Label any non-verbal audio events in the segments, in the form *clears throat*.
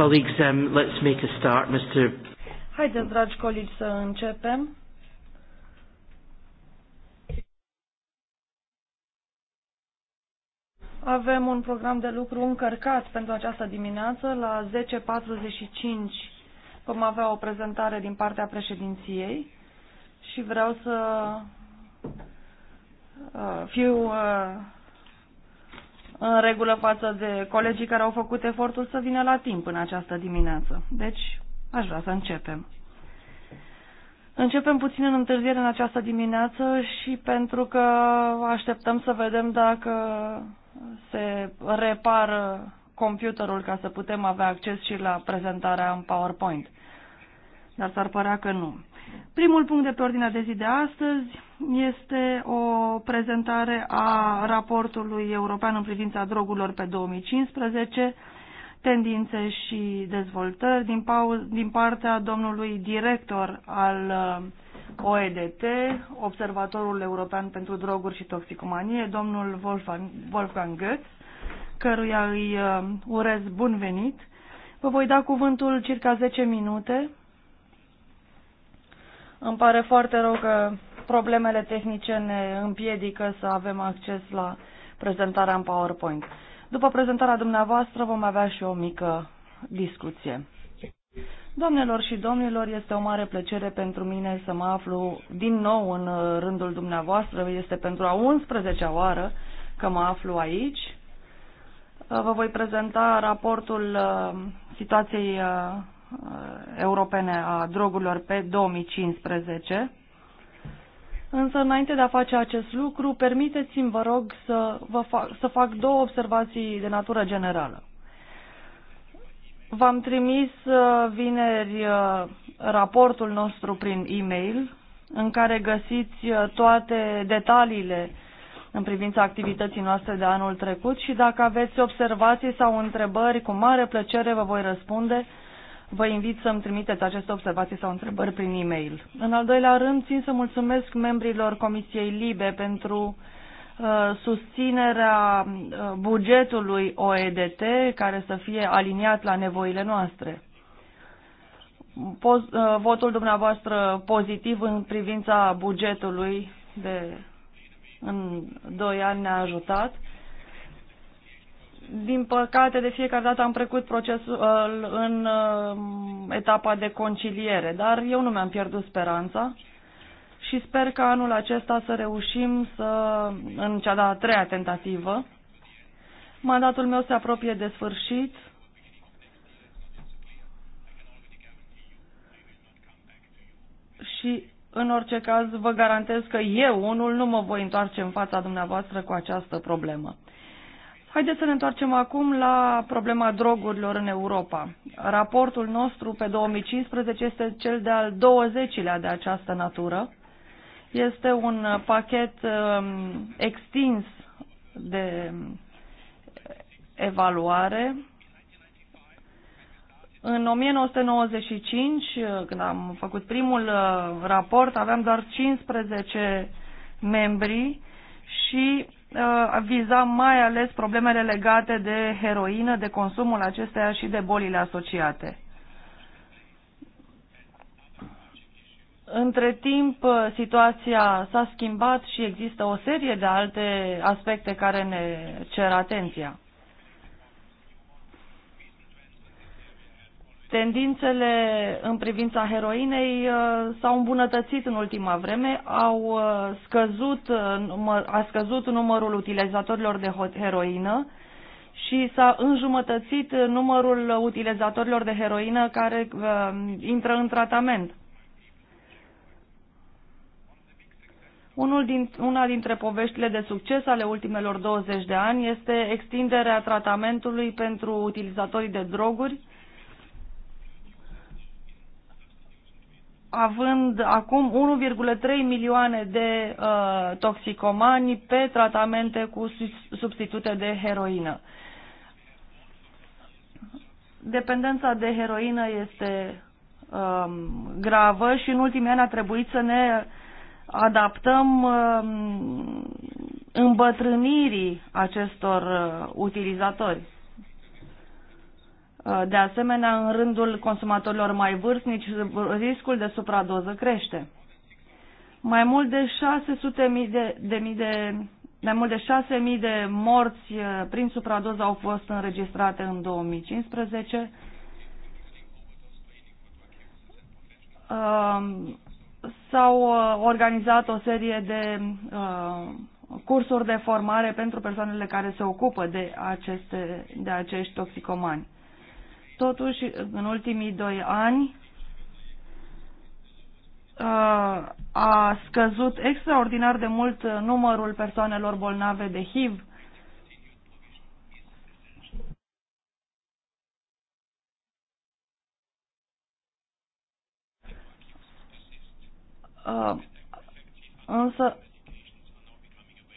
colleagues, um, let's make a start, Mr. Haideți, dragi colegi, să începem. Avem un program de lucru încărcat pentru această dimineață. La 10.45 vom avea o prezentare din partea președinției și vreau să uh, fiu uh, în regulă față de colegii care au făcut efortul să vină la timp în această dimineață. Deci, aș vrea să începem. Începem puțin în întârziere în această dimineață și pentru că așteptăm să vedem dacă se repară computerul ca să putem avea acces și la prezentarea în PowerPoint. Dar s-ar părea că nu. Primul punct de pe ordinea de zi de astăzi este o prezentare a raportului european în privința drogurilor pe 2015, tendințe și dezvoltări din, din partea domnului director al uh, OEDT, Observatorul European pentru Droguri și Toxicomanie, domnul Wolfgang, Wolfgang Goetz, căruia îi uh, urez bun venit. Vă voi da cuvântul circa 10 minute îmi pare foarte rău că problemele tehnice ne împiedică să avem acces la prezentarea în PowerPoint. După prezentarea dumneavoastră vom avea și o mică discuție. Doamnelor și domnilor, este o mare plăcere pentru mine să mă aflu din nou în rândul dumneavoastră. Este pentru a 11-a oară că mă aflu aici. Vă voi prezenta raportul uh, situației uh, Uh, europene a Drogurilor pe 2015. Însă, înainte de a face acest lucru, permiteți-mi, vă rog, să, vă fac, să fac două observații de natură generală. V-am trimis uh, vineri uh, raportul nostru prin e-mail, în care găsiți toate detaliile în privința activității noastre de anul trecut și dacă aveți observații sau întrebări, cu mare plăcere vă voi răspunde Vă invit să-mi trimiteți aceste observații sau întrebări prin e-mail. În al doilea rând, țin să mulțumesc membrilor Comisiei Libe pentru uh, susținerea uh, bugetului OEDT care să fie aliniat la nevoile noastre. Poz, uh, votul dumneavoastră pozitiv în privința bugetului de în doi ani ne-a ajutat din păcate, de fiecare dată am trecut procesul uh, în uh, etapa de conciliere, dar eu nu mi-am pierdut speranța și sper că anul acesta să reușim să, în cea de-a treia tentativă, mandatul meu se apropie de sfârșit, și în orice caz vă garantez că eu unul nu mă voi întoarce în fața dumneavoastră cu această problemă. Haideți să ne întoarcem acum la problema drogurilor în Europa. Raportul nostru pe 2015 este cel de-al 20-lea de această natură. Este un pachet um, extins de evaluare. În 1995, când am făcut primul uh, raport, aveam doar 15 membri și Uh, viza mai ales problemele legate de heroină, de consumul acesteia și de bolile asociate. Între timp, uh, situația s-a schimbat și există o serie de alte aspecte care ne cer atenția. Tendințele în privința heroinei uh, s-au îmbunătățit în ultima vreme, au uh, scăzut, uh, a scăzut numărul utilizatorilor de heroină și s-a înjumătățit numărul utilizatorilor de heroină care intră în tratament. Unul din, una dintre poveștile de succes ale ultimelor 20 de ani este extinderea tratamentului pentru utilizatorii de droguri, având acum 1,3 milioane de uh, toxicomani pe tratamente cu substitute de heroină. Dependența de heroină este um, gravă și în ultimii ani a trebuit să ne adaptăm um, îmbătrânirii acestor uh, utilizatori. Uh, de asemenea, în rândul consumatorilor mai vârstnici, riscul de supradoză crește. Mai mult de 600.000 de, de, mii de mai mult de 6.000 de morți uh, prin supradoză au fost înregistrate în 2015. Uh, s-au organizat o serie de cursuri de formare pentru persoanele care se ocupă de, aceste, de acești toxicomani. Totuși, în ultimii doi ani uh, a scăzut extraordinar de mult uh, numărul persoanelor bolnave de HIV. Uh, însă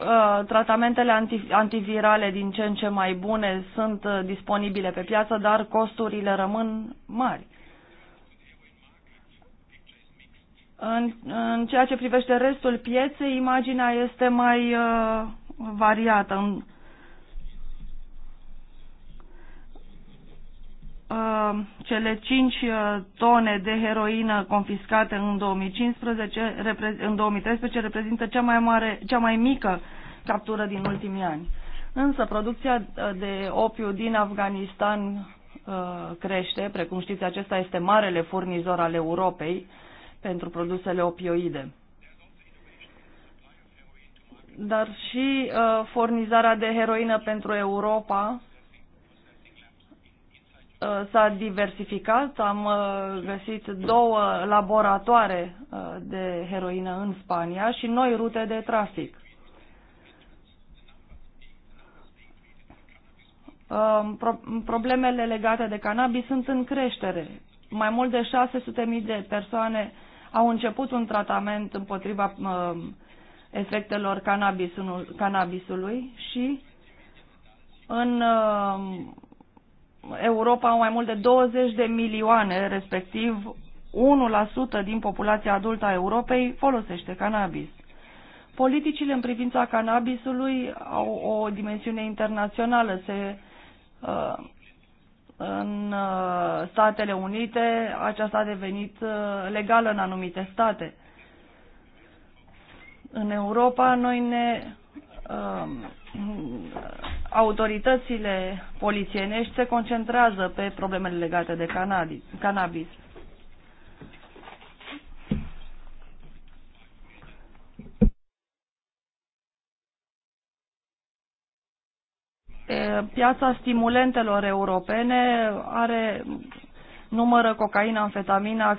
Uh, tratamentele antivirale din ce în ce mai bune sunt uh, disponibile pe piață, dar costurile rămân mari. În, în ceea ce privește restul pieței, imaginea este mai uh, variată. În Uh, cele 5 uh, tone de heroină confiscate în 2015, în 2013 reprezintă cea mai, mare, cea mai mică captură din ultimii ani. Însă producția uh, de opiu din Afganistan crește, precum știți, acesta este marele furnizor al Europei pentru produsele opioide. Dar și uh, furnizarea de heroină pentru Europa Uh, s-a diversificat, am uh, găsit două laboratoare uh, de heroină în Spania și noi rute de trafic. Problemele legate de cannabis sunt în creștere. Mai mult de 600.000 de persoane au început un tratament împotriva efectelor cannabisului și în Europa au mai mult de 20 de milioane, respectiv 1% din populația adultă a Europei folosește cannabis. Politicile în privința cannabisului au o dimensiune internațională. Se, uh, în uh, Statele Unite aceasta a devenit uh, legală în anumite state. În Europa noi ne autoritățile polițienești se concentrează pe problemele legate de cannabis. Piața stimulentelor europene are numără cocaina, amfetamina,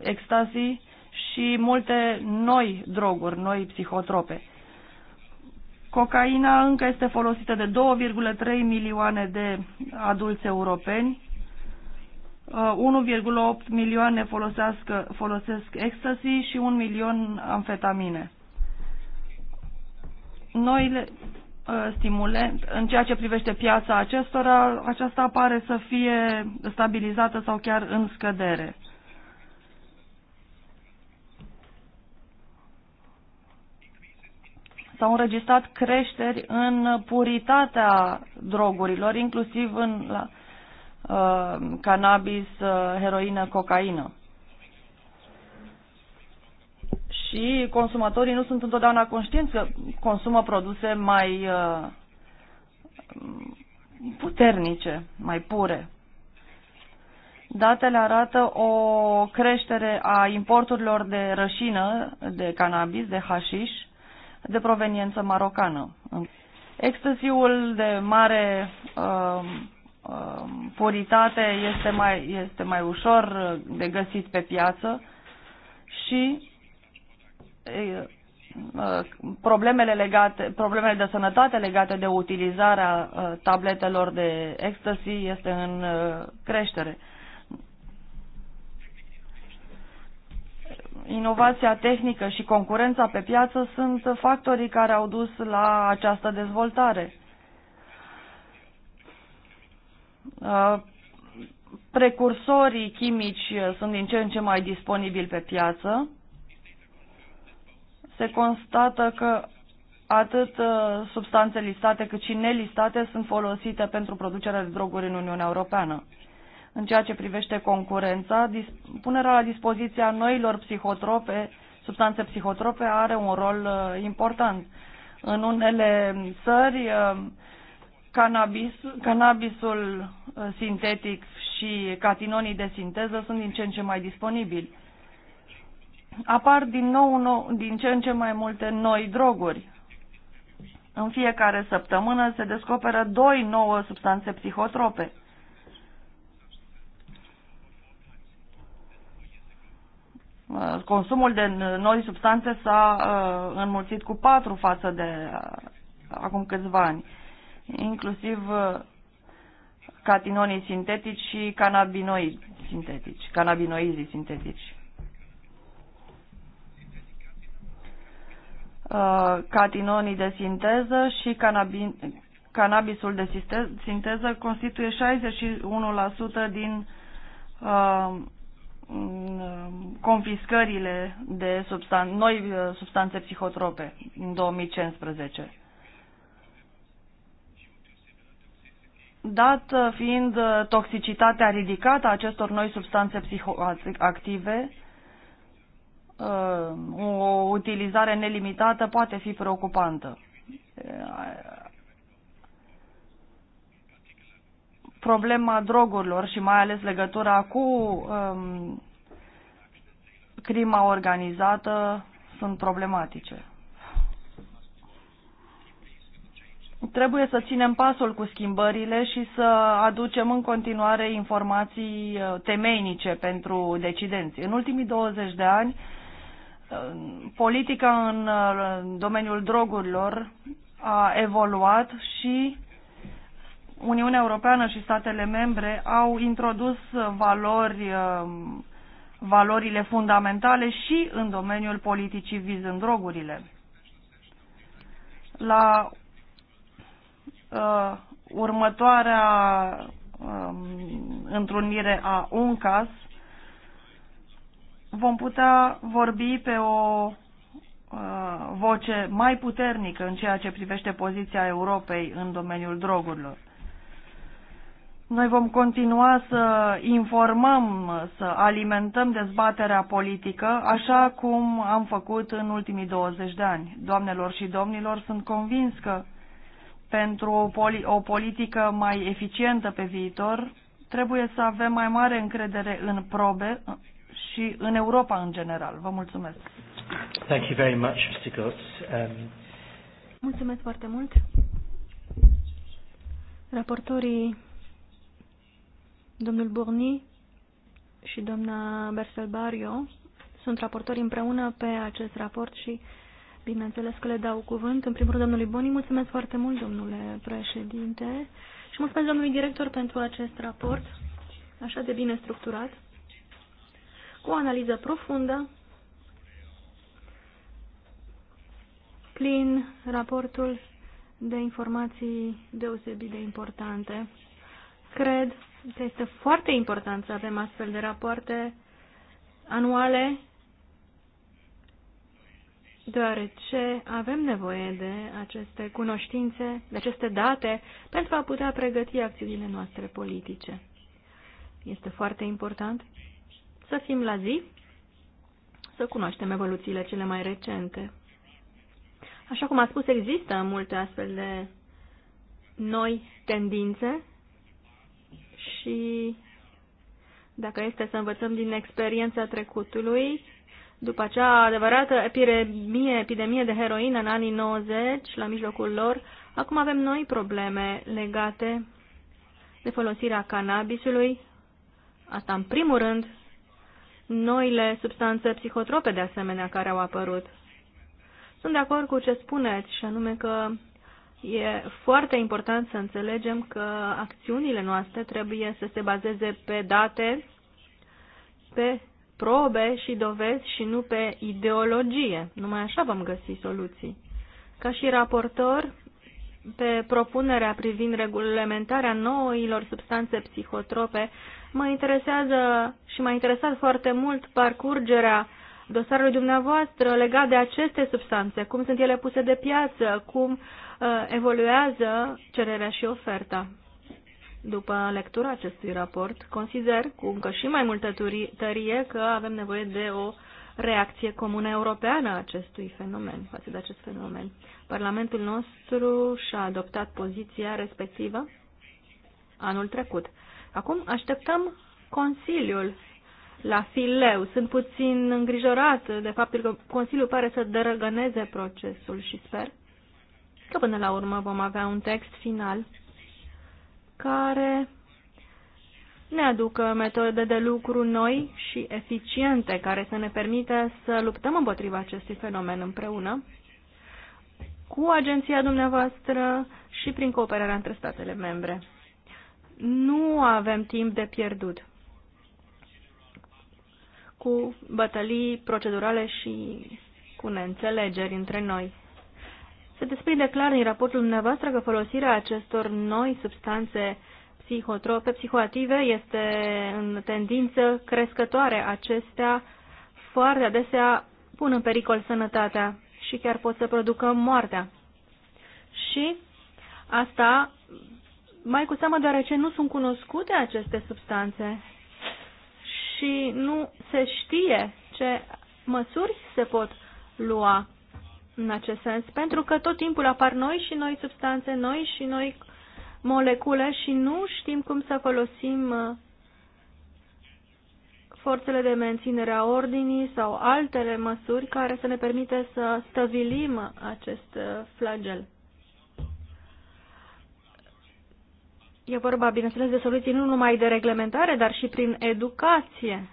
extazii ă, și multe noi droguri, noi psihotrope. Cocaina încă este folosită de 2,3 milioane de adulți europeni, 1,8 uh, milioane folosesc, folosesc ecstasy și 1 milion amfetamine. Noile uh, stimulent, în ceea ce privește piața acestora, aceasta pare să fie stabilizată sau chiar în scădere. s-au înregistrat creșteri în puritatea drogurilor, inclusiv în la, uh, cannabis, uh, heroină, cocaină. Și consumatorii nu sunt întotdeauna conștienți că consumă produse mai uh, puternice, mai pure. Datele arată o creștere a importurilor de rășină, de cannabis, de hașiș, de proveniență marocană. Extasiul de mare uh, uh, puritate este mai, este mai ușor de găsit pe piață și uh, problemele, legate, problemele de sănătate legate de utilizarea uh, tabletelor de ecstasy este în uh, creștere. inovația tehnică și concurența pe piață sunt factorii care au dus la această dezvoltare. Uh, precursorii chimici sunt din ce în ce mai disponibili pe piață. Se constată că atât uh, substanțe listate cât și nelistate sunt folosite pentru producerea de droguri în Uniunea Europeană. În ceea ce privește concurența, punerea la dispoziția noilor psihotrope, substanțe psihotrope, are un rol uh, important. În unele țări, uh, cannabis, cannabisul uh, sintetic și catinonii de sinteză sunt din ce în ce mai disponibili. Apar din, nou, nou, din ce în ce mai multe noi droguri. În fiecare săptămână se descoperă doi nouă substanțe psihotrope. Uh, consumul de noi substanțe s-a uh, înmulțit cu patru față de uh, acum câțiva ani, inclusiv catinonii sintetici și canabinoizi sintetici, canabinoizii sintetici. Catinonii de sinteză și canabin, cannabisul de sinteză constituie 61% din uh, Mm, confiscările de substan- noi uh, substanțe psihotrope în 2015. Dat uh, fiind uh, toxicitatea ridicată a acestor noi substanțe psihoactive, o utilizare nelimitată poate fi preocupantă. problema drogurilor și mai ales legătura cu um, crima organizată sunt problematice. Trebuie să ținem pasul cu schimbările și să aducem în continuare informații uh, temeinice pentru decidenți. În ultimii 20 de ani, uh, politica în uh, domeniul drogurilor a evoluat și Uniunea Europeană și statele membre au introdus valori, uh, valorile fundamentale și în domeniul politicii vizând drogurile. La uh, următoarea uh, întrunire a UNCAS vom putea vorbi pe o uh, voce mai puternică în ceea ce privește poziția Europei în domeniul drogurilor. Noi vom continua să informăm, să alimentăm dezbaterea politică, așa cum am făcut în ultimii 20 de ani. Doamnelor și domnilor, sunt convins că pentru o, poli o politică mai eficientă pe viitor, trebuie să avem mai mare încredere în probe și în Europa în general. Vă mulțumesc. Thank you very much, Mr. Gutz. Um... Mulțumesc foarte mult. Raportorii Domnul Burni și doamna Berselbario sunt raportori împreună pe acest raport și bineînțeles că le dau cuvânt. În primul rând, domnului Boni, mulțumesc foarte mult, domnule președinte, și mulțumesc domnului director pentru acest raport așa de bine structurat, cu o analiză profundă, plin raportul de informații deosebit de importante. Cred este foarte important să avem astfel de rapoarte anuale, deoarece avem nevoie de aceste cunoștințe, de aceste date, pentru a putea pregăti acțiunile noastre politice. Este foarte important să fim la zi, să cunoaștem evoluțiile cele mai recente. Așa cum a spus, există multe astfel de noi tendințe și dacă este să învățăm din experiența trecutului, după acea adevărată epidemie, epidemie de heroină în anii 90, la mijlocul lor, acum avem noi probleme legate de folosirea cannabisului, asta în primul rând, noile substanțe psihotrope de asemenea care au apărut. Sunt de acord cu ce spuneți, și anume că E foarte important să înțelegem că acțiunile noastre trebuie să se bazeze pe date, pe probe și dovezi și nu pe ideologie. Numai așa vom găsi soluții. Ca și raportor, pe propunerea privind regulamentarea noilor substanțe psihotrope, mă interesează și m-a interesat foarte mult parcurgerea dosarului dumneavoastră legat de aceste substanțe, cum sunt ele puse de piață, cum uh, Uh, evoluează cererea și oferta. După lectura acestui raport, consider cu încă și mai multă tărie că avem nevoie de o reacție comună europeană a acestui fenomen, față de acest fenomen. Parlamentul nostru și-a adoptat poziția respectivă anul trecut. Acum așteptăm Consiliul la fileu. Sunt puțin îngrijorat de faptul că Consiliul pare să dărăgăneze procesul și sper că până la urmă vom avea un text final care ne aducă metode de lucru noi și eficiente care să ne permită să luptăm împotriva acestui fenomen împreună cu agenția dumneavoastră și prin cooperarea între statele membre. Nu avem timp de pierdut cu bătălii procedurale și cu neînțelegeri între noi. Se desprinde clar din raportul dumneavoastră că folosirea acestor noi substanțe psihotrope, psihoactive, este în tendință crescătoare. Acestea foarte adesea pun în pericol sănătatea și chiar pot să producă moartea. Și asta mai cu seamă deoarece nu sunt cunoscute aceste substanțe și nu se știe ce măsuri se pot lua în acest sens, pentru că tot timpul apar noi și noi substanțe, noi și noi molecule și nu știm cum să folosim uh, forțele de menținere a ordinii sau altele măsuri care să ne permite să stăvilim acest uh, flagel. E vorba, bineînțeles, de soluții nu numai de reglementare, dar și prin educație.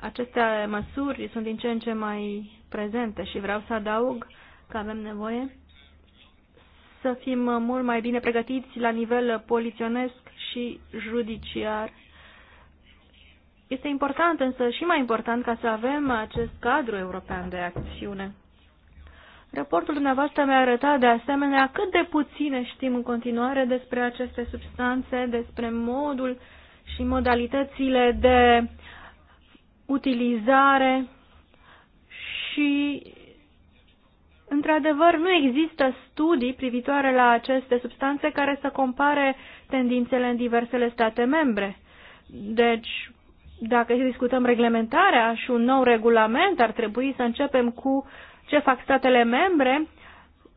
Aceste măsuri sunt din ce în ce mai prezente și vreau să adaug că avem nevoie să fim mult mai bine pregătiți la nivel poliționesc și judiciar. Este important, însă și mai important, ca să avem acest cadru european de acțiune. Raportul dumneavoastră mi-a arătat de asemenea cât de puține știm în continuare despre aceste substanțe, despre modul și modalitățile de utilizare și Într-adevăr, nu există studii privitoare la aceste substanțe care să compare tendințele în diversele state membre. Deci, dacă discutăm reglementarea și un nou regulament, ar trebui să începem cu ce fac statele membre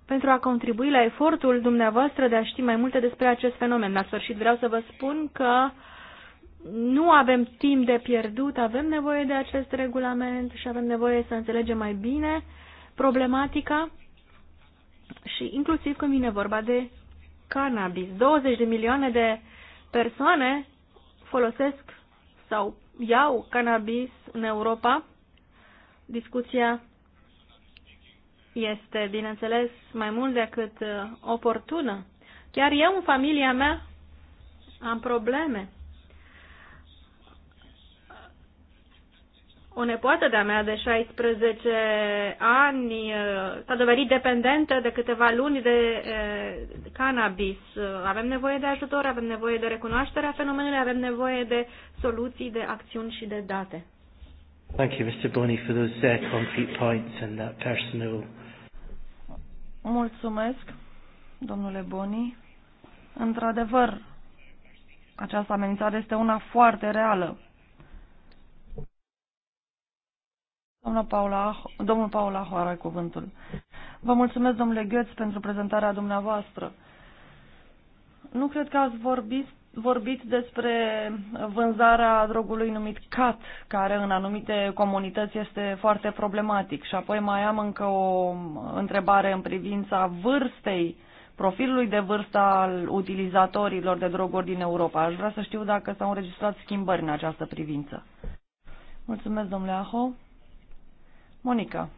pentru a contribui la efortul dumneavoastră de a ști mai multe despre acest fenomen. La sfârșit vreau să vă spun că nu avem timp de pierdut, avem nevoie de acest regulament și avem nevoie să înțelegem mai bine uh, problematica și inclusiv când vine vorba de cannabis. 20 de milioane de persoane folosesc sau iau cannabis în Europa. Discuția este, bineînțeles, mai mult decât uh, oportună. Chiar eu, în familia mea, am probleme o nepoată de-a mea de 16 ani uh, s-a dovedit dependentă de câteva luni de uh, cannabis. Uh, avem nevoie de ajutor, avem nevoie de recunoașterea fenomenului, avem nevoie de soluții, de acțiuni și de date. Thank you, Mr. Boney, for those uh, concrete points and that personal. Mulțumesc, domnule Boni. Într-adevăr, această amenințare este una foarte reală Paula, domnul Paula Aho are cuvântul. Vă mulțumesc, domnule Gheț, pentru prezentarea dumneavoastră. Nu cred că ați vorbit, vorbit despre vânzarea drogului numit CAT, care în anumite comunități este foarte problematic. Și apoi mai am încă o întrebare în privința vârstei, profilului de vârstă al utilizatorilor de droguri din Europa. Aș vrea să știu dacă s-au înregistrat schimbări în această privință. Mulțumesc, domnule Aho. Monica.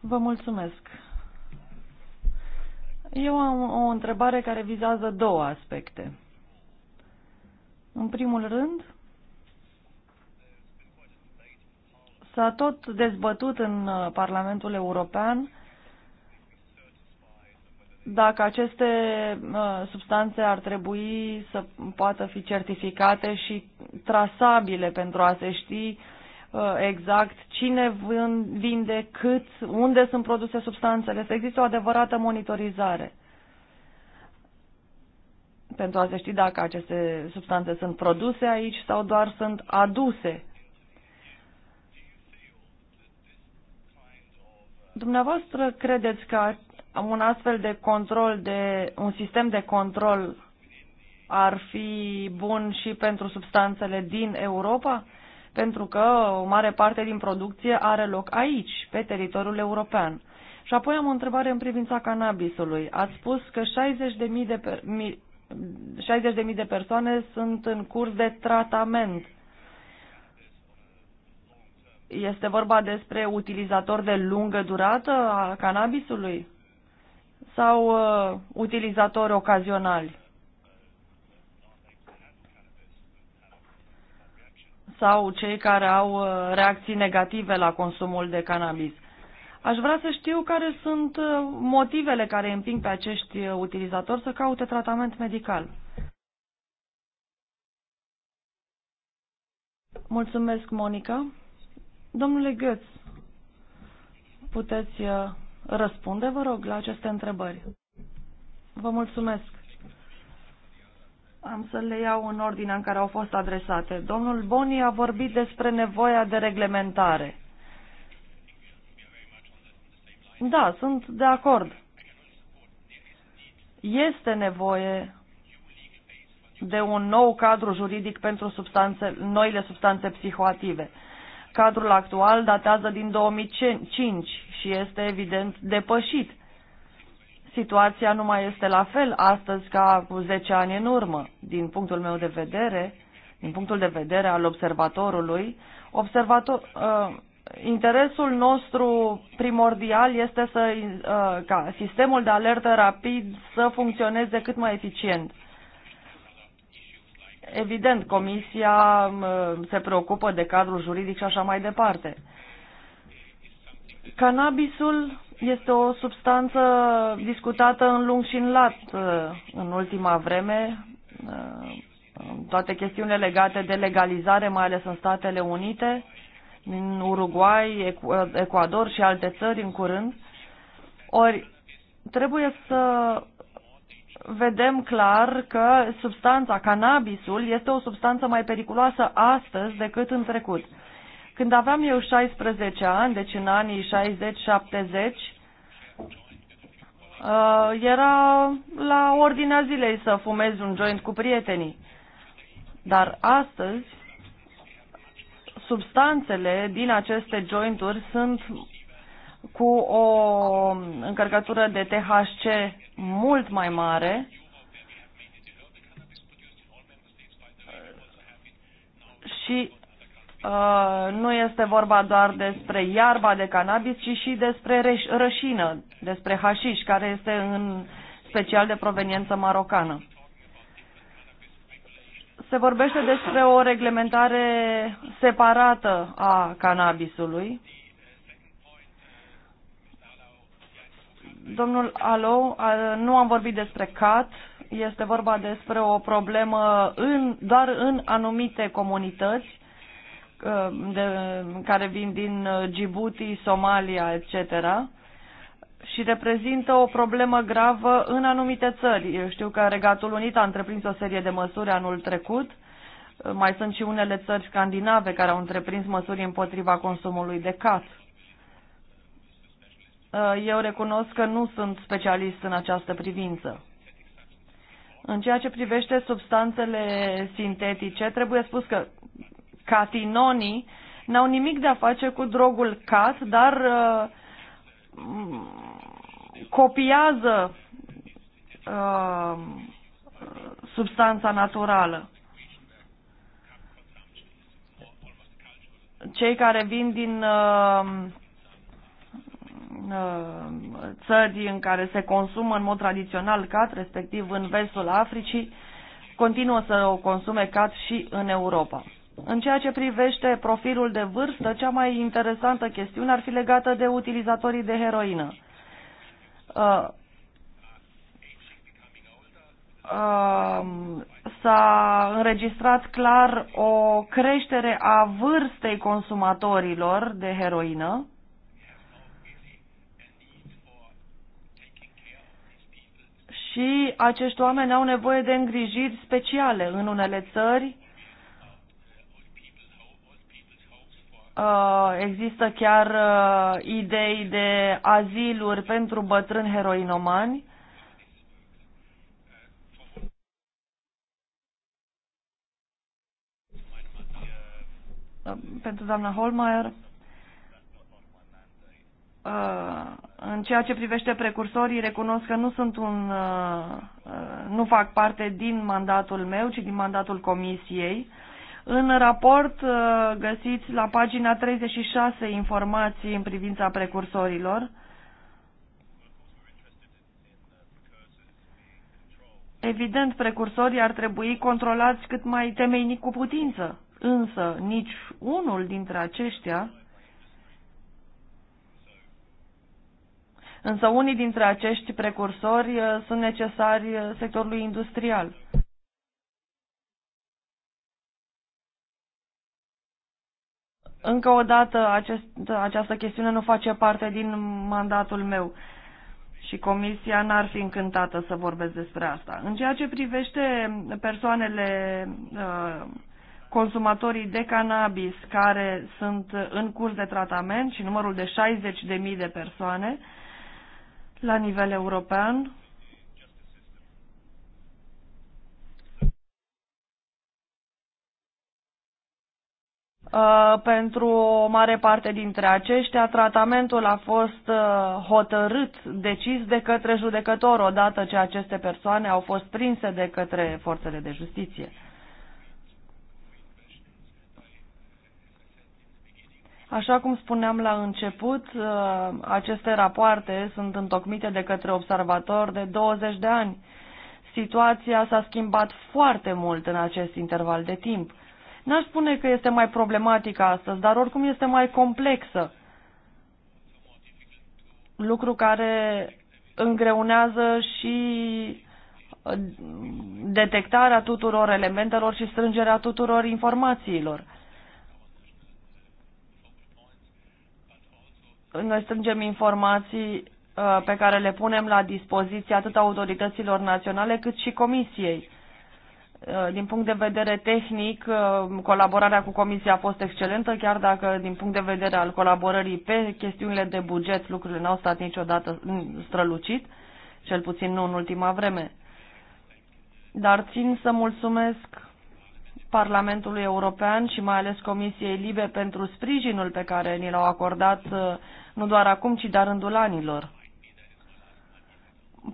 Vă mulțumesc. Eu am o întrebare care vizează două aspecte. În primul rând, s-a tot dezbătut în uh, Parlamentul European dacă aceste uh, substanțe ar trebui să poată fi certificate și trasabile pentru a se ști uh, exact cine vinde, cât, unde sunt produse substanțele, să există o adevărată monitorizare pentru a se ști dacă aceste substanțe sunt produse aici sau doar sunt aduse. Dumneavoastră credeți că un astfel de control, de, un sistem de control ar fi bun și pentru substanțele din Europa? Pentru că o mare parte din producție are loc aici, pe teritoriul european. Și apoi am o întrebare în privința cannabisului. Ați spus că 60.000 de, per, 60.000 de persoane sunt în curs de tratament. Este vorba despre utilizator de lungă durată a cannabisului? sau uh, utilizatori ocazionali sau cei care au uh, reacții negative la consumul de cannabis. Aș vrea să știu care sunt uh, motivele care împing pe acești uh, utilizatori să caute tratament medical. Mulțumesc, Monica. Domnule Găț, puteți răspunde, vă rog, la aceste întrebări. Vă mulțumesc. Am să le iau în ordinea în care au fost adresate. Domnul Boni a vorbit despre nevoia de reglementare. Da, sunt de acord. Este nevoie de un nou cadru juridic pentru substanțe, noile substanțe psihoative. Cadrul actual datează din 2005 și este evident depășit. Situația nu mai este la fel astăzi ca cu 10 ani în urmă. Din punctul meu de vedere, din punctul de vedere al observatorului, observator, uh, interesul nostru primordial este să, uh, ca sistemul de alertă rapid să funcționeze cât mai eficient. Evident, Comisia uh, se preocupă de cadrul juridic și așa mai departe. Cannabisul este o substanță discutată în lung și în lat uh, în ultima vreme, uh, toate chestiunile legate de legalizare, mai ales în Statele Unite, în Uruguay, uh, Ecuador și alte țări în curând. Ori trebuie să vedem clar că substanța, cannabisul, este o substanță mai periculoasă astăzi decât în trecut. Când aveam eu 16 ani, deci în anii 60-70, uh, era la ordinea zilei să fumezi un joint cu prietenii. Dar astăzi, substanțele din aceste jointuri sunt cu o încărcătură de THC mult mai mare și Uh, nu este vorba doar despre iarba de cannabis, ci și despre rășină, despre hașiș, care este în special de proveniență marocană. Se vorbește despre o reglementare separată a cannabisului. Domnul Alo, uh, nu am vorbit despre CAT, este vorba despre o problemă în, doar în anumite comunități de, care vin din uh, Djibouti, Somalia, etc. și reprezintă o problemă gravă în anumite țări. Eu știu că Regatul Unit a întreprins o serie de măsuri anul trecut. Uh, mai sunt și unele țări scandinave care au întreprins măsuri împotriva consumului de cat. Uh, eu recunosc că nu sunt specialist în această privință. În ceea ce privește substanțele sintetice, trebuie spus că catinonii n-au nimic de a face cu drogul cat, dar uh, copiază uh, substanța naturală. Cei care vin din uh, țări în care se consumă în mod tradițional cat, respectiv în vestul Africii, continuă să o consume cat și în Europa. În ceea ce privește profilul de vârstă, cea mai interesantă chestiune ar fi legată de utilizatorii de heroină. Uh, um, s-a înregistrat clar o creștere a vârstei consumatorilor de heroină. Și acești oameni au nevoie de îngrijiri speciale în unele țări Uh, există chiar uh, idei de aziluri pentru bătrâni heroinomani. Uh, pentru doamna Holmeier, în ceea ce privește precursorii, recunosc că nu sunt un, nu fac parte din mandatul meu, ci din mandatul comisiei în raport uh, găsiți la pagina 36 informații în privința precursorilor. Evident, precursorii ar trebui controlați cât mai temeinic cu putință, însă nici unul dintre aceștia Însă unii dintre acești precursori uh, sunt necesari uh, sectorului industrial. Încă o dată, acest, această chestiune nu face parte din mandatul meu și comisia n-ar fi încântată să vorbesc despre asta. În ceea ce privește persoanele, uh, consumatorii de cannabis care sunt în curs de tratament și numărul de 60.000 de persoane la nivel european, Uh, pentru o mare parte dintre aceștia, tratamentul a fost uh, hotărât, decis de către judecător odată ce aceste persoane au fost prinse de către forțele de justiție. Așa cum spuneam la început, uh, aceste rapoarte sunt întocmite de către observator de 20 de ani. Situația s-a schimbat foarte mult în acest interval de timp. N-aș spune că este mai problematică astăzi, dar oricum este mai complexă. Lucru care îngreunează și uh, detectarea tuturor elementelor și strângerea tuturor informațiilor. Noi strângem informații uh, pe care le punem la dispoziție atât autorităților naționale cât și comisiei Uh, din punct de vedere tehnic, uh, colaborarea cu Comisia a fost excelentă, chiar dacă din punct de vedere al colaborării pe chestiunile de buget lucrurile n-au stat niciodată strălucit, cel puțin nu în ultima vreme. Dar țin să mulțumesc Parlamentului European și mai ales Comisiei Libe pentru sprijinul pe care ni l-au acordat uh, nu doar acum, ci de-a rândul anilor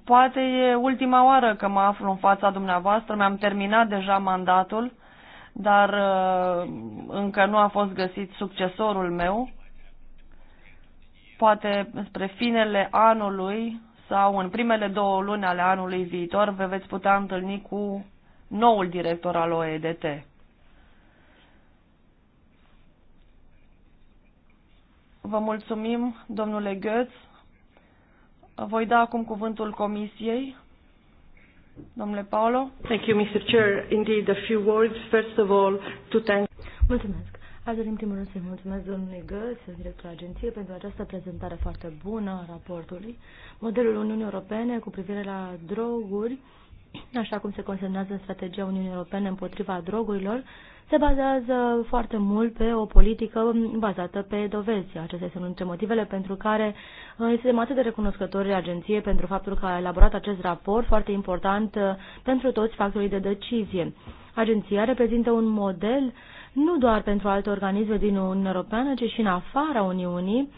poate e ultima oară că mă aflu în fața dumneavoastră, mi-am terminat deja mandatul, dar uh, încă nu a fost găsit succesorul meu. Poate spre finele anului sau în primele două luni ale anului viitor vă veți putea întâlni cu noul director al OEDT. Vă mulțumim, domnule Götz voi da acum cuvântul Comisiei. Domnule Paolo. Thank you, Mr. Chair. Indeed, a few words. First of all, to thank... Mulțumesc. Aș dori în primul rând să-i mulțumesc domnului Găs, directorul agenției, pentru această prezentare foarte bună a raportului. Modelul Uniunii Europene cu privire la droguri așa cum se consemnează în strategia Uniunii Europene împotriva drogurilor, se bazează foarte mult pe o politică bazată pe dovezi. Acestea sunt dintre motivele pentru care uh, suntem atât de recunoscători agenției pentru faptul că a elaborat acest raport foarte important uh, pentru toți factorii de decizie. Agenția reprezintă un model nu doar pentru alte organisme din Uniunea Europeană, ci și în afara Uniunii,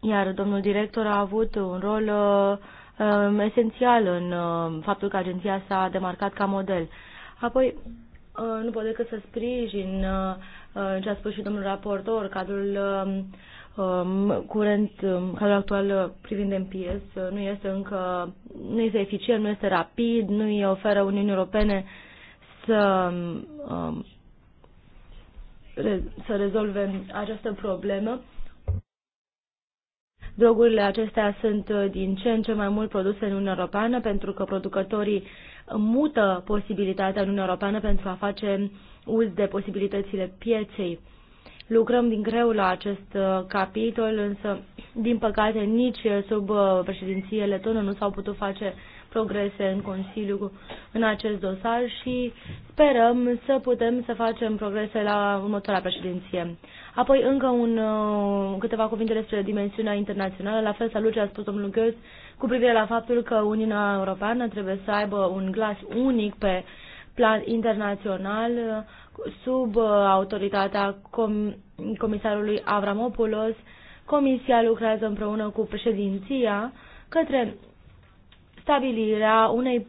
iar domnul director a avut un rol uh, Um, esențial în um, faptul că agenția s-a demarcat ca model. Apoi, uh, nu pot decât să sprijin uh, uh, ce a spus și domnul raportor, cadrul um, curent, cadrul actual privind MPS nu este încă, nu este eficient, nu este rapid, nu îi oferă Uniunii Europene să, să rezolve această problemă Drogurile acestea sunt uh, din ce în ce mai mult produse în Uniunea Europeană pentru că producătorii mută posibilitatea în Uniunea Europeană pentru a face uz de posibilitățile pieței. Lucrăm din greu la acest uh, capitol, însă, din păcate, nici uh, sub președinție letonă nu s-au putut face uh, progrese în Consiliu în acest dosar și sperăm să putem să facem progrese la următoarea președinție. Apoi încă un, uh, câteva cuvinte despre dimensiunea internațională. La fel salut ce a spus domnul Goetz cu privire la faptul că Uniunea Europeană trebuie să aibă un glas unic pe plan internațional uh, sub uh, autoritatea com comisarului Avramopoulos. Comisia lucrează împreună cu președinția către stabilirea unei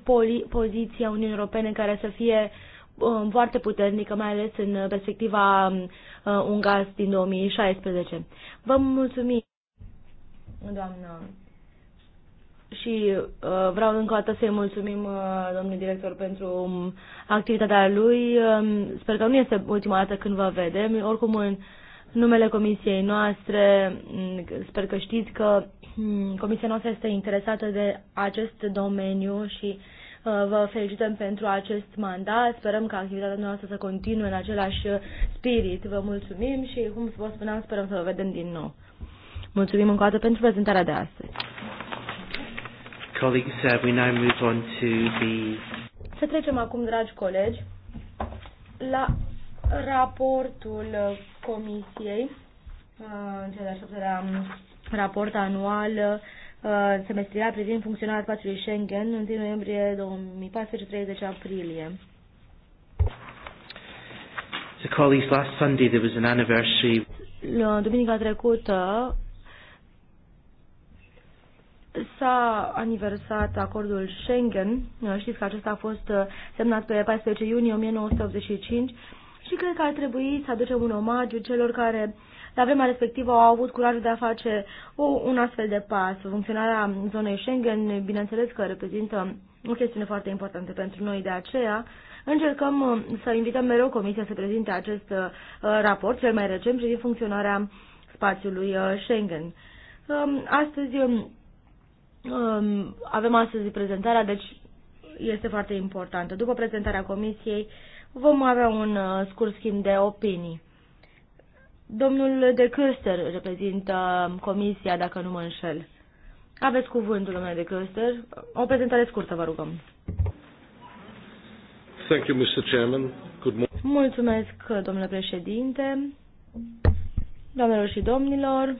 poziții a Uniunii Europene care să fie um, foarte puternică, mai ales în perspectiva um, uh, UNGAS din 2016. Vă mulțumim, doamnă. Și uh, vreau încă o dată să-i mulțumim, uh, domnul director, pentru um, activitatea lui. Uh, sper că nu este ultima dată când vă vedem. Oricum, în numele comisiei noastre, mm, sper că știți că Hmm, comisia noastră este interesată de acest domeniu și uh, vă felicităm pentru acest mandat. Sperăm că activitatea noastră să continue în același uh, spirit. Vă mulțumim și, cum vă spuneam, sperăm să vă vedem din nou. Mulțumim încă o dată pentru prezentarea de astăzi. Uh, să trecem acum, dragi colegi, la raportul Comisiei, în cel de-al raport anual uh, semestrial privind funcționarea spațiului Schengen în 1 noiembrie 2014 30 aprilie. So colleagues, last Sunday there was an anniversary. Uh, duminica trecută s-a aniversat acordul Schengen. Uh, știți că acesta a fost semnat pe 14 iunie 1985 și cred că ar trebui să aducem un omagiu celor care la vremea respectivă au avut curajul de a face o, un astfel de pas. Funcționarea zonei Schengen, bineînțeles că reprezintă o chestiune foarte importantă pentru noi, de aceea încercăm uh, să invităm mereu Comisia să prezinte acest uh, raport, cel mai recent, privind funcționarea spațiului uh, Schengen. Um, astăzi um, um, avem astăzi prezentarea, deci este foarte importantă. După prezentarea Comisiei vom avea un scurt schimb de opinii. Domnul de Căster reprezintă comisia, dacă nu mă înșel. Aveți cuvântul, domnule de Căster. O prezentare scurtă, vă rugăm. Thank you, Mr. Chairman. Good morning. Mulțumesc, domnule președinte. Doamnelor și domnilor,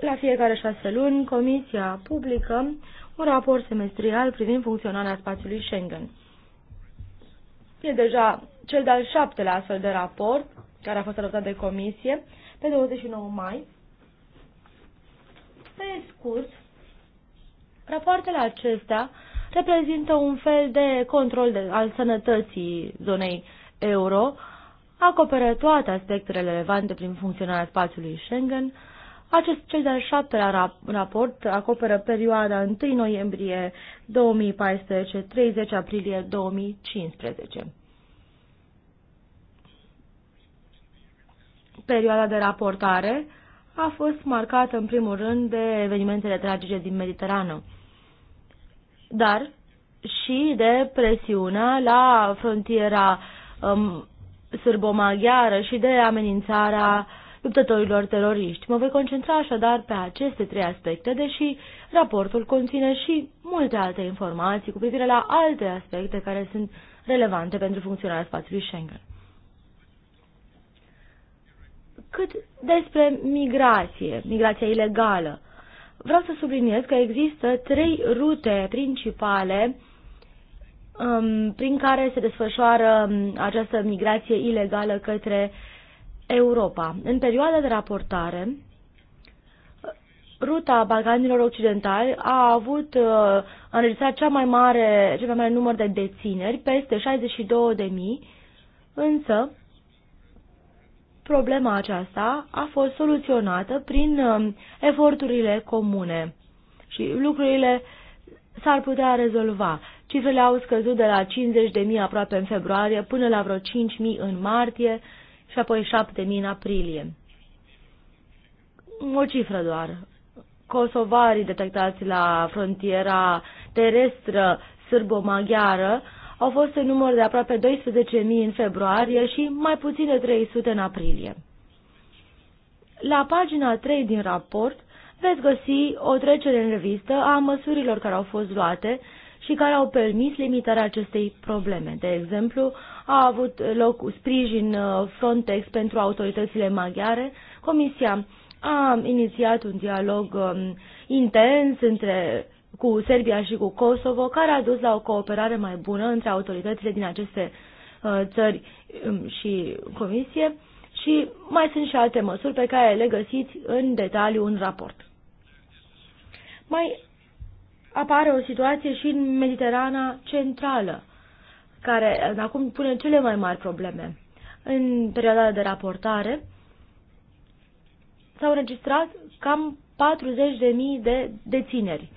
la fiecare șase luni, Comisia publică un raport semestrial privind funcționarea spațiului Schengen. E deja cel de-al șaptelea astfel de raport care a fost adoptat de comisie pe 29 mai. Pe scurt, rapoartele acestea reprezintă un fel de control de, al sănătății zonei euro, acoperă toate aspectele relevante prin funcționarea spațiului Schengen. Acest cel de-al șaptelea raport acoperă perioada 1 noiembrie 2014-30 aprilie 2015. Perioada de raportare a fost marcată în primul rând de evenimentele tragice din Mediterană, dar și de presiunea la frontiera um, sârbo-maghiară și de amenințarea luptătorilor teroriști. Mă voi concentra așadar pe aceste trei aspecte, deși raportul conține și multe alte informații cu privire la alte aspecte care sunt relevante pentru funcționarea spațiului Schengen cât despre migrație, migrația ilegală. Vreau să subliniez că există trei rute principale um, prin care se desfășoară um, această migrație ilegală către Europa. În perioada de raportare, ruta Balcanilor Occidentali a avut uh, înregistrat cea mai mare, cel mai mare număr de dețineri, peste 62.000, însă problema aceasta a fost soluționată prin um, eforturile comune și lucrurile s-ar putea rezolva. Cifrele au scăzut de la 50.000 aproape în februarie până la vreo 5.000 în martie și apoi 7.000 în aprilie. O cifră doar. Kosovarii detectați la frontiera terestră sârbo-maghiară au fost în număr de aproape 12.000 în februarie și mai puțin de 300 în aprilie. La pagina 3 din raport veți găsi o trecere în revistă a măsurilor care au fost luate și care au permis limitarea acestei probleme. De exemplu, a avut loc sprijin uh, Frontex pentru autoritățile maghiare. Comisia a inițiat un dialog um, intens între cu Serbia și cu Kosovo, care a dus la o cooperare mai bună între autoritățile din aceste uh, țări um, și comisie și mai sunt și alte măsuri pe care le găsiți în detaliu în raport. Mai apare o situație și în Mediterana Centrală, care uh, acum pune cele mai mari probleme. În perioada de raportare s-au înregistrat cam 40.000 de dețineri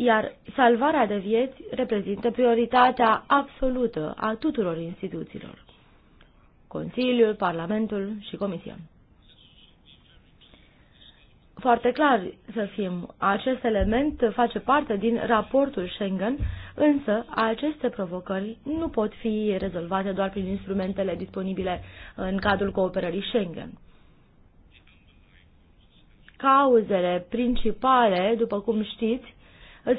iar salvarea de vieți reprezintă prioritatea absolută a tuturor instituțiilor, Consiliul, Parlamentul și Comisia. Foarte clar să fim, acest element face parte din raportul Schengen, însă aceste provocări nu pot fi rezolvate doar prin instrumentele disponibile în cadrul cooperării Schengen cauzele principale, după cum știți,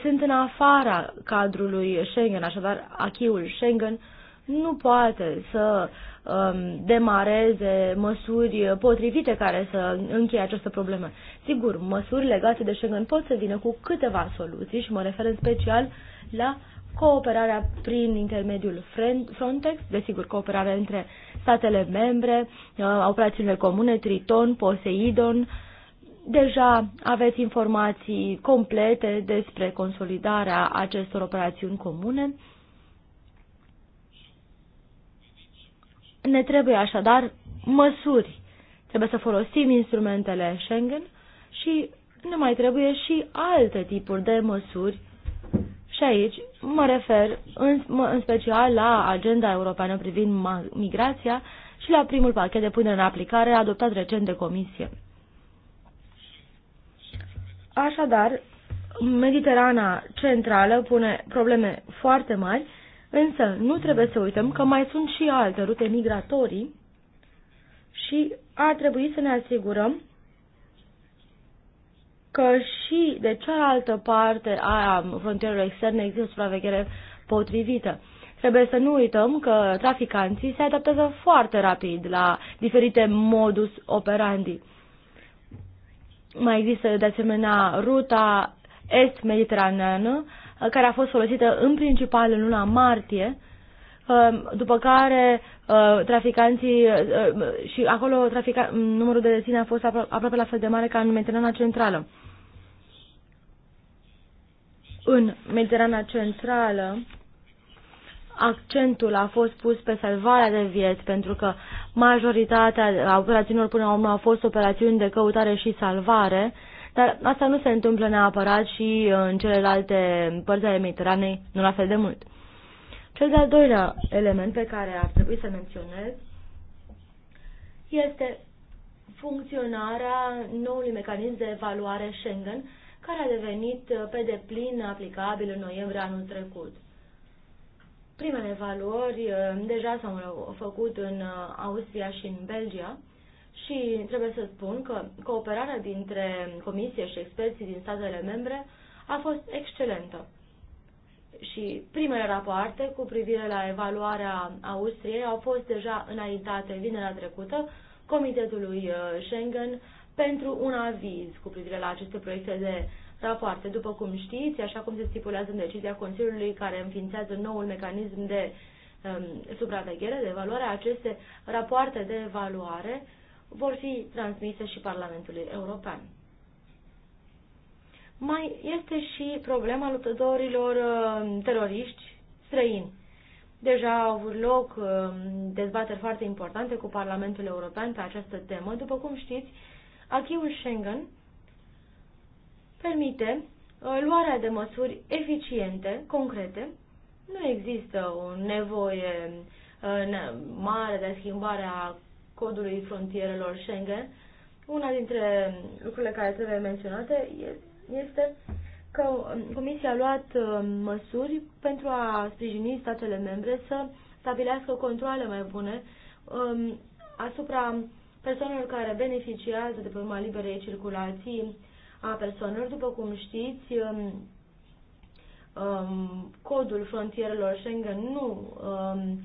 sunt în afara cadrului Schengen, așadar achiul Schengen nu poate să um, demareze măsuri potrivite care să încheie această problemă. Sigur, măsuri legate de Schengen pot să vină cu câteva soluții și mă refer în special la cooperarea prin intermediul Frontex, desigur cooperarea între statele membre, uh, operațiunile comune, Triton, Poseidon, Deja aveți informații complete despre consolidarea acestor operațiuni comune. Ne trebuie așadar măsuri. Trebuie să folosim instrumentele Schengen și ne mai trebuie și alte tipuri de măsuri. Și aici mă refer în, în special la agenda europeană privind migrația și la primul pachet de punere în aplicare adoptat recent de Comisie. Așadar, Mediterana centrală pune probleme foarte mari, însă nu trebuie să uităm că mai sunt și alte rute migratorii și ar trebui să ne asigurăm că și de cealaltă parte a frontierelor externe există supraveghere potrivită. Trebuie să nu uităm că traficanții se adaptează foarte rapid la diferite modus operandi. Mai există de asemenea ruta est-mediteraneană, uh, care a fost folosită în principal în luna martie, uh, după care uh, traficanții și acolo trafica, numărul de deține a fost aproape la fel de mare ca în Mediterana Centrală. În Mediterana Centrală accentul a fost pus pe salvarea de vieți, pentru că majoritatea operațiunilor până la urmă au fost operațiuni de căutare și salvare, dar asta nu se întâmplă neapărat și în celelalte părți ale Mediteranei, nu la fel de mult. Cel de-al doilea element pe care ar trebui să menționez este funcționarea noului mecanism de evaluare Schengen, care a devenit pe deplin aplicabil în noiembrie anul trecut. Primele valori uh, deja s-au făcut în uh, Austria și în Belgia și trebuie să spun că cooperarea dintre comisie și experții din statele membre a fost excelentă. Și primele rapoarte cu privire la evaluarea Austriei au fost deja înaintate vinerea trecută Comitetului uh, Schengen pentru un aviz cu privire la aceste proiecte de rapoarte. După cum știți, așa cum se stipulează în decizia Consiliului care înființează noul mecanism de um, supraveghere, de evaluare, aceste rapoarte de evaluare vor fi transmise și Parlamentului European. Mai este și problema luptătorilor uh, teroriști străini. Deja au avut loc uh, dezbateri foarte importante cu Parlamentul European pe această temă. După cum știți, Achiul Schengen permite uh, luarea de măsuri eficiente, concrete. Nu există o nevoie uh, mare de schimbare a codului frontierelor Schengen. Una dintre lucrurile care trebuie menționate este că um, Comisia a luat uh, măsuri pentru a sprijini statele membre să stabilească controle mai bune um, asupra persoanelor care beneficiază de pe urma liberei circulații a persoanelor. După cum știți, um, um, codul frontierelor Schengen nu um,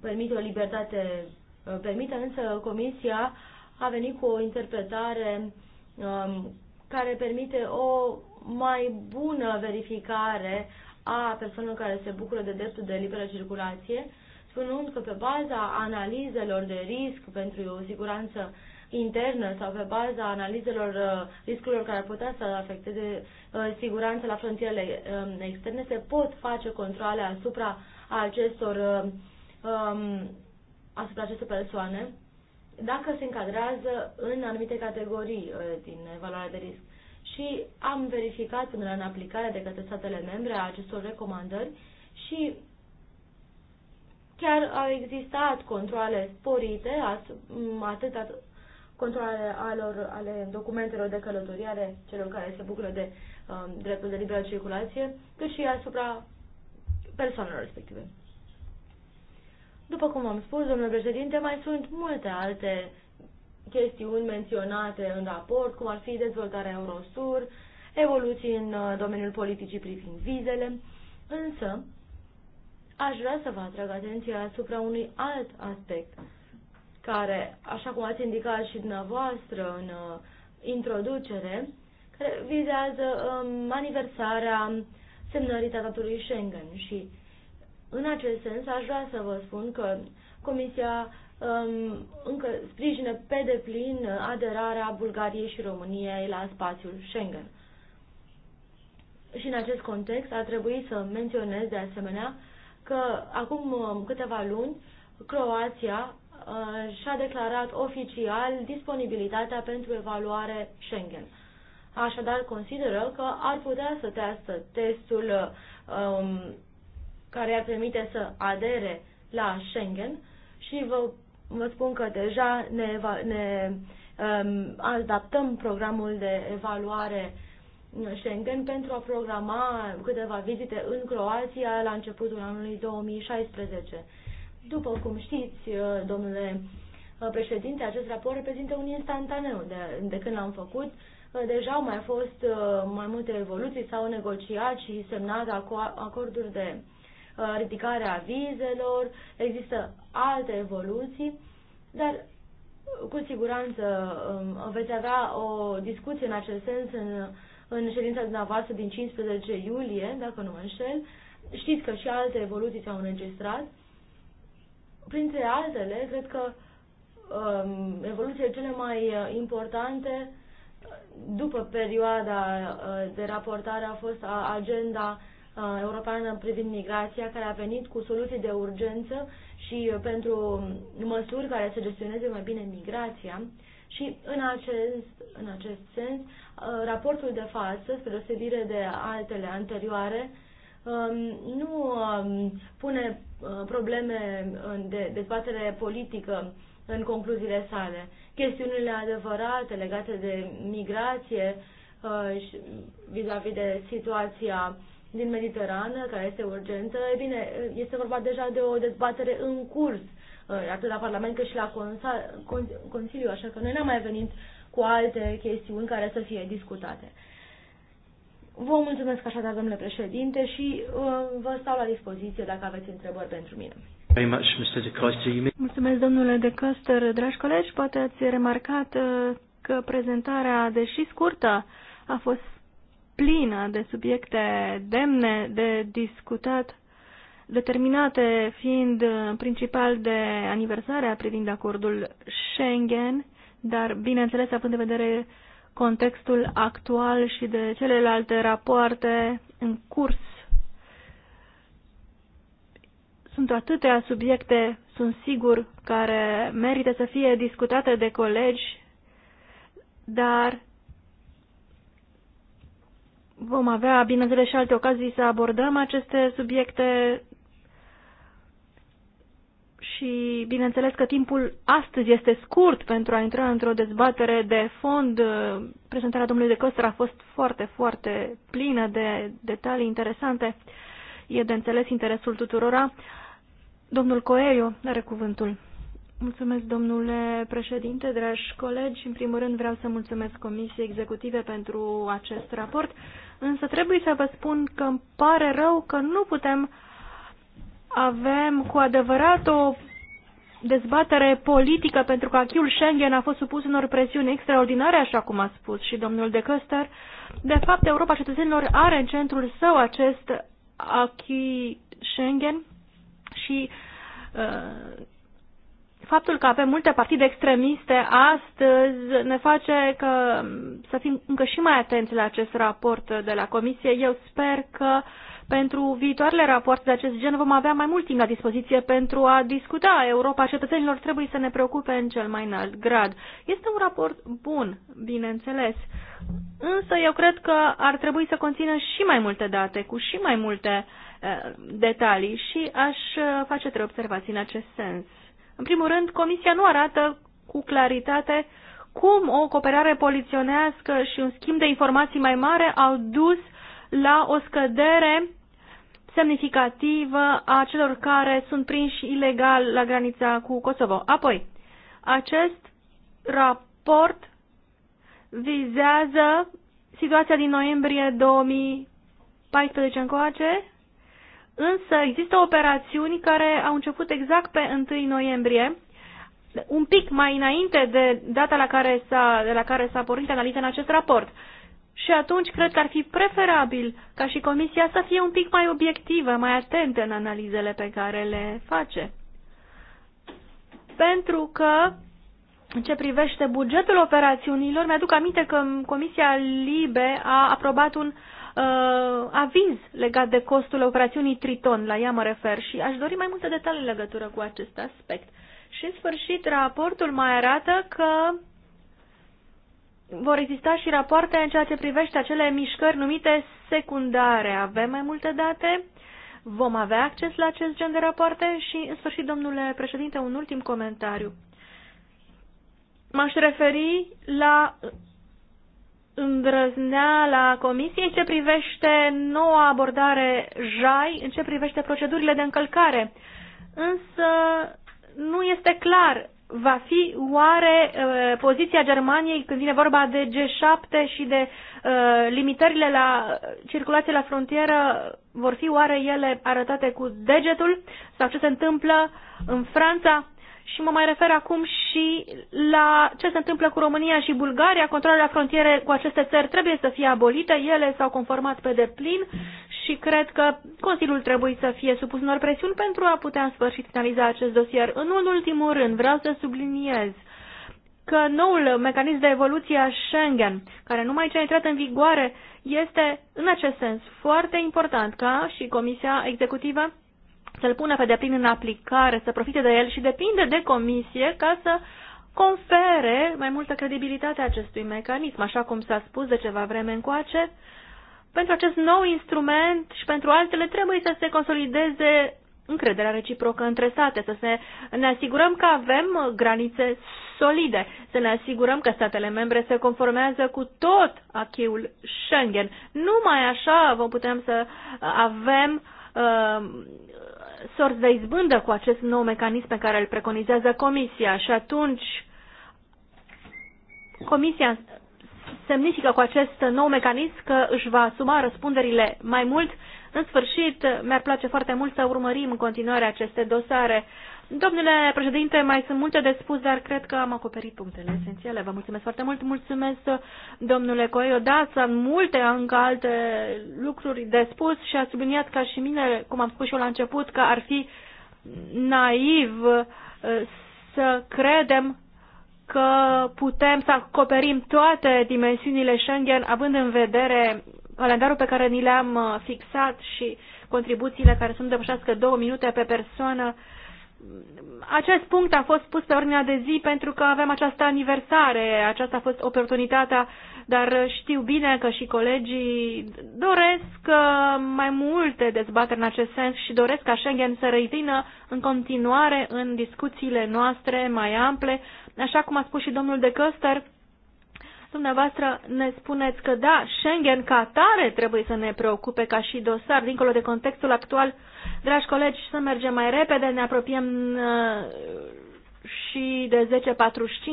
permite o libertate, uh, permite însă Comisia a venit cu o interpretare care permite o mai bună verificare a persoanelor care se bucură de dreptul de liberă circulație, spunând că pe baza analizelor de risc pentru o siguranță internă sau pe baza analizelor uh, riscurilor care ar putea să afecteze uh, siguranța la frontierele um, externe, se pot face controle asupra acestor, uh, um, asupra acestor persoane dacă se încadrează în anumite categorii din evaluarea de risc. Și am verificat până în aplicare de către statele membre a acestor recomandări și chiar au existat controle sporite, atât controlele alor, ale documentelor de călătorie, ale celor care se bucură de um, dreptul de liberă circulație, cât și asupra persoanelor respective. După cum am spus, domnule președinte, mai sunt multe alte chestiuni menționate în raport, cum ar fi dezvoltarea Eurosur, evoluții în uh, domeniul politicii privind vizele, însă aș vrea să vă atrag atenția asupra unui alt aspect – care, așa cum ați indicat și dumneavoastră în uh, introducere, care vizează uh, aniversarea semnării tratatului Schengen și în acest sens aș vrea să vă spun că Comisia um, încă sprijină pe deplin aderarea Bulgariei și României la spațiul Schengen. Și în acest context ar trebui să menționez de asemenea că acum um, câteva luni Croația Uh, și-a declarat oficial disponibilitatea pentru evaluare Schengen. Așadar, consideră că ar putea să teastă testul uh, um, care ar permite să adere la Schengen și vă, vă spun că deja ne, ne um, adaptăm programul de evaluare Schengen pentru a programa câteva vizite în Croația la începutul anului 2016. După cum știți, uh, domnule uh, președinte, acest raport reprezintă un instantaneu. De, de când l-am făcut, uh, deja au mai fost mai multe evoluții, s-au negociat și semnat acorduri de ridicare a vizelor, există alte evoluții, dar cu siguranță um, veți avea o discuție în acest sens în, în ședința dumneavoastră din 15 iulie, dacă nu mă înșel. Știți că și alte evoluții s-au înregistrat Printre altele, cred că um, evoluțiile cele mai uh, importante după perioada uh, de raportare a fost uh, agenda europeană privind migrația, care a venit cu soluții de urgență și pentru măsuri care să gestioneze mai bine migrația. Și în acest, în acest sens, raportul de față, spre deosebire de altele anterioare, Um, nu um, pune uh, probleme de dezbatere politică în concluziile sale. Chestiunile adevărate legate de migrație uh, vis-a-vis -vis de situația din Mediterană, care este urgentă, e bine, este vorba deja de o dezbatere în curs, uh, atât la Parlament cât și la Consiliu, așa că noi n-am mai venit cu alte chestiuni care să fie discutate. Vă mulțumesc așadar, domnule președinte, și uh, vă stau la dispoziție dacă aveți întrebări pentru mine. Mulțumesc, domnule De Coster. Dragi colegi, poate ați remarcat uh, că prezentarea, deși scurtă, a fost plină de subiecte demne de discutat, determinate fiind uh, principal de aniversarea privind acordul Schengen, dar, bineînțeles, având în vedere uh, contextul actual și de celelalte rapoarte în curs. Sunt atâtea subiecte, sunt sigur, care merită să fie discutate de colegi, dar vom avea, bineînțeles, și alte ocazii să abordăm aceste subiecte și bineînțeles că timpul astăzi este scurt pentru a intra într-o dezbatere de fond. Prezentarea domnului de Căstor a fost foarte, foarte plină de detalii interesante. E de înțeles interesul tuturora. Domnul Coelho are cuvântul. Mulțumesc, domnule președinte, dragi colegi. În primul rând vreau să mulțumesc Comisiei Executive pentru acest raport, însă trebuie să vă spun că îmi pare rău că nu putem avem cu adevărat o dezbatere politică pentru că achiul Schengen a fost supus unor presiuni extraordinare, așa cum a spus și domnul de Căster. De fapt, Europa cetățenilor are în centrul său acest achi Schengen și uh, faptul că avem multe partide extremiste astăzi ne face că să fim încă și mai atenți la acest raport de la Comisie. Eu sper că uh, pentru viitoarele rapoarte de acest gen vom avea mai mult timp la dispoziție pentru a discuta. Europa cetățenilor trebuie să ne preocupe în cel mai înalt grad. Este un raport bun, bineînțeles, însă eu cred că ar trebui să conțină și mai multe date, cu și mai multe uh, detalii și aș eh, face trei observații în acest sens. În primul rând, Comisia nu arată cu claritate cum o cooperare poliționească și un schimb de informații mai mare au dus la o scădere semnificativă a celor care sunt prinși ilegal la granița cu Kosovo. Apoi, acest raport vizează situația din noiembrie 2014 încoace, însă există operațiuni care au început exact pe 1 noiembrie, un pic mai înainte de data la care s-a, la care s-a pornit analiza în acest raport. Și atunci cred că ar fi preferabil ca și comisia să fie un pic mai obiectivă, mai atentă în analizele pe care le face. Pentru că, în ce privește bugetul operațiunilor, mi-aduc aminte că Comisia Libe a aprobat un uh, aviz legat de costul operațiunii Triton, la ea mă refer, și aș dori mai multe detalii în legătură cu acest aspect. Și, în sfârșit, raportul mai arată că vor exista și rapoarte în ceea ce privește acele mișcări numite secundare. Avem mai multe date? Vom avea acces la acest gen de rapoarte? Și, în sfârșit, domnule președinte, un ultim comentariu. M-aș referi la îndrăzneala Comisiei ce privește noua abordare JAI, în ce privește procedurile de încălcare. Însă nu este clar va fi oare uh, poziția Germaniei când vine vorba de G7 și de uh, limitările la circulație la frontieră, vor fi oare ele arătate cu degetul sau ce se întâmplă în Franța? Și mă mai refer acum și la ce se întâmplă cu România și Bulgaria. Controlele la frontiere cu aceste țări trebuie să fie abolite. Ele s-au conformat pe deplin și cred că Consiliul trebuie să fie supus unor presiuni pentru a putea în sfârșit finaliza acest dosier. În ultimul rând, vreau să subliniez că noul mecanism de evoluție a Schengen, care numai ce a intrat în vigoare, este în acest sens foarte important ca și Comisia Executivă să-l pună pe deplin în aplicare, să profite de el și depinde de comisie ca să confere mai multă credibilitate acestui mecanism, așa cum s-a spus de ceva vreme încoace. Pentru acest nou instrument și pentru altele trebuie să se consolideze încrederea reciprocă între state, să se, ne asigurăm că avem granițe solide, să ne asigurăm că statele membre se conformează cu tot acheul Schengen. Numai așa vom putea să avem uh, sorți de izbândă cu acest nou mecanism pe care îl preconizează Comisia și atunci Comisia semnifică cu acest nou mecanism că își va asuma răspunderile mai mult. În sfârșit, mi-ar place foarte mult să urmărim în continuare aceste dosare. Domnule președinte, mai sunt multe de spus, dar cred că am acoperit punctele esențiale. Vă mulțumesc foarte mult. Mulțumesc, domnule Coelho. Da, sunt multe încă alte lucruri de spus și a subliniat ca și mine, cum am spus și eu la început, că ar fi naiv uh, să credem că putem să acoperim toate dimensiunile Schengen, având în vedere calendarul pe care ni le-am uh, fixat și contribuțiile care sunt depășească două minute pe persoană acest punct a fost pus pe ordinea de zi pentru că avem această aniversare, aceasta a fost oportunitatea, dar știu bine că și colegii doresc uh, mai multe dezbateri în acest sens și doresc ca Schengen să revină în continuare în discuțiile noastre mai ample. Așa cum a spus și domnul de Căster, Dumneavoastră ne spuneți că da, Schengen ca tare trebuie să ne preocupe ca și dosar, dincolo de contextul actual. Dragi colegi, să mergem mai repede, ne apropiem uh, și de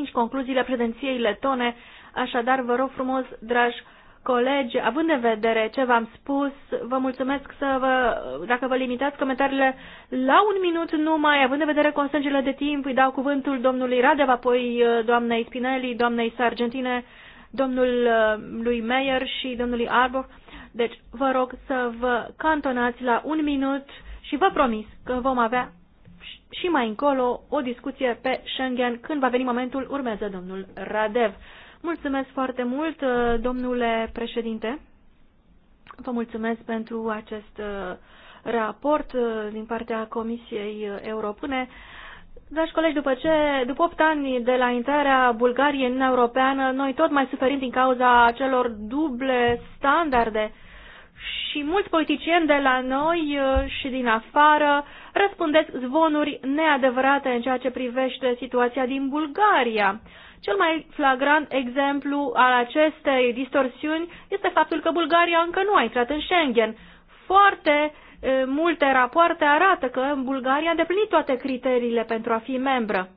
10.45 concluziile prezenției letone. Așadar, vă rog frumos, dragi colegi, având în vedere ce v-am spus, vă mulțumesc să vă, dacă vă limitați comentariile la un minut numai, având în vedere constrângerile de timp, îi dau cuvântul domnului Radev, apoi uh, doamnei Spinelli, doamnei Sargentine, domnul uh, lui Meyer și domnului Arboch. Deci vă rog să vă cantonați la un minut și vă promis că vom avea și mai încolo o discuție pe Schengen când va veni momentul, urmează domnul Radev. Mulțumesc foarte mult, uh, domnule președinte. Vă mulțumesc pentru acest uh, raport din partea Comisiei Europene. Dragi colegi, după ce, după 8 ani de la intrarea Bulgariei în Europeană, noi tot mai suferim din cauza acelor duble standarde și mulți politicieni de la noi uh, și din afară răspundesc zvonuri neadevărate în ceea ce privește situația din Bulgaria. Cel mai flagrant exemplu al acestei distorsiuni este faptul că Bulgaria încă nu a intrat în Schengen. Foarte multe rapoarte arată că Bulgaria a deplinit toate criteriile pentru a fi membră.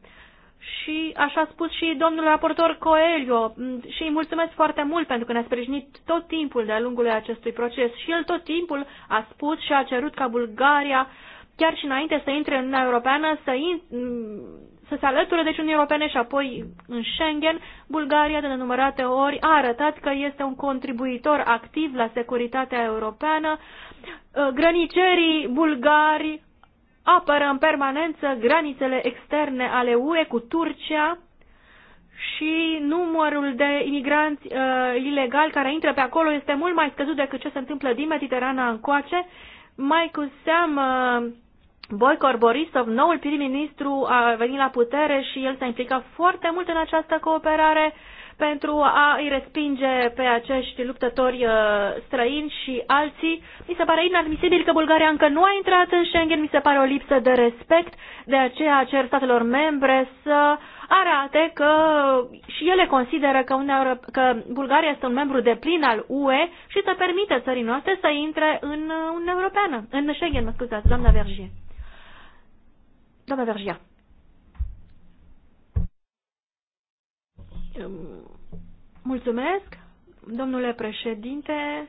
Și așa a spus și domnul raportor Coelho și îi mulțumesc foarte mult pentru că ne-a sprijinit tot timpul de-a lungul acestui proces și el tot timpul a spus și a cerut ca Bulgaria, chiar și înainte să intre în Uniunea Europeană, să, in, să se alăture deci Uniunii Europene și apoi în Schengen, Bulgaria de nenumărate ori a arătat că este un contribuitor activ la securitatea europeană, Uh, grănicerii bulgari apără în permanență granițele externe ale UE cu Turcia și numărul de imigranți uh, ilegali care intră pe acolo este mult mai scăzut decât ce se întâmplă din Mediterana încoace. Mai cu seamă, uh, Boicor Borisov, noul prim-ministru, a venit la putere și el s-a implicat foarte mult în această cooperare pentru a-i respinge pe acești luptători uh, străini și alții. Mi se pare inadmisibil că Bulgaria încă nu a intrat în Schengen, mi se pare o lipsă de respect, de aceea cer statelor membre să arate că și ele consideră că, Uniunea că Bulgaria este un membru de plin al UE și să permite țării noastre să intre în Uniunea Europeană, în Schengen, mă scuzați, doamna Vergie. Doamna Vergia. Mulțumesc, domnule președinte.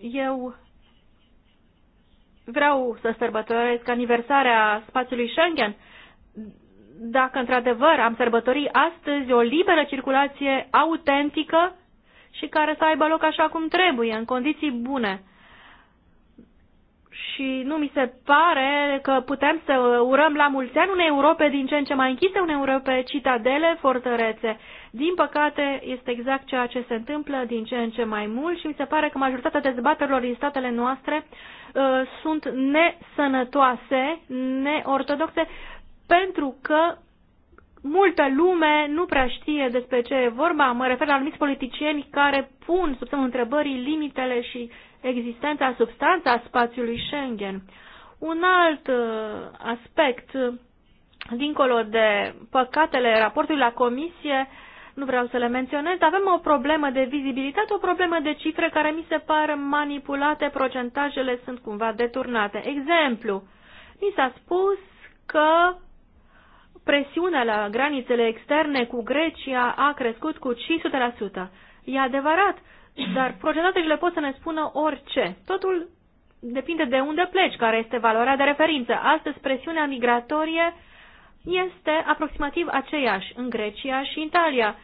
Eu vreau să sărbătoresc aniversarea spațiului Schengen. Dacă într-adevăr am sărbători astăzi o liberă circulație autentică și care să aibă loc așa cum trebuie, în condiții bune și nu mi se pare că putem să urăm la mulți ani unei Europe din ce în ce mai închise, unei Europe citadele, fortărețe. Din păcate, este exact ceea ce se întâmplă din ce în ce mai mult și mi se pare că majoritatea dezbaterilor din statele noastre uh, sunt nesănătoase, neortodoxe, pentru că multă lume nu prea știe despre ce e vorba. Mă refer la anumiți politicieni care pun sub semnul întrebării limitele și existența, substanța spațiului Schengen. Un alt uh, aspect, uh, dincolo de păcatele raportului la comisie, nu vreau să le menționez, avem o problemă de vizibilitate, o problemă de cifre care mi se par manipulate, procentajele sunt cumva deturnate. Exemplu, mi s-a spus că presiunea la granițele externe cu Grecia a crescut cu 500%. E adevărat, dar procedatorele pot să ne spună orice. Totul depinde de unde pleci, care este valoarea de referință. Astăzi, presiunea migratorie este aproximativ aceeași în Grecia și Italia.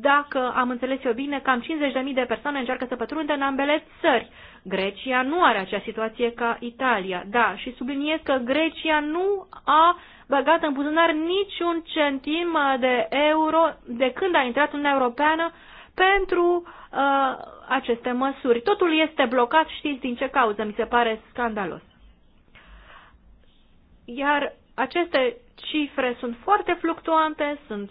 Dacă am înțeles eu bine, cam 50.000 de persoane încearcă să pătrundă în ambele țări. Grecia nu are acea situație ca Italia. Da, și subliniez că Grecia nu a băgat în buzunar niciun centim de euro de când a intrat în Europeană pentru uh, aceste măsuri. Totul este blocat, știți din ce cauză, mi se pare scandalos. Iar aceste cifre sunt foarte fluctuante, sunt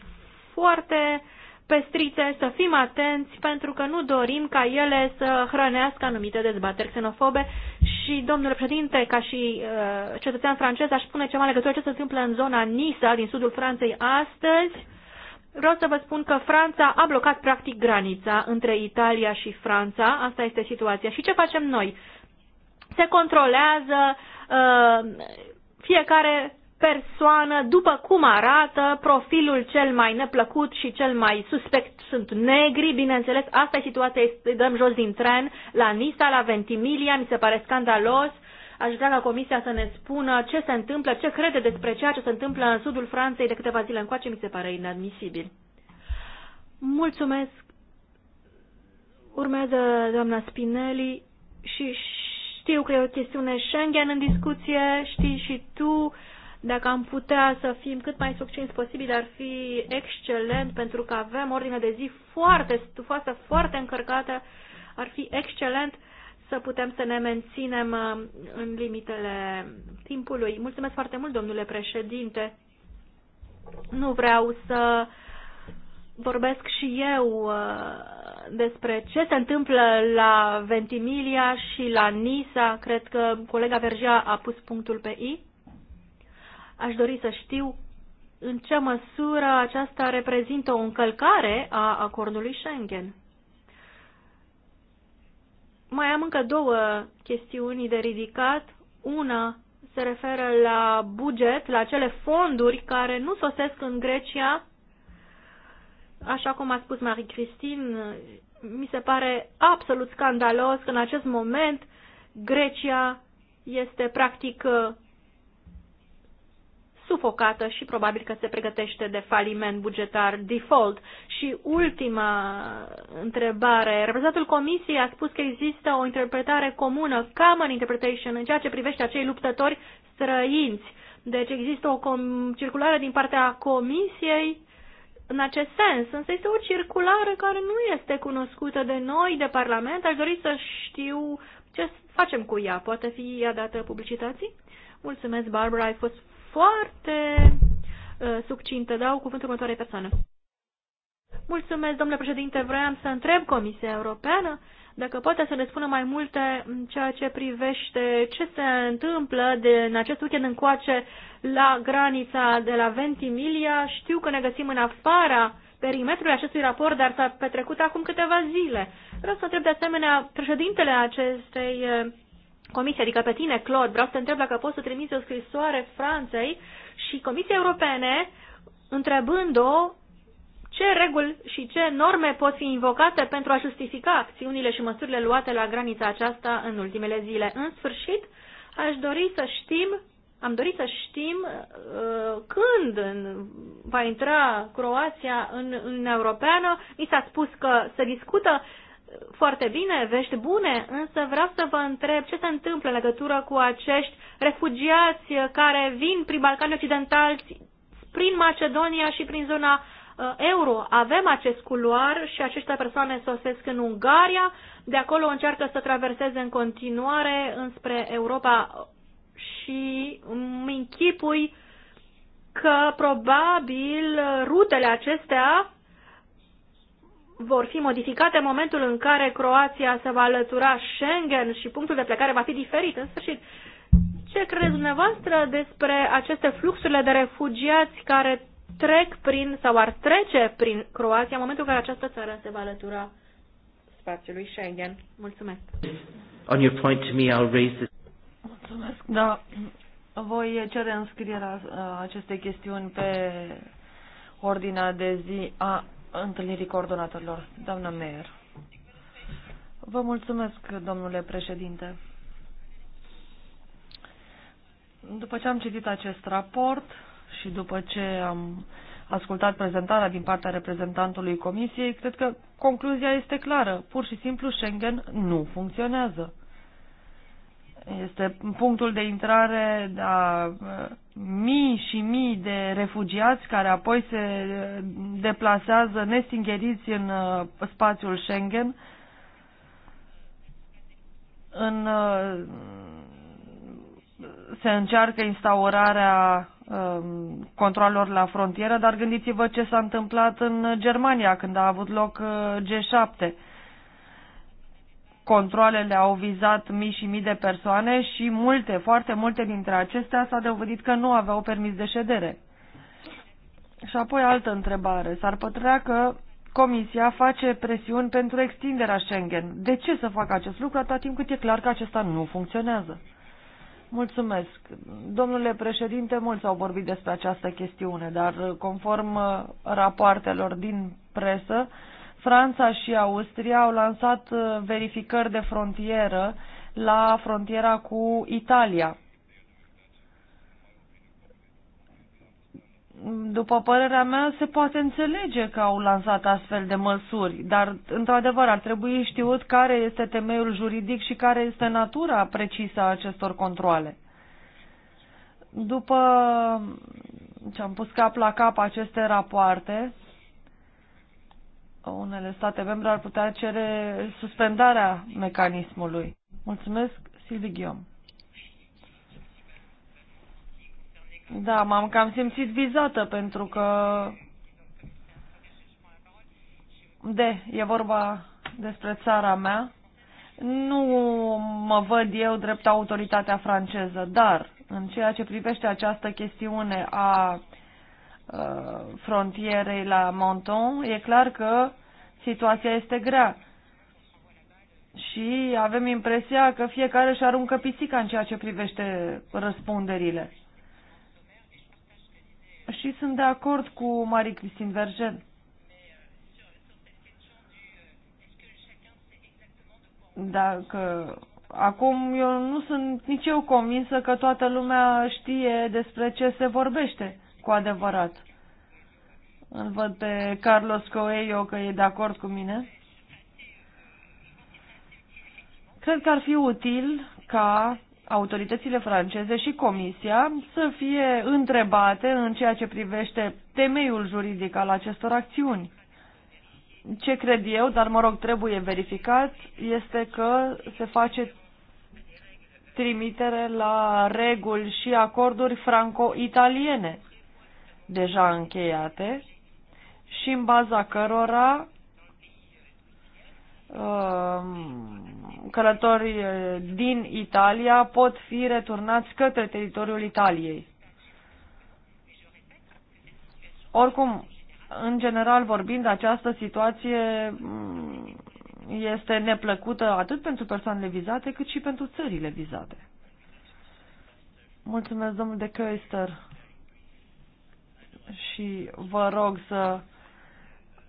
foarte pestrițe, să fim atenți pentru că nu dorim ca ele să hrănească anumite dezbateri xenofobe și, domnule președinte, ca și uh, cetățean francez, aș spune ceva legătură ce se întâmplă în zona Nisa din sudul Franței astăzi Vreau să vă spun că Franța a blocat practic granița între Italia și Franța, asta este situația. Și ce facem noi? Se controlează uh, fiecare persoană după cum arată, profilul cel mai neplăcut și cel mai suspect sunt negri, bineînțeles, asta e situația, îi dăm jos din tren, la Nisa, la Ventimiglia, mi se pare scandalos, Aș vrea ca Comisia să ne spună ce se întâmplă, ce crede despre ceea ce se întâmplă în sudul Franței de câteva zile încoace, mi se pare inadmisibil. Mulțumesc. Urmează doamna Spinelli și știu că e o chestiune Schengen în discuție, știi și tu, dacă am putea să fim cât mai succinți posibil, ar fi excelent, pentru că avem ordine de zi foarte stufoasă, foarte încărcată, ar fi excelent să putem să ne menținem uh, în limitele timpului. Mulțumesc foarte mult, domnule președinte. Nu vreau să vorbesc și eu uh, despre ce se întâmplă la Ventimilia și la Nisa. Cred că colega Vergea a pus punctul pe I. Aș dori să știu în ce măsură aceasta reprezintă o încălcare a acordului Schengen. Mai am încă două chestiuni de ridicat. Una se referă la buget, la cele fonduri care nu sosesc în Grecia, așa cum a spus Marie-Christine, mi se pare absolut scandalos că în acest moment Grecia este practic sufocată și probabil că se pregătește de faliment bugetar default. Și ultima întrebare. Reprezentantul Comisiei a spus că există o interpretare comună, common interpretation, în ceea ce privește acei luptători străinți. Deci există o circulare din partea Comisiei în acest sens, însă este o circulară care nu este cunoscută de noi, de Parlament. Aș dori să știu ce facem cu ea. Poate fi ea dată publicității? Mulțumesc, Barbara, ai fost foarte uh, succintă. Dau cuvântul următoarei persoane. Mulțumesc, domnule președinte. Vreau să întreb Comisia Europeană dacă poate să ne spună mai multe în ceea ce privește ce se întâmplă de, în acest weekend încoace la granița de la Ventimilia. Știu că ne găsim în afara perimetrului acestui raport, dar s-a petrecut acum câteva zile. Vreau să întreb de asemenea președintele acestei ă, Comisia, adică pe tine, Claude, vreau să te întreb dacă poți să trimiți o scrisoare Franței și Comisia Europene întrebând-o ce reguli și ce norme pot fi invocate pentru a justifica acțiunile și măsurile luate la granița aceasta în ultimele zile. În sfârșit, aș dori să știm, am dorit să știm uh, când în, va intra Croația în Uniunea Europeană. Mi s-a spus că se discută foarte bine, vești bune, însă vreau să vă întreb ce se întâmplă în legătură cu acești refugiați care vin prin Balcanii Occidentali, prin Macedonia și prin zona uh, euro. Avem acest culoar și aceste persoane sosesc în Ungaria, de acolo încearcă să traverseze în continuare înspre Europa și îmi închipui că probabil rutele acestea vor fi modificate în momentul în care Croația se va alătura Schengen și punctul de plecare va fi diferit. În sfârșit, ce credeți dumneavoastră despre aceste fluxurile de refugiați care trec prin sau ar trece prin Croația în momentul în care această țară se va alătura spațiului Schengen? Mulțumesc. On your point to me, I'll raise this. Mulțumesc. Da, voi cere înscrierea uh, acestei chestiuni pe ordinea de zi a întâlnirii coordonatorilor. Doamna Meier. Vă mulțumesc, domnule președinte. După ce am citit acest raport și după ce am ascultat prezentarea din partea reprezentantului Comisiei, cred că concluzia este clară. Pur și simplu Schengen nu funcționează. Este punctul de intrare a da, mii și mii de refugiați care apoi se deplasează nestingheriți în uh, spațiul Schengen. În, uh, se încearcă instaurarea um, controlor la frontieră, dar gândiți-vă ce s-a întâmplat în Germania când a avut loc uh, G7 controlele au vizat mii și mii de persoane și multe, foarte multe dintre acestea s-a dovedit că nu aveau permis de ședere. Și apoi altă întrebare. S-ar pătrea că Comisia face presiuni pentru extinderea Schengen. De ce să facă acest lucru atât timp cât e clar că acesta nu funcționează? Mulțumesc. Domnule președinte, mulți au vorbit despre această chestiune, dar conform uh, rapoartelor din presă, Franța și Austria au lansat uh, verificări de frontieră la frontiera cu Italia. După părerea mea, se poate înțelege că au lansat astfel de măsuri, dar, într-adevăr, ar trebui știut care este temeiul juridic și care este natura precisă a acestor controle. După ce am pus cap la cap aceste rapoarte, unele state membre ar putea cere suspendarea mecanismului. Mulțumesc, Silvi Ghiom. Da, m-am cam simțit vizată pentru că... De, e vorba despre țara mea. Nu mă văd eu drept autoritatea franceză, dar în ceea ce privește această chestiune a frontierei la Monton, e clar că situația este grea. Și avem impresia că fiecare își aruncă pisica în ceea ce privește răspunderile. Și sunt de acord cu Marie Christine Vergel. Dacă acum eu nu sunt nici eu convinsă că toată lumea știe despre ce se vorbește cu adevărat. Îl văd pe Carlos Coelho că e de acord cu mine. Cred că ar fi util ca autoritățile franceze și Comisia să fie întrebate în ceea ce privește temeiul juridic al acestor acțiuni. Ce cred eu, dar mă rog, trebuie verificat, este că se face trimitere la reguli și acorduri franco-italiene deja încheiate și în baza cărora um, călători uh, din Italia pot fi returnați către teritoriul Italiei. Oricum, în general vorbind, această situație mm, este neplăcută atât pentru persoanele vizate, cât și pentru țările vizate. Mulțumesc, domnul de Köster și vă rog să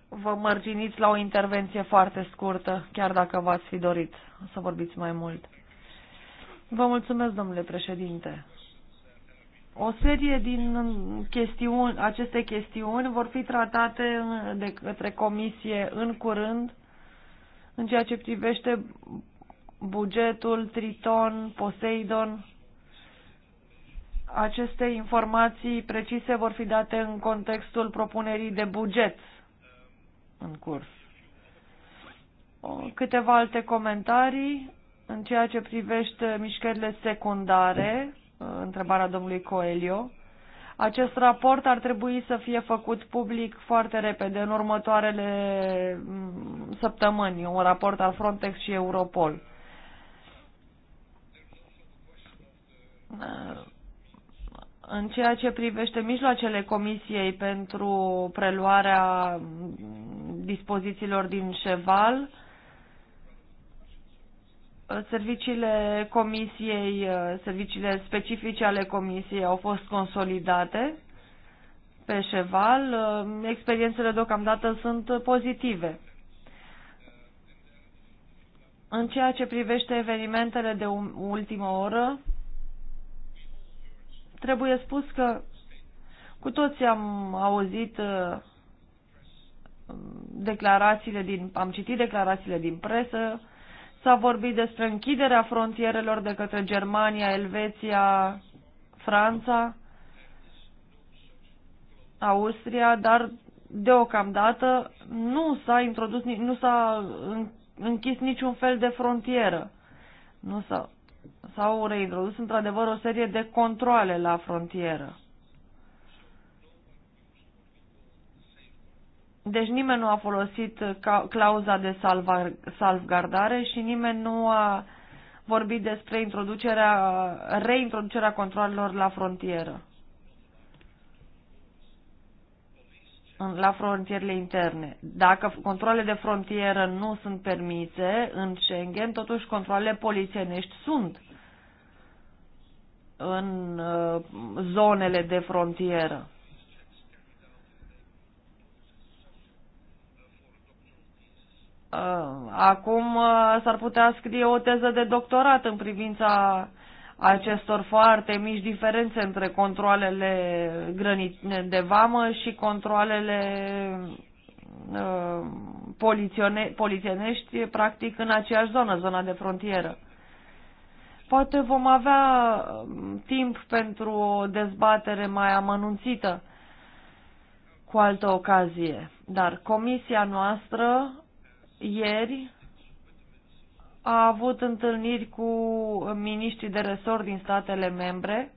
vă mărginiți la o intervenție foarte scurtă, chiar dacă v-ați fi dorit să vorbiți mai mult. Vă mulțumesc, domnule președinte. O serie din chestiuni, aceste chestiuni vor fi tratate de către comisie în curând în ceea ce privește bugetul Triton, Poseidon, aceste informații precise vor fi date în contextul propunerii de buget în curs. Câteva alte comentarii în ceea ce privește mișcările secundare, uh, întrebarea domnului Coelio. Acest raport ar trebui să fie făcut public foarte repede în următoarele mm, săptămâni, un raport al Frontex și Europol. Uh, în ceea ce privește mijloacele Comisiei pentru preluarea dispozițiilor din Cheval, serviciile Comisiei, serviciile specifice ale Comisiei au fost consolidate pe Cheval. Experiențele deocamdată sunt pozitive. În ceea ce privește evenimentele de ultimă oră, trebuie spus că cu toții am auzit uh, declarațiile din, am citit declarațiile din presă, s-a vorbit despre închiderea frontierelor de către Germania, Elveția, Franța, Austria, dar deocamdată nu s-a introdus, nu s-a închis niciun fel de frontieră. Nu s-a S-au reintrodus într-adevăr o serie de controle la frontieră. Deci nimeni nu a folosit clauza de salvgardare și nimeni nu a vorbit despre introducerea, reintroducerea controlelor la frontieră. la frontierele interne. Dacă controlele de frontieră nu sunt permise în Schengen, totuși controlele polițienești sunt în uh, zonele de frontieră. Uh, acum uh, s-ar putea scrie o teză de doctorat în privința acestor foarte mici diferențe între controlele de vamă și controlele poliționești, practic, în aceeași zonă, zona de frontieră. Poate vom avea um, timp pentru o dezbatere mai amănunțită cu altă ocazie. Dar comisia noastră ieri a avut întâlniri cu miniștrii de resort din statele membre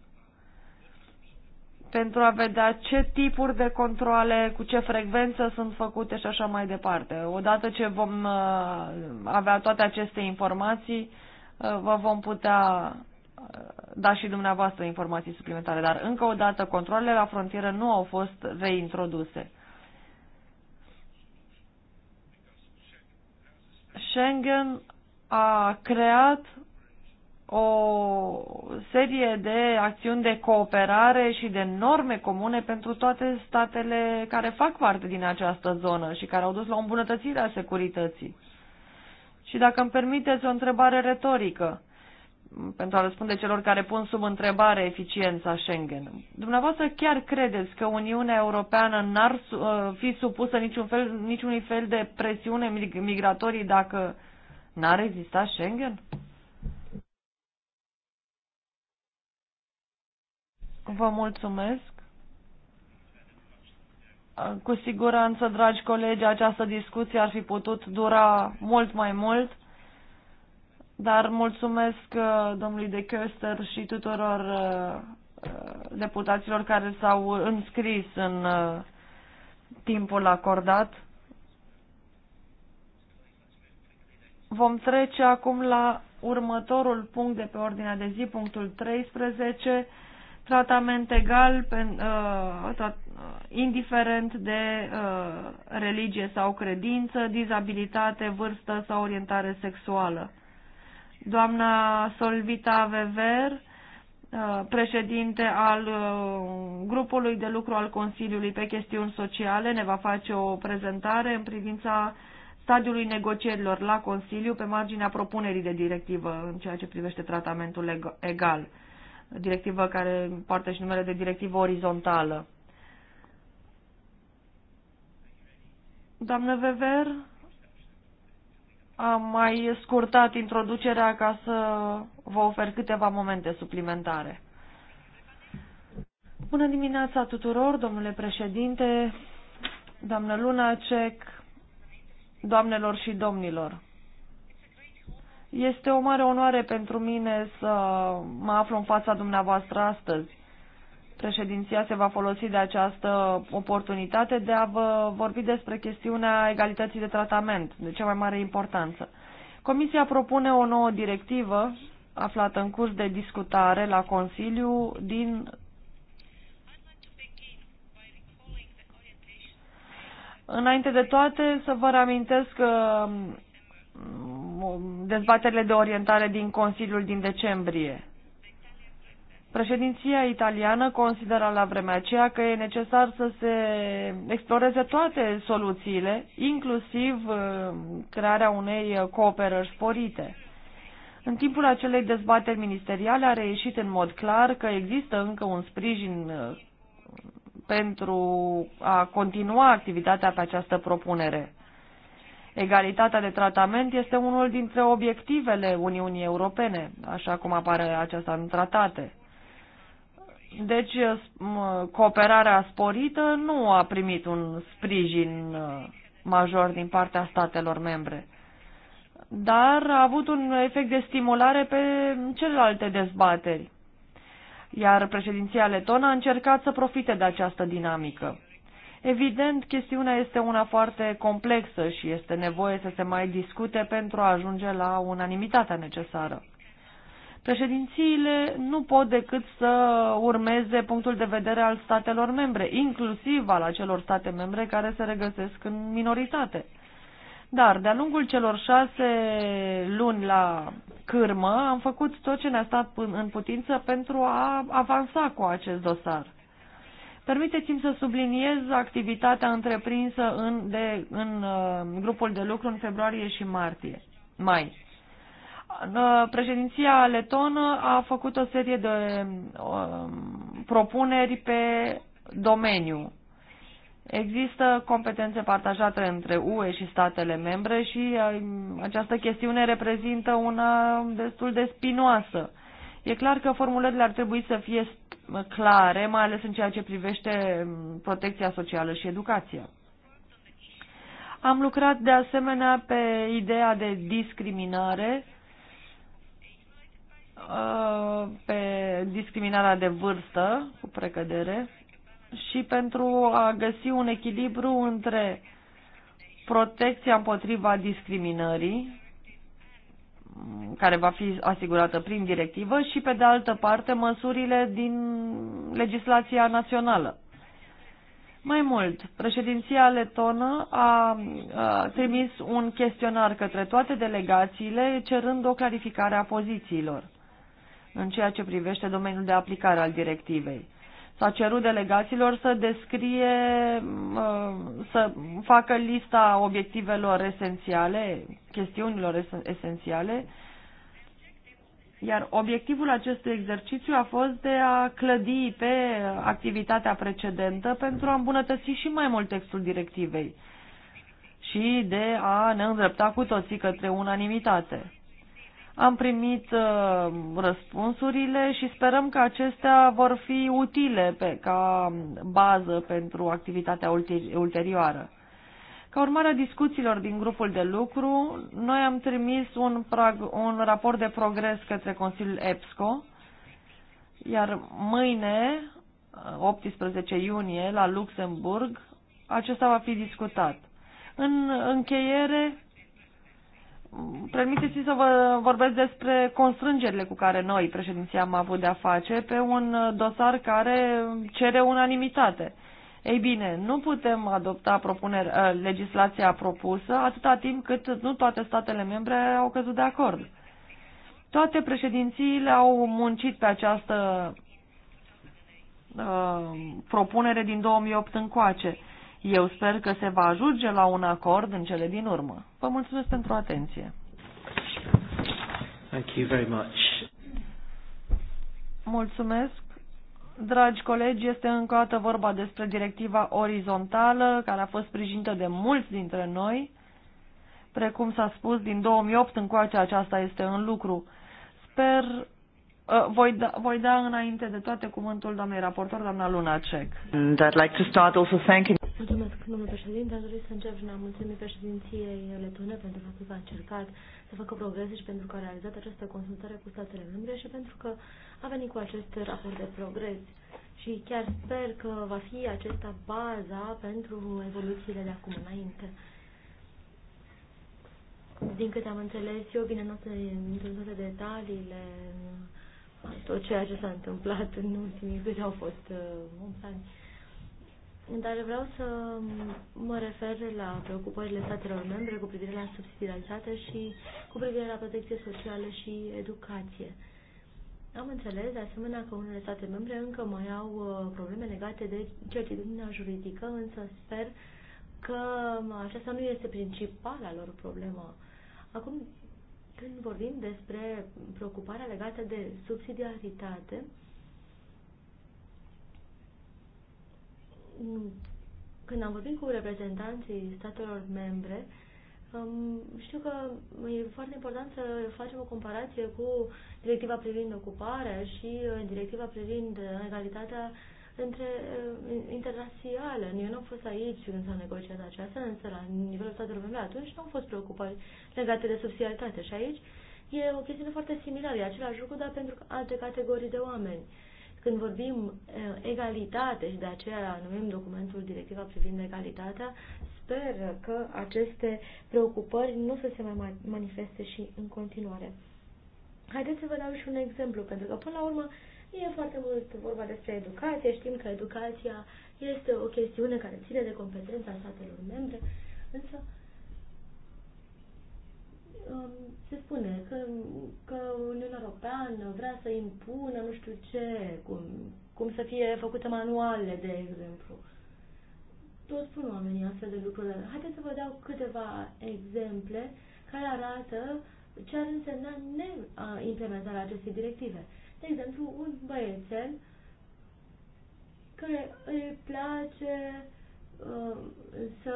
pentru a vedea ce tipuri de controle, cu ce frecvență sunt făcute și așa mai departe. Odată ce vom uh, avea toate aceste informații, Uh, vă vom putea uh, da și dumneavoastră informații suplimentare, dar încă o dată controlele la frontieră nu au fost reintroduse. Schengen a creat o serie de acțiuni de cooperare și de norme comune pentru toate statele care fac parte din această zonă și care au dus la îmbunătățirea securității. Și dacă îmi permiteți o întrebare retorică, pentru a răspunde celor care pun sub întrebare eficiența Schengen. Dumneavoastră chiar credeți că Uniunea Europeană n-ar uh, fi supusă niciun fel, niciunui fel de presiune migratorii dacă n-ar exista Schengen? Vă mulțumesc. Cu siguranță, dragi colegi, această discuție ar fi putut dura mult mai mult, dar mulțumesc uh, domnului de Köster și tuturor uh, uh, deputaților care s-au înscris în timpul acordat. Vom trece acum la următorul punct de pe ordinea de zi, punctul 13, tratament egal, pentru uh, indiferent de uh, religie sau credință, dizabilitate, vârstă sau orientare sexuală. Doamna Solvita Vever, uh, președinte al uh, grupului de lucru al Consiliului pe chestiuni sociale, ne va face o prezentare în privința stadiului negocierilor la Consiliu pe marginea propunerii de directivă în ceea ce privește tratamentul egal, directivă care poartă și numele de directivă orizontală. Doamnă Weber, am mai scurtat introducerea ca să vă ofer câteva momente suplimentare. Bună dimineața tuturor, domnule președinte, doamnă Lunacek, doamnelor și domnilor. Este o mare onoare pentru mine să mă aflu în fața dumneavoastră astăzi. Președinția se va folosi de această oportunitate de a vă vorbi despre chestiunea egalității de tratament, de cea mai mare importanță. Comisia propune o nouă directivă aflată în curs de discutare la Consiliu din Înainte de toate, să vă reamintesc că um, dezbaterile de orientare din Consiliul din decembrie. Președinția italiană considera la vremea aceea că e necesar să se exploreze toate soluțiile, inclusiv uh, crearea unei cooperări sporite. În timpul acelei dezbateri ministeriale a reieșit în mod clar că există încă un sprijin uh, pentru a continua activitatea pe această propunere. Egalitatea de tratament este unul dintre obiectivele Uniunii Europene, așa cum apare aceasta în tratate. Deci uh, cooperarea sporită nu a primit un sprijin uh, major din partea statelor membre, dar a avut un efect de stimulare pe celelalte dezbateri. Iar președinția letonă a încercat să profite de această dinamică. Evident, chestiunea este una foarte complexă și este nevoie să se mai discute pentru a ajunge la unanimitatea necesară. Președințiile nu pot decât să urmeze punctul de vedere al statelor membre, inclusiv al acelor state membre care se regăsesc în minoritate. Dar, de-a lungul celor șase luni la cârmă, am făcut tot ce ne-a stat în putință pentru a avansa cu acest dosar. Permiteți-mi să subliniez activitatea întreprinsă în, de, în uh, grupul de lucru în februarie și martie, mai. Ă, președinția letonă a făcut o serie de ă, propuneri pe domeniu. Există competențe partajate între UE și statele membre și ă, această chestiune reprezintă una destul de spinoasă. E clar că formulările ar trebui să fie clare, mai ales în ceea ce privește protecția socială și educația. Am lucrat de asemenea pe ideea de discriminare Uh, pe discriminarea de vârstă cu precădere și pentru a găsi un echilibru între protecția împotriva discriminării care va fi asigurată prin directivă și, pe de altă parte, măsurile din legislația națională. Mai mult, președinția letonă a, a trimis un chestionar către toate delegațiile cerând o clarificare a pozițiilor în ceea ce privește domeniul de aplicare al directivei. S-a cerut delegaților să descrie, să facă lista obiectivelor esențiale, chestiunilor esențiale, iar obiectivul acestui exercițiu a fost de a clădi pe activitatea precedentă pentru a îmbunătăți și mai mult textul directivei și de a ne îndrepta cu toții către unanimitate. Am primit uh, răspunsurile și sperăm că acestea vor fi utile pe, ca bază pentru activitatea ulterioară. Ca urmare a discuțiilor din grupul de lucru, noi am trimis un, prag, un raport de progres către Consiliul EPSCO, iar mâine, 18 uh, iunie, la Luxemburg, acesta va fi discutat. În încheiere, permiteți-mi să vă vorbesc despre constrângerile cu care noi, președinția, am avut de-a face pe un dosar care cere unanimitate. Ei bine, nu putem adopta propuner, ă, legislația propusă atâta timp cât nu toate statele membre au căzut de acord. Toate președințiile au muncit pe această uh, propunere din 2008 încoace. Eu sper că se va ajunge la un acord în cele din urmă. Vă mulțumesc pentru atenție. Thank you very much. Mulțumesc. Dragi colegi, este încă o dată vorba despre directiva orizontală, care a fost sprijinită de mulți dintre noi. Precum s-a spus, din 2008 încoace aceasta este în lucru. Sper, uh, voi, da, voi da înainte de toate cuvântul doamnei raportor, doamna Luna And Mulțumesc, domnule președinte. Aș dori să încep și am mulțumit președinției letone pentru faptul că a încercat să facă progrese și pentru că a realizat această consultare cu statele membre și pentru că a venit cu acest raport de progres. Și chiar sper că va fi acesta baza pentru evoluțiile de acum înainte. Din câte am înțeles eu, bine, nu o să intru toate detaliile, tot ceea ce s-a întâmplat în ultimii câte au fost uh, ani dar vreau să mă refer la preocupările statelor membre cu privire la subsidiaritate și cu privire la protecție socială și educație. Am înțeles, de asemenea, că unele state membre încă mai au uh, probleme legate de certitudinea juridică, însă sper că uh, aceasta nu este principala lor problemă. Acum, când vorbim despre preocuparea legată de subsidiaritate, când am vorbit cu reprezentanții statelor membre, știu că e foarte important să facem o comparație cu directiva privind ocuparea și uh, directiva privind uh, egalitatea între uh, interrasială. Eu nu am fost aici când s-a negociat aceasta, însă la nivelul statelor membre atunci nu au fost preocupări legate de subsidiaritate și aici e o chestiune foarte similară, e același lucru, dar pentru alte categorii de oameni. Când vorbim egalitate și de aceea numim documentul directiva privind egalitatea, sper că aceste preocupări nu să se mai manifeste și în continuare. Haideți să vă dau și un exemplu, pentru că până la urmă e foarte mult vorba despre educație, știm că educația este o chestiune care ține de competența statelor membre, însă Um, se spune că, că Uniunea Europeană vrea să impună nu știu ce, cum, cum să fie făcute manuale, de exemplu. Tot spun oamenii astfel de lucruri. Haideți să vă dau câteva exemple care arată ce ar însemna neimplementarea acestei directive. De exemplu, un băiețel care îi place uh, să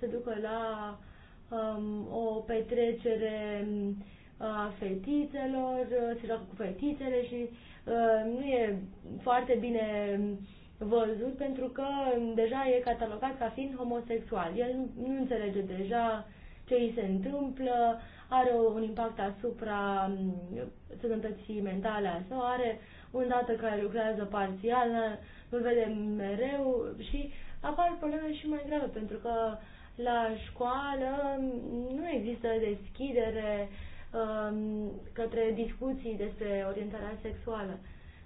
se ducă la uh, um, o petrecere uh, a fetițelor, uh, se joacă cu fetițele și uh, nu e foarte bine văzut pentru că deja e catalogat ca fiind homosexual. El nu, nu înțelege deja ce îi se întâmplă, are un impact asupra um, sănătății mentale a său, are un dată care lucrează parțial, nu vede mereu și apar probleme și mai grave pentru că uh, la școală nu există deschidere um, către discuții despre orientarea sexuală.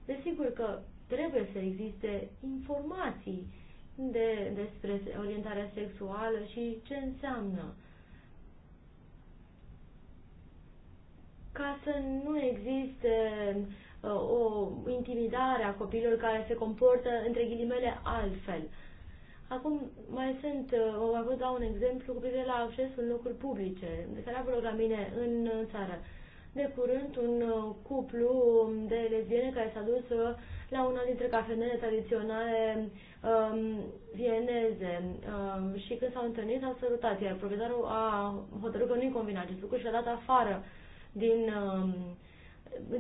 Desigur că trebuie să existe informații de, despre orientarea sexuală și ce înseamnă. Ca să nu existe uh, o intimidare a copiilor care se comportă, între ghilimele, altfel. Uh, Acum mai sunt, mai uh, vă dau un exemplu cu privire la accesul în locuri publice, de care vă la mine în uh, țară. De curând, un uh, cuplu de lesbiene care s-a dus la una dintre cafenele tradiționale um, vieneze um, și când s-au întâlnit, s-au sărutat, iar proprietarul a hotărât că nu-i convine acest lucru și l-a dat afară din, um,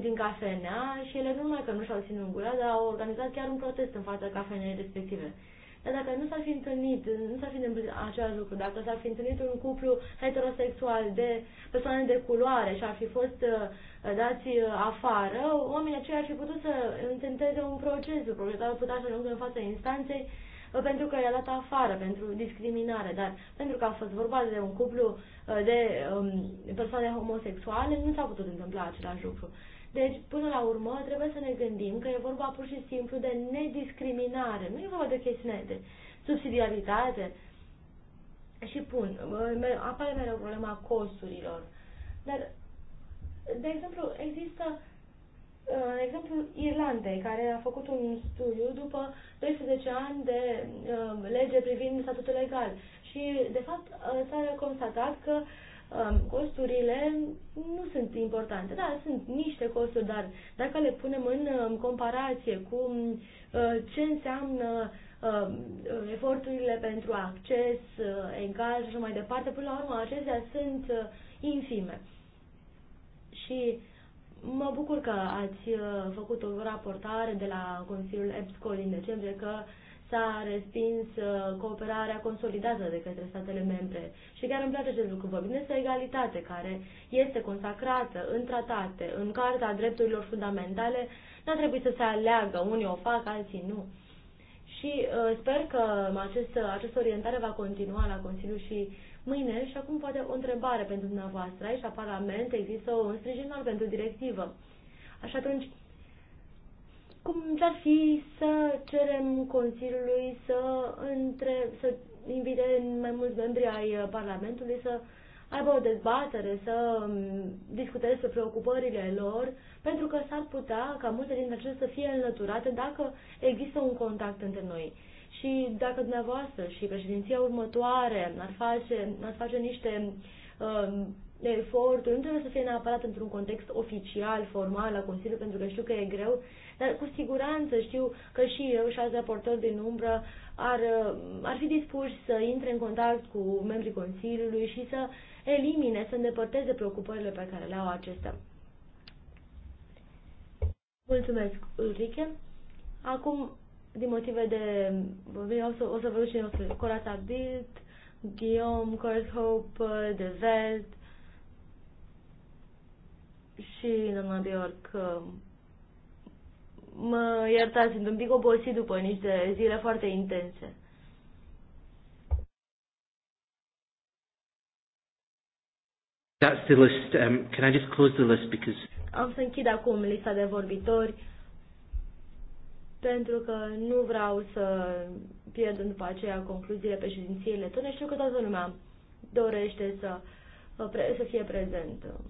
din cafenea și ele nu numai că nu și-au ținut gura, dar au organizat chiar un protest în fața cafenei respective. Dar dacă nu s-ar fi întâlnit, nu s-ar fi întâmplat același lucru, dacă s-ar fi întâlnit un cuplu heterosexual de persoane de culoare și ar fi fost uh, dați uh, afară, oamenii aceia ar fi putut să intenteze un proces, proprietarul putea să ajungă în fața instanței uh, pentru că i-a dat afară, pentru discriminare, dar pentru că a fost vorba de un cuplu de um, persoane homosexuale, nu s-a putut întâmpla același lucru. Deci, până la urmă, trebuie să ne gândim că e vorba pur și simplu de nediscriminare. Nu e vorba de chestiune de subsidiaritate. Și pun, apare mereu problema costurilor. Dar, de exemplu, există de exemplu Irlandei, care a făcut un studiu după 12 ani de lege privind statutul legal. Și, de fapt, s-a constatat că uh, Um, costurile nu sunt importante. Da, sunt niște costuri, dar dacă le punem în um, comparație cu um, uh, ce înseamnă eforturile pentru acces, uh, egal și mai departe, până la urmă acestea sunt uh, infime. Și mă bucur că ați făcut o raportare de la Consiliul EBSCO din decembrie că uh, s-a respins uh, cooperarea consolidată de către statele membre. Și chiar îmi place acest lucru. Vorbim despre egalitate, care este consacrată în tratate, în Carta Drepturilor Fundamentale. Nu trebuie să se aleagă, unii o fac, alții nu. Și uh, sper că acest, această orientare va continua la Consiliu și mâine. Și acum poate o întrebare pentru dumneavoastră. Aici la Parlament există un sprijin pentru directivă. Așa atunci, cum ar fi să cerem Consiliului să, între, să invite mai mulți membri ai Parlamentului să aibă o dezbatere, să mm, discute despre preocupările lor, pentru că s-ar putea ca multe dintre acestea să fie înlăturate dacă există un contact între noi. Și dacă dumneavoastră și președinția următoare ar face, ar face niște uh, eforturi, nu trebuie să fie neapărat într-un context oficial, formal, la Consiliu, pentru că știu că e greu, dar cu siguranță știu că și eu și alți raportori din umbră ar, ar fi dispuși să intre în contact cu membrii Consiliului și să elimine, să îndepărteze preocupările pe care le au acestea. Mulțumesc, Ulrike. Acum, din motive de... O să, vă duc și o să... Corața Bild, Guillaume, Kurt Hope, De Veld și doamna Bjork Mă iertați, sunt un pic obosit după niște zile foarte intense. That's the list. Um, can I just close the list because... Am să închid acum lista de vorbitori pentru că nu vreau să pierd după aceea concluziile președinției ne Știu că toată lumea dorește să, să fie prezentă.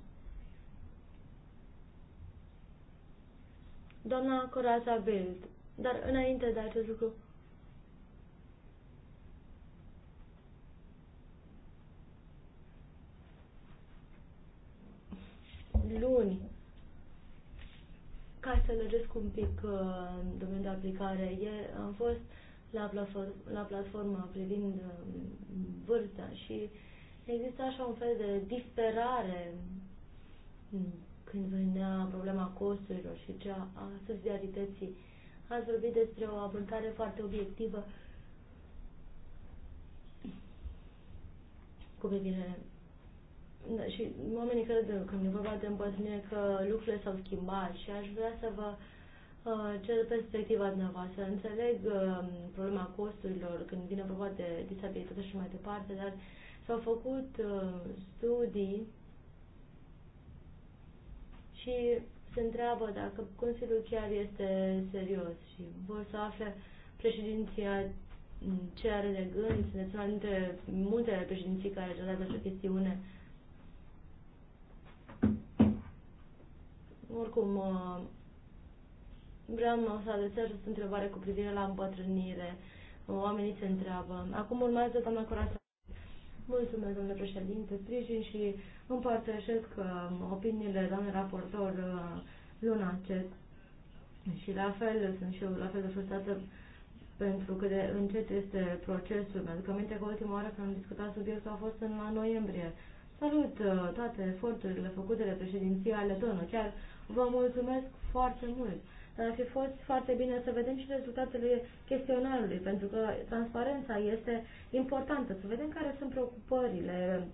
doamna Coraza Bild. Dar înainte de acest lucru, luni, ca să lăgesc un pic uh, domeniul de aplicare, e, am fost la, platform, la platforma privind uh, vârsta și există așa un fel de disperare hmm, când venea problema costurilor și cea a subsidiarității. Ați vorbit despre o abordare foarte obiectivă cu privire da, și oamenii cred când e vorba de împătrânire că lucrurile s-au schimbat și aș vrea să vă uh, cer perspectiva dumneavoastră. Înțeleg uh, problema costurilor când vine vorba de disabilitate și mai departe, dar s-au făcut uh, studii și se întreabă dacă Consiliul chiar este serios și vor să afle președinția ce are de gând, sunt una dintre multele președinții care și-au dat această chestiune. Oricum, uh, vreau să adresez această întrebare cu privire la îmbătrânire. Oamenii se întreabă. Acum urmează doamna Corasa. Mulțumesc, domnule președinte, sprijin și împărtășesc uh, opiniile doamnei raportor uh, luna acest. Și la fel, sunt și eu la fel de frustrată pentru că de încet este procesul. Mi-aduc aminte că ultima oară când am discutat subiectul a fost în la noiembrie. Salut uh, toate eforturile făcute de președinția letonă. Chiar vă mulțumesc foarte mult ar fi fost foarte bine să vedem și rezultatele chestionarului, pentru că transparența este importantă, să vedem care sunt preocupările,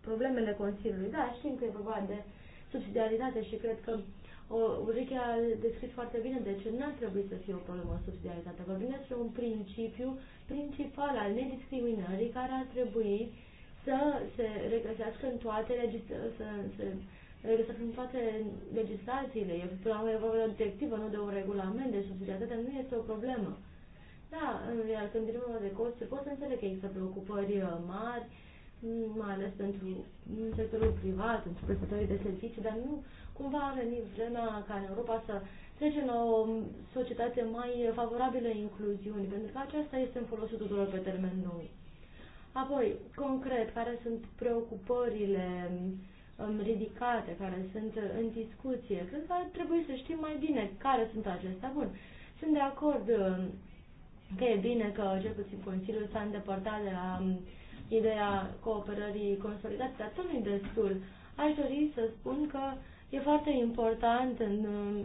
problemele Consiliului. Da, știm că e vorba de subsidiaritate și cred că o, Ulrike a descris foarte bine de ce nu ar trebui să fie o problemă subsidiaritate. Vorbim despre un principiu principal al nediscriminării care ar trebui să se regăsească în toate, să, să trebuie să fim toate legislațiile. E până la urmă e vorba de o directivă, nu de un regulament, deci subsidiaritatea nu este o problemă. Da, iar când vine vorba de costuri, pot să înțeleg că există preocupări uh, mari, mm, mai ales pentru sectorul privat, pentru prestatorii de servicii, dar nu cumva a venit vremea ca în Europa să trece la o societate mai favorabilă incluziunii, pentru că aceasta este în folosul tuturor pe termen lung. Apoi, concret, care sunt preocupările uh, Um, ridicate, care sunt uh, în discuție. Cred că ar trebui să știm mai bine care sunt acestea. Bun, sunt de acord um, că e bine că cel puțin Consiliul s-a îndepărtat de la um, ideea cooperării consolidate, dar tot nu destul. Aș dori să spun că e foarte important în,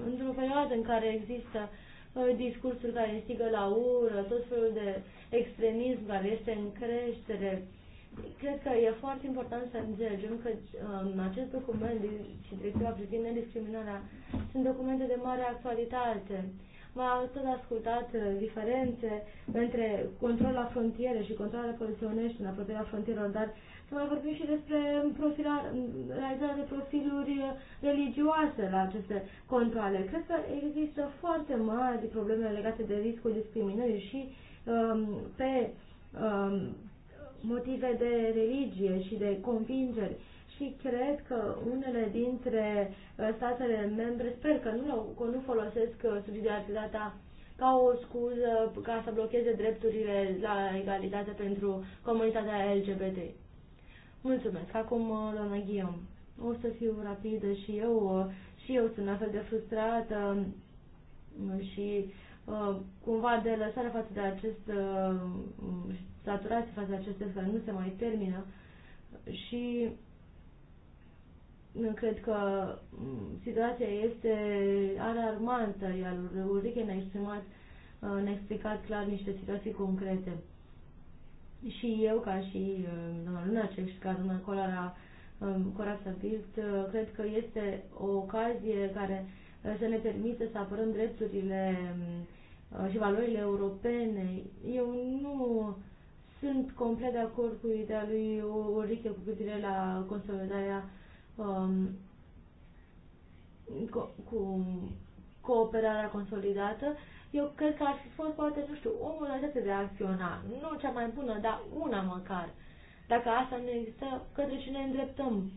într-o perioadă în care există uh, discursul care instigă la ură, tot felul de extremism care este în creștere, Cred că e foarte important să înțelegem că um, acest document și directiva privind nediscriminarea sunt documente de mare actualitate. M-au tot ascultat uh, diferențe între control la frontiere și controlele poliționești în apropierea frontierelor, dar să mai vorbim și despre profila, realizarea de profiluri uh, religioase la aceste controle. Cred că există foarte mari probleme legate de riscul discriminării și um, pe um, motive de religie și de convingeri și cred că unele dintre uh, statele membre, sper că nu, că nu folosesc uh, subsidiaritatea ca o scuză ca să blocheze drepturile la egalitate pentru comunitatea LGBT. Mulțumesc. Acum, uh, doamna Ghiom, o să fiu rapidă și eu, și eu sunt la fel de frustrată și Uh, cumva de lăsare față de acest uh, saturație față de acest test care nu se mai termină și uh, cred că mm, situația este alarmantă, iar Ulrike ne-a exprimat, ne-a explicat clar niște situații concrete. Și eu, ca și doamna Cec și ca doamna Colara um, Corața Bild, cred că este o ocazie care să ne permită să apărăm drepturile um, Uh, și valorile europene. Eu nu sunt complet de acord cu ideea lui Ulrike cu privire la consolidarea um, co cu cooperarea consolidată. Eu cred că ar fi fost poate, nu știu, o modalitate de a acționa, nu cea mai bună, dar una măcar. Dacă asta nu există, către cine îndreptăm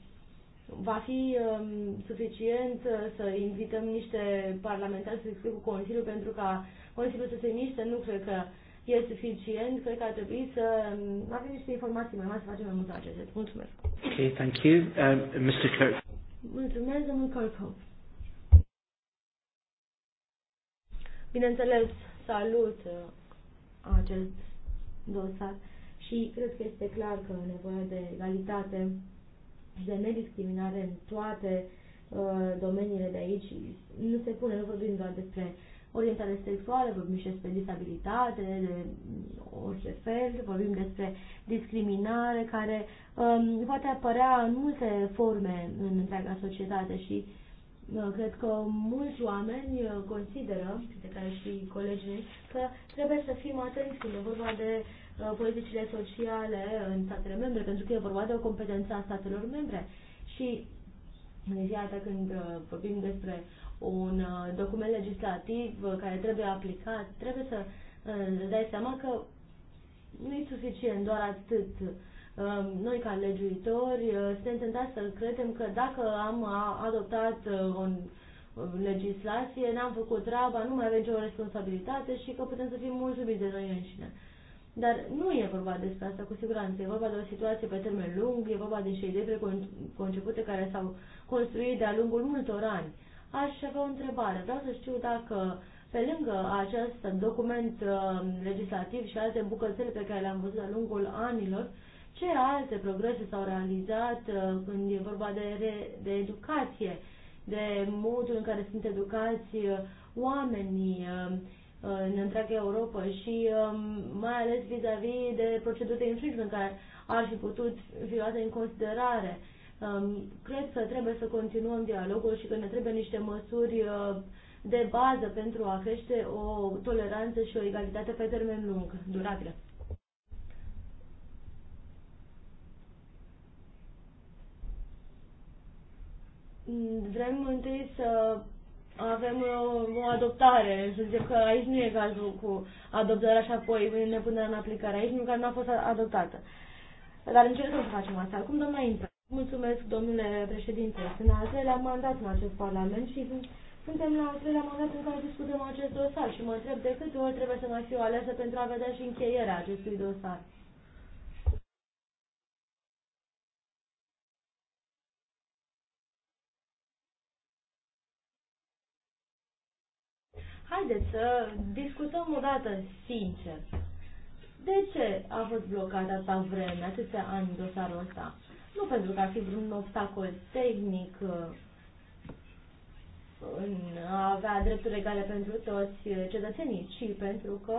va fi um, suficient uh, să invităm niște parlamentari să discute cu Consiliul pentru ca Consiliul să se miște? Nu cred că e suficient. Cred că ar trebui să avem um, niște informații mai mari, să facem mai multe acestea. Mulțumesc. Ok, thank you. Um, Mr. Kirk. Mulțumesc, domnul Kirkhoff. Bineînțeles, salut uh, acest dosar și cred că este clar că nevoia de egalitate de nediscriminare în toate uh, domeniile de aici. Nu se pune, nu vorbim doar despre orientare sexuală, vorbim și despre disabilitate, de orice fel, vorbim despre discriminare care um, poate apărea în multe forme în întreaga societate și uh, Cred că mulți oameni uh, consideră, de care și colegii, că trebuie să fim atenți când e vorba de uh, Uh, politicile sociale în statele membre, pentru că e vorba de o competență a statelor membre. Și în ziua iată când uh, vorbim despre un uh, document legislativ care trebuie aplicat, trebuie să dai seama că nu e suficient doar atât. Noi, ca legiuitori, suntem tentați să credem că dacă am adoptat o legislație, n-am făcut treaba, nu mai avem nicio responsabilitate și că putem să fim mulțumiți de noi înșine. Dar nu e vorba despre asta cu siguranță, e vorba de o situație pe termen lung, e vorba de niște idei preconcepute care s-au construit de-a lungul multor ani. Aș avea o întrebare. Vreau să știu dacă, pe lângă acest document uh, legislativ și alte bucățele pe care le-am văzut de-a lungul anilor, ce alte progrese s-au realizat uh, când e vorba de, re, de educație, de modul în care sunt educați uh, oamenii, uh, Uh, în întreaga Europa și um, mai ales vis-a-vis -vis de proceduri de infringement care ar fi putut fi luate în considerare. Um, cred că trebuie să continuăm dialogul și că ne trebuie niște măsuri uh, de bază pentru a crește o toleranță și o egalitate pe termen lung, durabilă. Vrem întâi să avem o, o adoptare, să zicem că aici nu e cazul cu adoptarea și apoi nepunerea în aplicare, aici nu, că nu a fost adoptată. Dar încercăm să facem asta. Acum, doamna Intra. Mulțumesc, domnule președinte. Sunt al treilea mandat în acest parlament și sunt, suntem la al treilea mandat în care discutăm acest dosar și mă întreb de câte ori trebuie să mai fiu alesă pentru a vedea și încheierea acestui dosar. Haideți să discutăm o dată sincer. De ce a fost blocat atâta vreme, atâția ani dosarul ăsta? Nu pentru că ar fi vreun obstacol tehnic uh, în a avea drepturi egale pentru toți uh, cetățenii, ci pentru că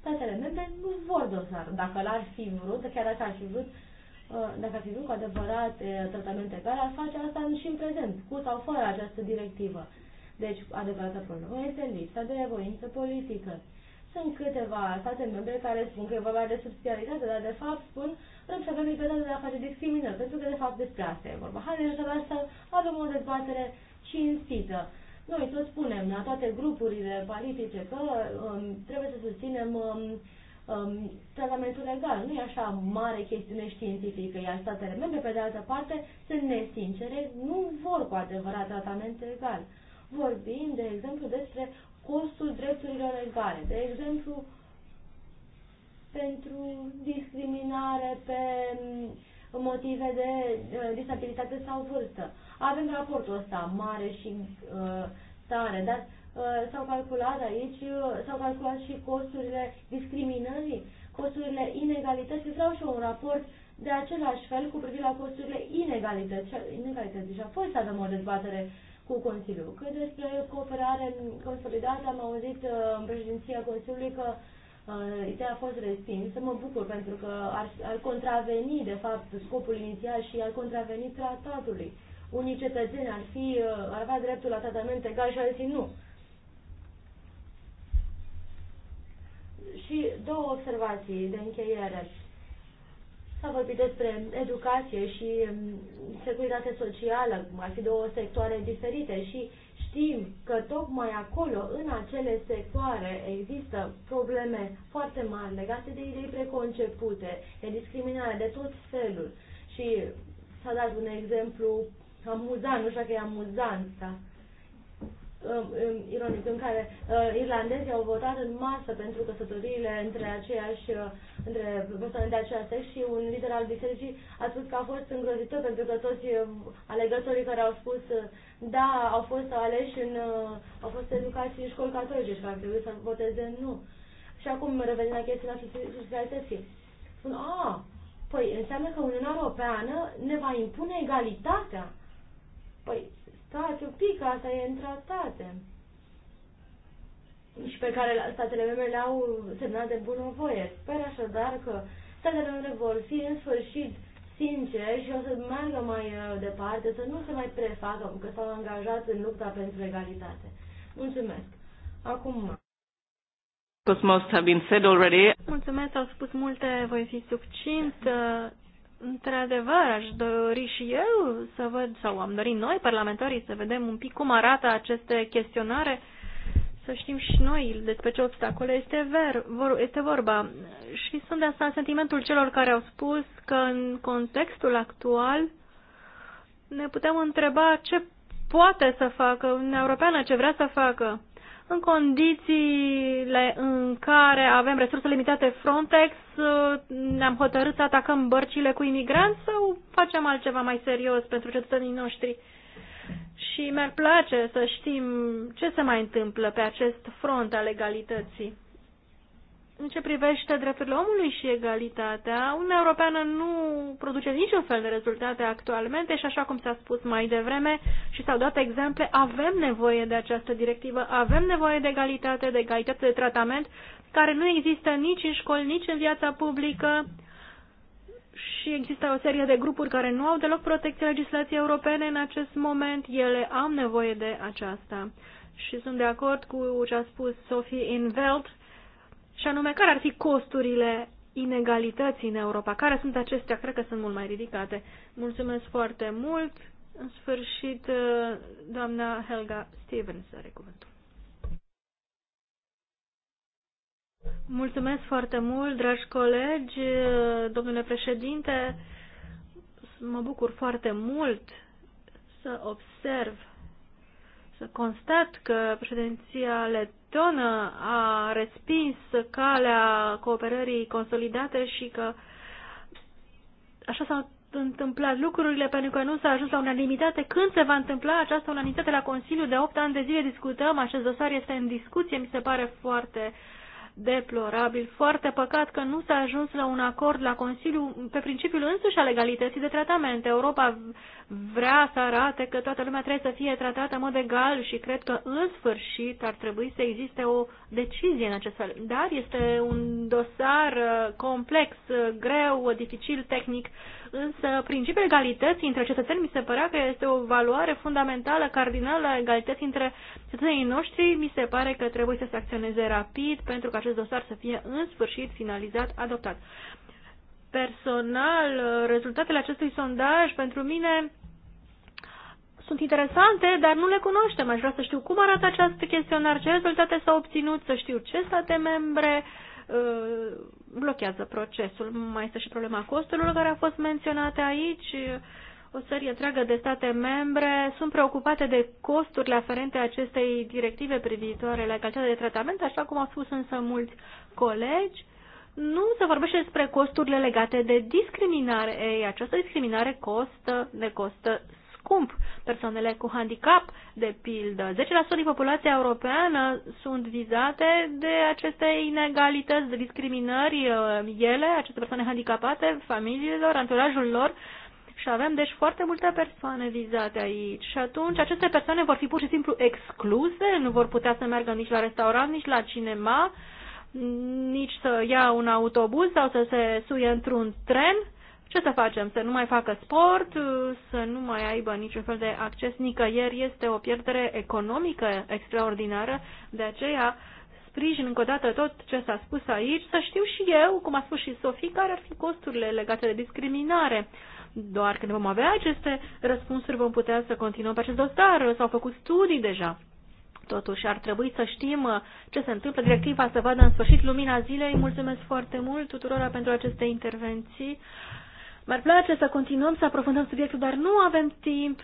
statele membre nu vor dosar. Dacă l-ar fi vrut, chiar dacă ar fi vrut, uh, dacă ar fi vrut cu adevărat tratamente egal, ar face asta și în prezent, cu sau fără această directivă. Deci, adevărata problemă este lipsa de voință politică. Sunt câteva state membre care spun că e vorba de subsidiaritate, dar de fapt spun vrem să avem libertate de a face discriminări, pentru că de fapt despre asta e vorba. Haideți să avem o dezbatere cinstită. Noi tot spunem la toate grupurile politice că um, trebuie să susținem um, um, tratamentul legal. Nu e așa mare chestiune științifică, iar statele membre, pe de altă parte, sunt nesincere, nu vor cu adevărat tratament legal vorbim, de exemplu, despre costul drepturilor egale, de exemplu, pentru discriminare pe mm, motive de uh, disabilitate sau vârstă. Avem raportul ăsta mare și uh, tare, dar uh, s-au calculat aici, uh, s-au calculat și costurile discriminării, costurile inegalității. Vreau și un raport de același fel cu privire la costurile inegalității. Inegalității. a fost să avem o dezbatere uh, cu Consiliul. Cât despre cooperare consolidată, am auzit uh, în președinția Consiliului că ideea uh, a fost respinsă. Mă bucur pentru că ar, ar contraveni, de fapt, scopul inițial și ar contraveni tratatului. Unii cetățeni ar, fi, uh, ar avea dreptul la tratament egal și alții nu. Și două observații de încheiere S-a vorbit despre educație și mm, securitate socială, ar fi două sectoare diferite și știm că tocmai acolo, în acele sectoare, există probleme foarte mari legate de idei preconcepute, de discriminare de tot felul. Și s-a dat un exemplu amuzant, nu știu dacă e amuzant, dar Uh, ironic în care uh, irlandezii au votat în masă pentru căsătoriile între, aceiași, uh, între persoane de aceeași sex și un lider al bisericii a spus că a fost îngrozitor pentru că toți alegătorii care au spus da, au fost aleși în, au fost educați în școli catolice și că ar trebui să voteze nu. Și acum revenim la chestiunea societății. Spun, a, păi înseamnă că Uniunea Europeană ne va impune egalitatea. Păi, stați un pic, asta e în tratate și pe care statele membre le-au semnat de bunăvoie. Sper așadar că statele membre vor fi în sfârșit sinceri și o să meargă mai uh, departe, să nu se mai prefacă că s-au angajat în lupta pentru egalitate. Mulțumesc. Acum. Cosmos have been said already. Mulțumesc, au spus multe, voi fi succint. Uh, Într-adevăr, aș dori și eu să văd, sau am dorit noi, parlamentarii, să vedem un pic cum arată aceste chestionare, să știm și noi despre ce obstacole este, ver, vor, este vorba. Și sunt de asta în sentimentul celor care au spus că în contextul actual ne putem întreba ce poate să facă Uniunea Europeană, ce vrea să facă în condițiile în care avem resurse limitate Frontex, ne-am hotărât să atacăm bărcile cu imigranți sau facem altceva mai serios pentru cetățenii noștri? Și mi-ar place să știm ce se mai întâmplă pe acest front al legalității. În ce privește drepturile omului și egalitatea, Uniunea Europeană nu produce niciun fel de rezultate actualmente și așa cum s-a spus mai devreme și s-au dat exemple, avem nevoie de această directivă, avem nevoie de egalitate, de egalitate de tratament, care nu există nici în școli, nici în viața publică și există o serie de grupuri care nu au deloc protecție legislației europene în acest moment, ele au nevoie de aceasta. Și sunt de acord cu ce a spus Sophie Inveld, și anume, care ar fi costurile inegalității în Europa? Care sunt acestea? Cred că sunt mult mai ridicate. Mulțumesc foarte mult. În sfârșit, uh, doamna Helga Stevens are cuvântul. Mulțumesc foarte mult, dragi colegi, uh, domnule președinte. Mă bucur foarte mult să observ să constat că președinția letonă a respins calea cooperării consolidate și că așa s-au întâmplat lucrurile pentru că nu s-a ajuns la unanimitate. Când se va întâmpla această unanimitate la Consiliu? De 8 ani de zile discutăm, acest dosar este în discuție, mi se pare foarte uh, deplorabil. Foarte păcat că nu s-a ajuns la un acord la Consiliu pe principiul însuși a legalității de tratament. Europa vrea să arate că toată lumea trebuie să fie tratată în mod egal și cred că în sfârșit ar trebui să existe o decizie în acest fel. Dar este un dosar uh, complex, uh, greu, dificil, tehnic Însă principiul egalității între cetățeni mi se părea că este o valoare fundamentală, cardinală, egalității între cetățenii noștri. Mi se pare că trebuie să se acționeze rapid pentru că acest dosar să fie în sfârșit finalizat, adoptat. Personal, rezultatele acestui sondaj pentru mine sunt interesante, dar nu le cunoaștem. Aș vrea să știu cum arată această chestionar, ce rezultate s-au obținut, să știu ce state membre uh, blochează procesul. Mai este și problema costurilor care a fost menționată aici. O serie întreagă de state membre sunt preocupate de costurile aferente acestei directive privitoare la calitatea de tratament, așa cum au spus însă mulți colegi. Nu se vorbește despre costurile legate de discriminare. Ei, această discriminare costă, ne costă scump. Persoanele cu handicap, de pildă. 10% din populația europeană sunt vizate de aceste inegalități, de discriminări, uh, ele, aceste persoane handicapate, familiilor, anturajul lor, și avem deci foarte multe persoane vizate aici și atunci aceste persoane vor fi pur și simplu excluse, nu vor putea să meargă nici la restaurant, nici la cinema, nici să ia un autobuz sau să se suie într-un tren ce să facem? Să nu mai facă sport, să nu mai aibă niciun fel de acces nicăieri. Este o pierdere economică extraordinară, de aceea sprijin încă o dată tot ce s-a spus aici, să știu și eu, cum a spus și Sofie, care ar fi costurile legate de discriminare. Doar când vom avea aceste răspunsuri, vom putea să continuăm pe acest dosar. S-au făcut studii deja. Totuși, ar trebui să știm uh, ce se întâmplă. Directiva să vadă în sfârșit lumina zilei. Mulțumesc foarte mult tuturora pentru aceste intervenții. Mi-ar place să continuăm să aprofundăm subiectul, dar nu avem timp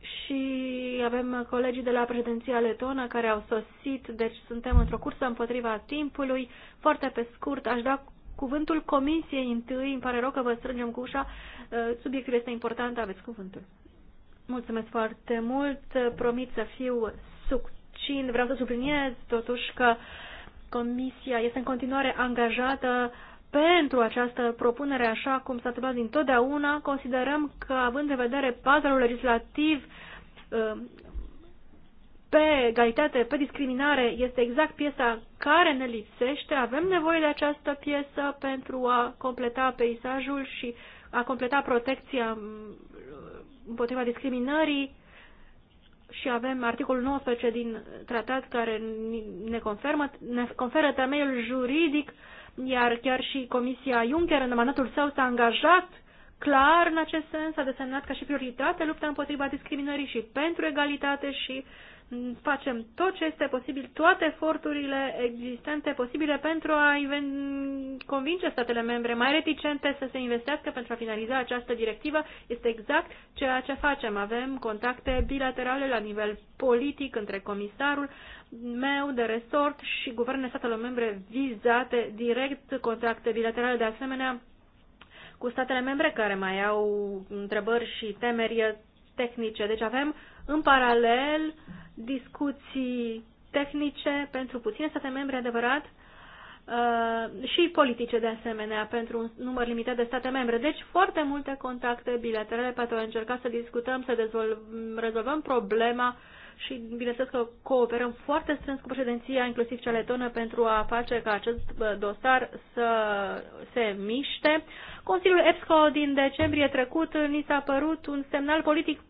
și avem colegii de la președinția letonă care au sosit, deci suntem într-o cursă împotriva timpului. Foarte pe scurt, aș da cuvântul comisiei întâi, îmi pare rău că vă strângem cu ușa, uh, subiectul este important, aveți cuvântul. Mulțumesc foarte mult, promit să fiu succint, vreau să subliniez totuși că Comisia este în continuare angajată pentru această propunere, așa cum s-a întâmplat dintotdeauna. Considerăm că, având în vedere pazarul legislativ um, pe egalitate, pe discriminare, este exact piesa care ne lipsește. Avem nevoie de această piesă pentru a completa peisajul și a completa protecția um, împotriva discriminării și avem articolul 19 din tratat care ne, confermă, ne conferă temeiul juridic uh, iar chiar și Comisia Juncker în mandatul său s-a angajat clar în acest sens, a desemnat ca și prioritate lupta împotriva discriminării și pentru egalitate și facem tot ce este posibil, toate eforturile existente posibile pentru a convinge statele membre mai reticente să se investească pentru a finaliza această directivă. Este exact ceea ce facem. Avem contacte bilaterale la nivel politic între comisarul meu de resort și guvernele statelor membre vizate direct, contacte bilaterale de asemenea cu statele membre care mai au întrebări și temeri tehnice. Deci avem uh, în paralel discuții tehnice pentru puține state membre, adevărat, uh, și politice de asemenea pentru un număr limitat de state membre. Deci foarte multe contacte bilaterale pentru a încerca să discutăm, să rezolvăm problema și bineînțeles că cooperăm foarte strâns cu președinția, inclusiv cea letonă, pentru a face ca acest uh, dosar să se miște. Consiliul EPSCO din decembrie trecut ni s-a părut un semnal politic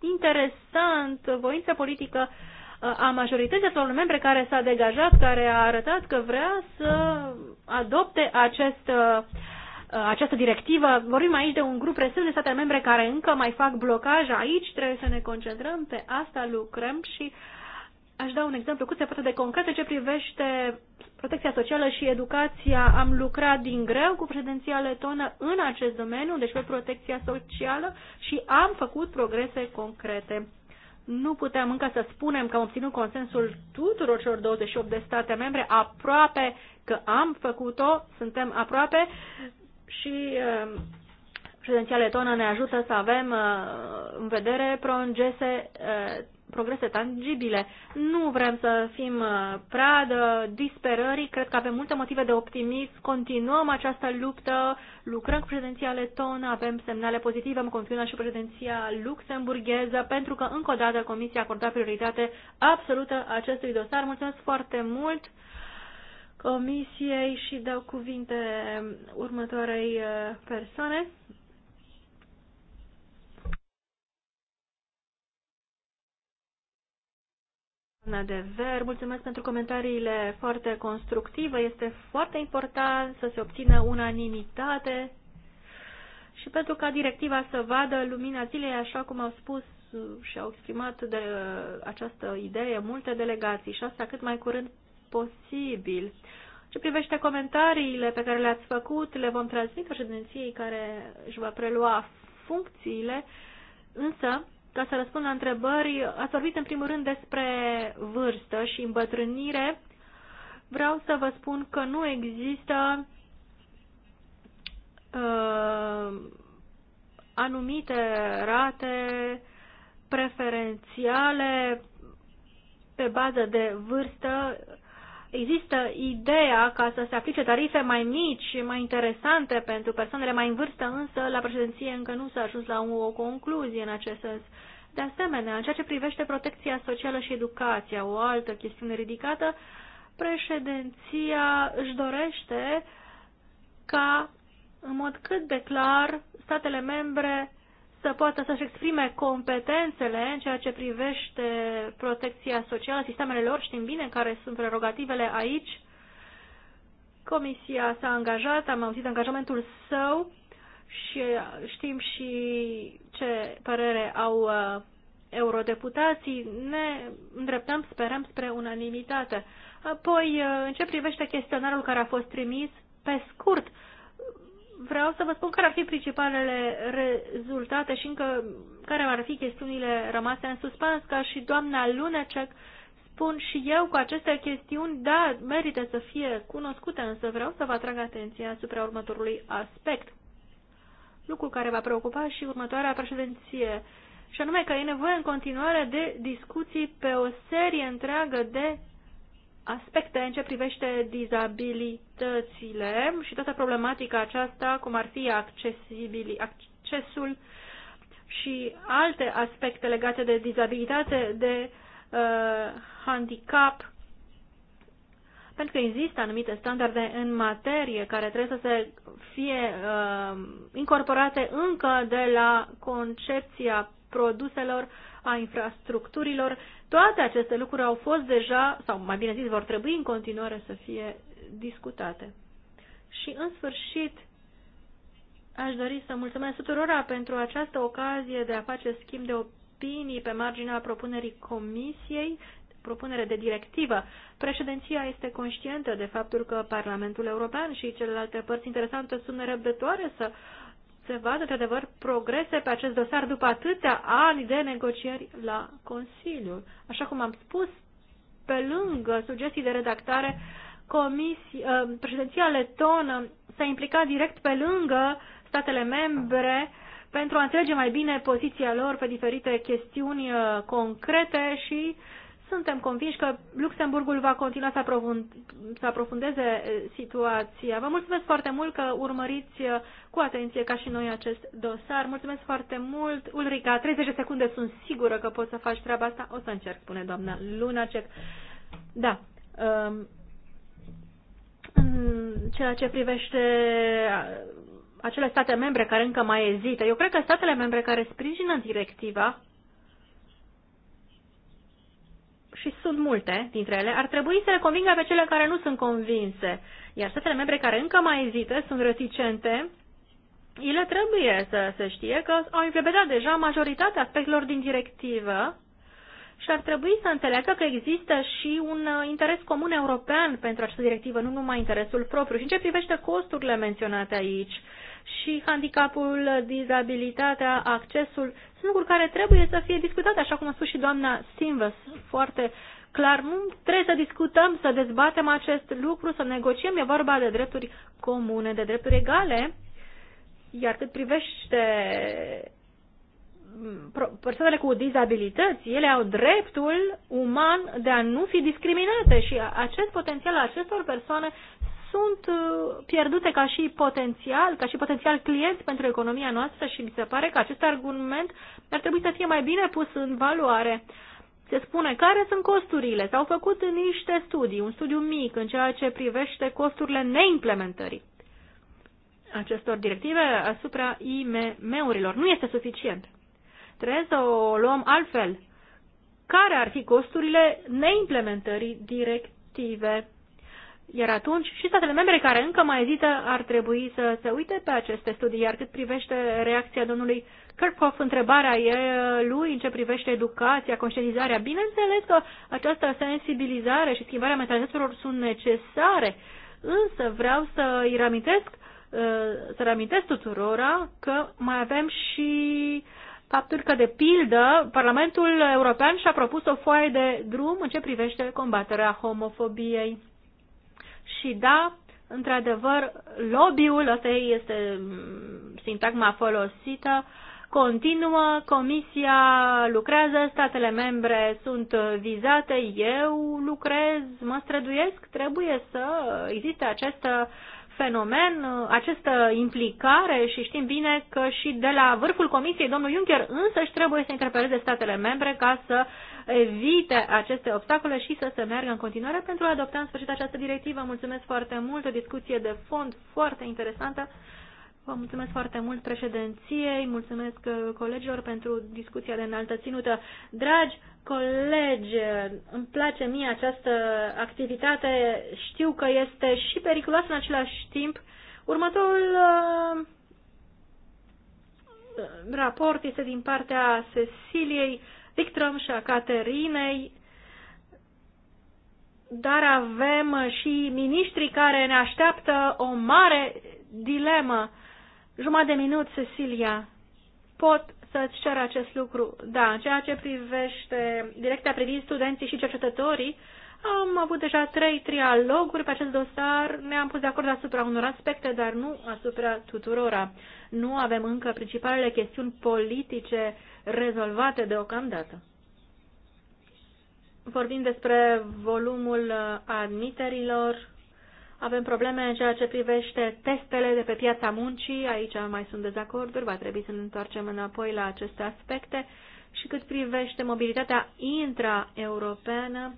interesant, voință politică uh, a majorității statelor membre care s-a degajat, care a arătat că vrea să adopte acest, uh, uh, această directivă. Vorbim aici de un grup restul de state membre care încă mai fac blocaj aici, trebuie să ne concentrăm, pe asta lucrăm și uh, aș da un exemplu cât se poate de concret ce privește protecția socială și educația. Am lucrat din greu cu președinția letonă în acest domeniu, deci pe protecția socială și am făcut progrese concrete. Nu putem încă să spunem că am obținut consensul tuturor celor 28 de state membre, aproape că am făcut-o, suntem aproape și uh, președinția letonă ne ajută să avem uh, în vedere progrese uh, progrese tangibile. Nu vrem să fim uh, pradă disperării, cred că avem multe motive de optimism, continuăm această luptă, lucrăm cu prezenția letonă, avem semnale pozitive, am confiunea și prezenția luxemburgheză, pentru că încă o dată Comisia a acordat prioritate absolută acestui dosar. Mulțumesc foarte mult! Comisiei și dau cuvinte următoarei uh, persoane. Doamna de Ver, mulțumesc pentru comentariile foarte constructive. Este foarte important să se obțină unanimitate și pentru ca directiva să vadă lumina zilei, așa cum au spus și au exprimat de această idee multe delegații și asta cât mai curând posibil. Ce privește comentariile pe care le-ați făcut, le vom transmite președinției care își va prelua funcțiile, însă ca să răspund la întrebări, ați vorbit în primul rând despre vârstă și îmbătrânire. Vreau să vă spun că nu există uh, anumite rate preferențiale pe bază de vârstă Există ideea ca să se aplice tarife mai mici și mai interesante pentru persoanele mai în vârstă, însă la președinție încă nu s-a ajuns la o concluzie în acest sens. De asemenea, în ceea ce privește protecția socială și educația, o altă chestiune ridicată, președinția își dorește ca, în mod cât de clar, statele membre să poată să-și exprime competențele în ceea ce privește protecția socială, sistemele lor, știm bine care sunt prerogativele aici. Comisia s-a angajat, am auzit angajamentul său și uh, știm și ce părere au uh, eurodeputații. Ne îndreptăm, sperăm, spre unanimitate. Apoi, uh, în ce privește chestionarul care a fost trimis, pe scurt, vreau să vă spun care ar fi principalele rezultate și încă care ar fi chestiunile rămase în suspans, ca și doamna Lunacek spun și eu cu aceste chestiuni, da, merită să fie cunoscute, însă vreau să vă atrag atenția asupra următorului aspect, lucru care va preocupa și următoarea președinție, și anume că e nevoie în continuare de discuții pe o serie întreagă de aspecte în ce privește dizabilitățile și toată problematica aceasta, cum ar fi accesibil, accesul și alte aspecte legate de dizabilitate, de uh, handicap, pentru că există anumite standarde în materie care trebuie să se fie uh, incorporate încă de la concepția produselor, a infrastructurilor toate aceste lucruri au fost deja, sau mai bine zis, vor trebui în continuare să fie discutate. Și în sfârșit, aș dori să mulțumesc tuturora pentru această ocazie de a face schimb de opinii pe marginea propunerii Comisiei, propunere de directivă. Președinția este conștientă de faptul că Parlamentul European și celelalte părți interesante sunt nerăbdătoare să uh, se vadă, într-adevăr, progrese pe acest dosar după atâtea ani de negocieri la Consiliu. Așa cum am spus, pe lângă sugestii de redactare, comisii, uh, președinția letonă s-a implicat direct pe lângă statele membre pentru a înțelege mai bine poziția lor pe diferite chestiuni uh, concrete și uh, suntem convinși că Luxemburgul va continua să, aprofund, să aprofundeze situația. Vă mulțumesc foarte mult că urmăriți cu atenție ca și noi acest dosar. Mulțumesc foarte mult. Ulrica, 30 de secunde sunt sigură că poți să faci treaba asta. O să încerc, spune doamna Lunacek. Da. Um, în ceea ce privește acele state membre care încă mai ezită, eu cred că statele membre care sprijină directiva și sunt multe dintre ele, ar trebui să le convingă pe cele care nu sunt convinse. Iar statele membre care încă mai ezită, sunt reticente, ele trebuie să se știe că au implementat deja majoritatea aspectelor din directivă și ar trebui să înțeleagă că există și un uh, interes comun european pentru această directivă, nu numai interesul propriu. Și în ce privește costurile menționate aici, și handicapul, dizabilitatea, accesul, sunt lucruri care trebuie să fie discutate, așa cum a spus și doamna Simvas, foarte clar. Nu trebuie să discutăm, să dezbatem acest lucru, să negociem, e vorba de drepturi comune, de drepturi egale, iar cât privește mm, persoanele cu dizabilități, ele au dreptul uman de a nu fi discriminate și acest potențial al acestor persoane sunt uh, pierdute ca și potențial, ca și potențial clienți pentru economia noastră și mi se pare că acest argument ar trebui să fie mai bine pus în valoare. Se spune care sunt costurile. S-au făcut niște studii, un studiu mic în ceea ce privește costurile neimplementării acestor directive asupra IMM-urilor. Nu este suficient. Trebuie să o luăm altfel. Care ar fi costurile neimplementării directive? Iar atunci și statele membre care încă mai ezită ar trebui să se uite pe aceste studii, iar cât privește reacția domnului Kirchhoff, întrebarea e uh, lui în ce privește educația, conștientizarea. Bineînțeles că această sensibilizare și schimbarea mentalităților sunt necesare, însă vreau să îi reamintesc, uh, să reamintesc tuturora că mai avem și faptul că, de pildă, Parlamentul European și-a propus o foaie de drum în ce privește combaterea homofobiei și da, într-adevăr, lobby-ul, asta este mm, sintagma folosită, continuă, comisia lucrează, statele membre sunt vizate, eu lucrez, mă străduiesc, trebuie să existe această fenomen, această implicare și știm bine că și de la vârful comisiei domnul Juncker însăși trebuie să interpeleze statele membre ca să evite aceste obstacole și să se meargă în continuare pentru a adopta în sfârșit această directivă. Mulțumesc foarte mult, o discuție de fond foarte interesantă. Vă mulțumesc foarte mult președinției, mulțumesc uh, colegilor pentru discuția de înaltă ținută. Dragi colegi, îmi place mie această activitate, știu că este și periculoasă în același timp. Următorul uh, raport este din partea Ceciliei Victrom și a Caterinei, dar avem și miniștri care ne așteaptă o mare dilemă. Jumătate de minut, Cecilia. Pot să-ți cer acest lucru. Da, în ceea ce privește directa privind studenții și cercetătorii, am avut deja trei trialoguri pe acest dosar, ne-am pus de acord asupra unor aspecte, dar nu asupra tuturora. Nu avem încă principalele chestiuni politice rezolvate deocamdată. Vorbim despre volumul admiterilor, avem probleme în ceea ce privește testele de pe piața muncii, aici mai sunt dezacorduri, va trebui să ne întoarcem înapoi la aceste aspecte. Și cât privește mobilitatea intraeuropeană,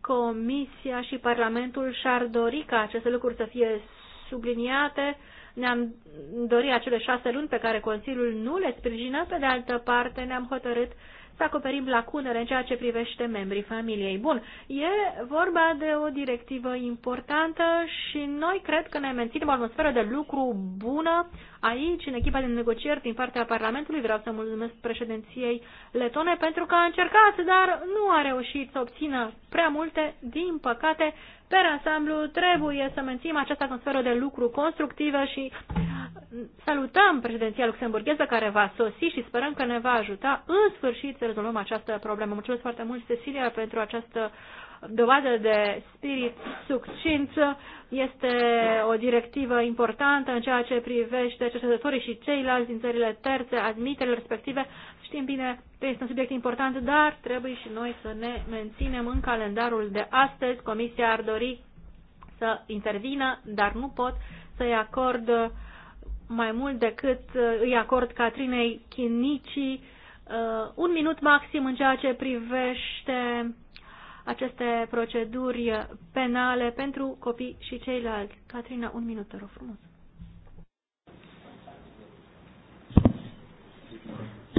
Comisia și Parlamentul și-ar dori ca aceste lucruri să fie subliniate. Ne-am dorit acele șase luni pe care Consiliul nu le sprijină, pe de altă parte ne-am hotărât să acoperim lacunele în ceea ce privește membrii familiei. Bun, e vorba de o directivă importantă și noi cred că ne menținem o atmosferă de lucru bună aici, în echipa de negocieri din partea Parlamentului. Vreau să mulțumesc președinției letone pentru că a încercat, dar nu a reușit să obțină prea multe. Din păcate, pe ansamblu trebuie să menținem această atmosferă de lucru constructivă și salutăm președinția luxemburgheză care va sosi și sperăm că ne va ajuta în sfârșit să rezolvăm această problemă. Mulțumesc foarte mult, Cecilia, pentru această dovadă de spirit succint. Este o directivă importantă în ceea ce privește cercetătorii și ceilalți din țările terțe, admiterile respective. Știm bine că este un subiect important, dar trebuie și noi să ne menținem în calendarul de astăzi. Comisia ar dori să intervină, dar nu pot să-i acord mai mult decât uh, îi acord Catrinei Chinicii uh, un minut maxim în ceea ce privește aceste proceduri penale pentru copii și ceilalți. Catrina, un minut, te rog frumos.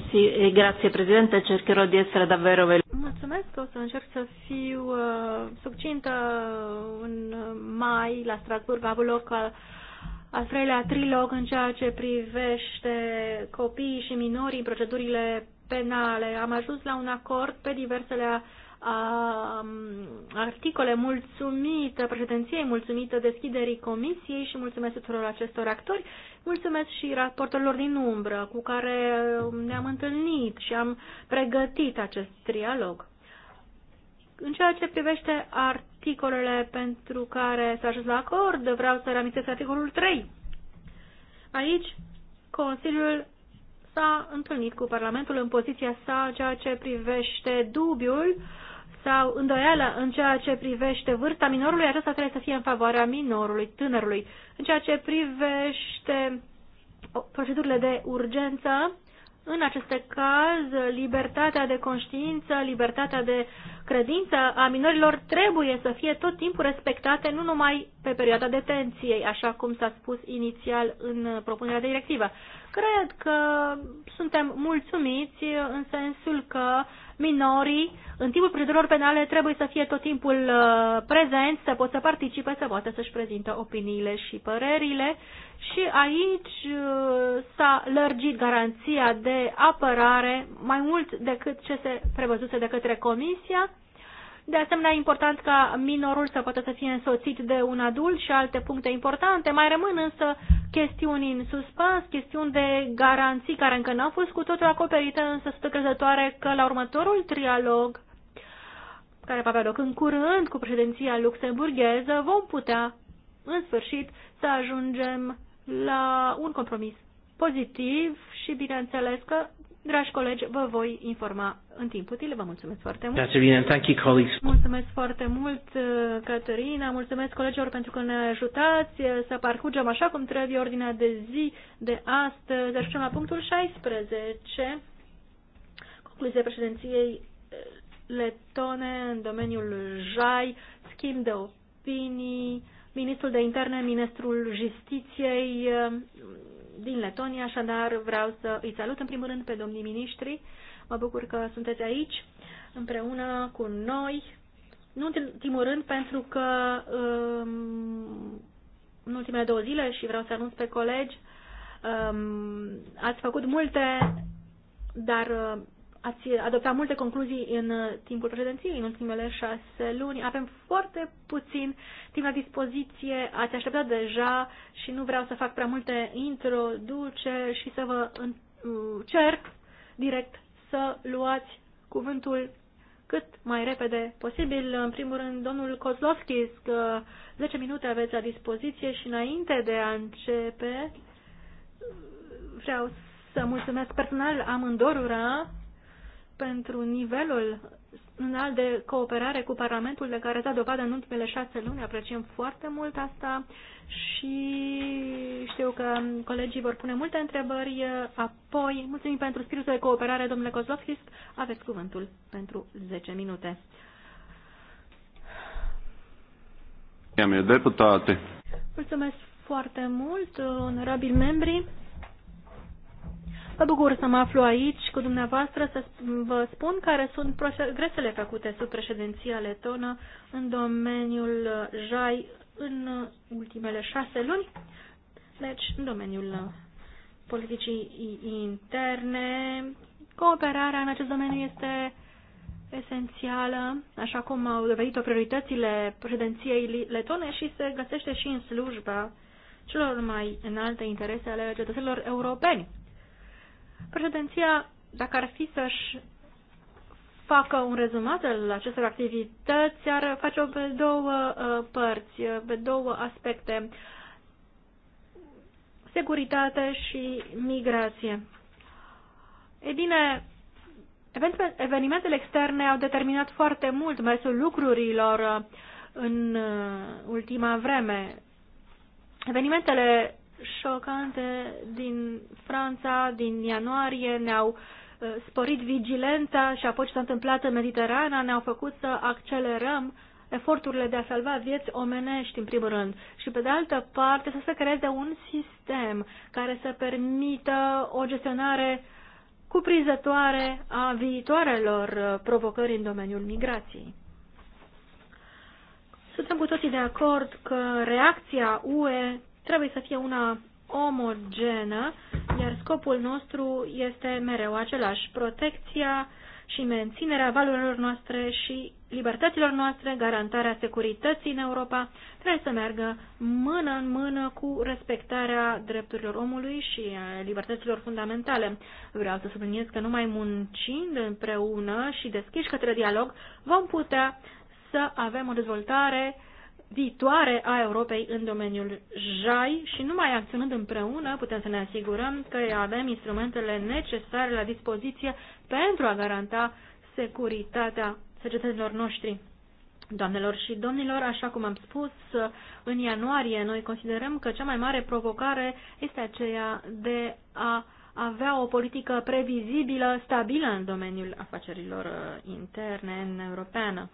Sì, eh, grazie Presidente, cercherò di essere davvero veloce. Mulțumesc, o să încerc să fiu uh, succintă în mai la Strasburg, a avut loc uh, al treilea trilog în ceea ce privește copiii și minorii în procedurile penale. Am ajuns la un acord pe diversele a, a, articole mulțumită, președinției mulțumită deschiderii comisiei și mulțumesc tuturor acestor actori. Mulțumesc și raportorilor din umbră cu care ne-am întâlnit și am pregătit acest trialog. În ceea ce privește art articolele pentru care s-a ajuns la acord, vreau să reamintesc articolul 3. Aici, Consiliul s-a întâlnit cu Parlamentul în poziția sa ceea ce privește dubiul sau îndoială în ceea ce privește vârsta minorului, aceasta trebuie să fie în favoarea minorului, tânărului. În ceea ce privește procedurile de urgență, în acest caz, libertatea de conștiință, libertatea de credința a minorilor trebuie să fie tot timpul respectate, nu numai pe perioada detenției, așa cum s-a spus inițial în propunerea directivă. Cred că suntem mulțumiți în sensul că minorii în timpul procedurilor penale trebuie să fie tot timpul uh, prezenți, să poată să participe, să poată să-și prezintă opiniile și părerile. Și aici uh, s-a lărgit garanția de apărare mai mult decât ce se prevăzuse de către Comisia de asemenea, e important ca minorul să poată să fie însoțit de un adult și alte puncte importante. Mai rămân însă chestiuni în suspans, chestiuni de garanții care încă n-au fost cu totul acoperite, însă sunt crezătoare că la următorul trialog, care va avea loc în curând cu președinția luxemburgheză, vom putea, în sfârșit, să ajungem la un compromis pozitiv și, bineînțeles, că Dragi colegi, vă voi informa în timp util. Vă mulțumesc foarte mult. Caterina, thank you, colleagues. Mulțumesc foarte mult, uh, Caterina. Mulțumesc colegilor pentru că ne ajutați uh, să parcurgem așa cum trebuie ordinea de zi de astăzi. Ajungem la punctul 16. Concluzia președinției uh, letone în domeniul JAI, schimb de opinii, ministrul de interne, ministrul justiției din Letonia, așadar vreau să îi salut în primul rând pe domnii miniștri. Mă bucur că sunteți aici împreună cu noi. Nu în ultimul rând pentru că um, în ultimele două zile și vreau să anunț pe colegi, um, ați făcut multe, dar uh, ați adoptat multe concluzii în uh, timpul președinției, în ultimele șase luni. Avem foarte puțin timp la dispoziție, ați așteptat deja și nu vreau să fac prea multe introduceri și să vă uh, cer direct să luați cuvântul cât mai repede posibil. În primul rând, domnul Kozlovski, că 10 minute aveți la dispoziție și înainte de a începe, vreau să mulțumesc personal amândorura pentru nivelul înalt de cooperare cu Parlamentul de care a dat dovadă în ultimele șase luni. Apreciem foarte mult asta și știu că colegii vor pune multe întrebări apoi. Mulțumim pentru spiritul de cooperare, domnule Kozlovskis. Aveți cuvântul pentru 10 minute. Mulțumesc foarte mult, onorabili membri. Mă bucur să mă aflu aici cu dumneavoastră să vă spun care sunt progresele făcute sub președinția letonă în domeniul JAI în ultimele șase luni, deci în domeniul politicii interne. Cooperarea în acest domeniu este esențială, așa cum au devenit-o prioritățile președinției letone și se găsește și în slujba celor mai înalte interese ale cetățenilor europeni. Președinția, dacă ar fi să-și facă un rezumat al acestor activități, ar face-o pe două uh, părți, uh, pe două aspecte, securitate și migrație. Ei bine, evenimentele externe au determinat foarte mult mersul lucrurilor uh, în ultima vreme. Evenimentele șocante din Franța, din ianuarie, ne-au uh, sporit vigilența și apoi ce s-a întâmplat în Mediterana ne-au făcut să accelerăm eforturile de a salva vieți omenești, în primul rând, și pe de altă parte să se creeze un sistem care să permită o gestionare cuprinzătoare a viitoarelor uh, provocări în domeniul migrației. Suntem cu toții de acord că reacția UE trebuie să fie una omogenă, iar scopul nostru este mereu același, protecția și menținerea valorilor noastre și libertăților noastre, garantarea securității în Europa, trebuie să meargă mână în mână cu respectarea drepturilor omului și libertăților fundamentale. Vreau să subliniez că numai muncind împreună și deschiși către dialog vom putea să avem o dezvoltare viitoare a Europei în domeniul JAI și numai acționând împreună putem să ne asigurăm că avem instrumentele necesare la dispoziție pentru a garanta securitatea societăților noștri. Doamnelor și domnilor, așa cum am spus, în ianuarie noi considerăm că cea mai mare provocare este aceea de a avea o politică previzibilă, stabilă în domeniul afacerilor interne în europeană.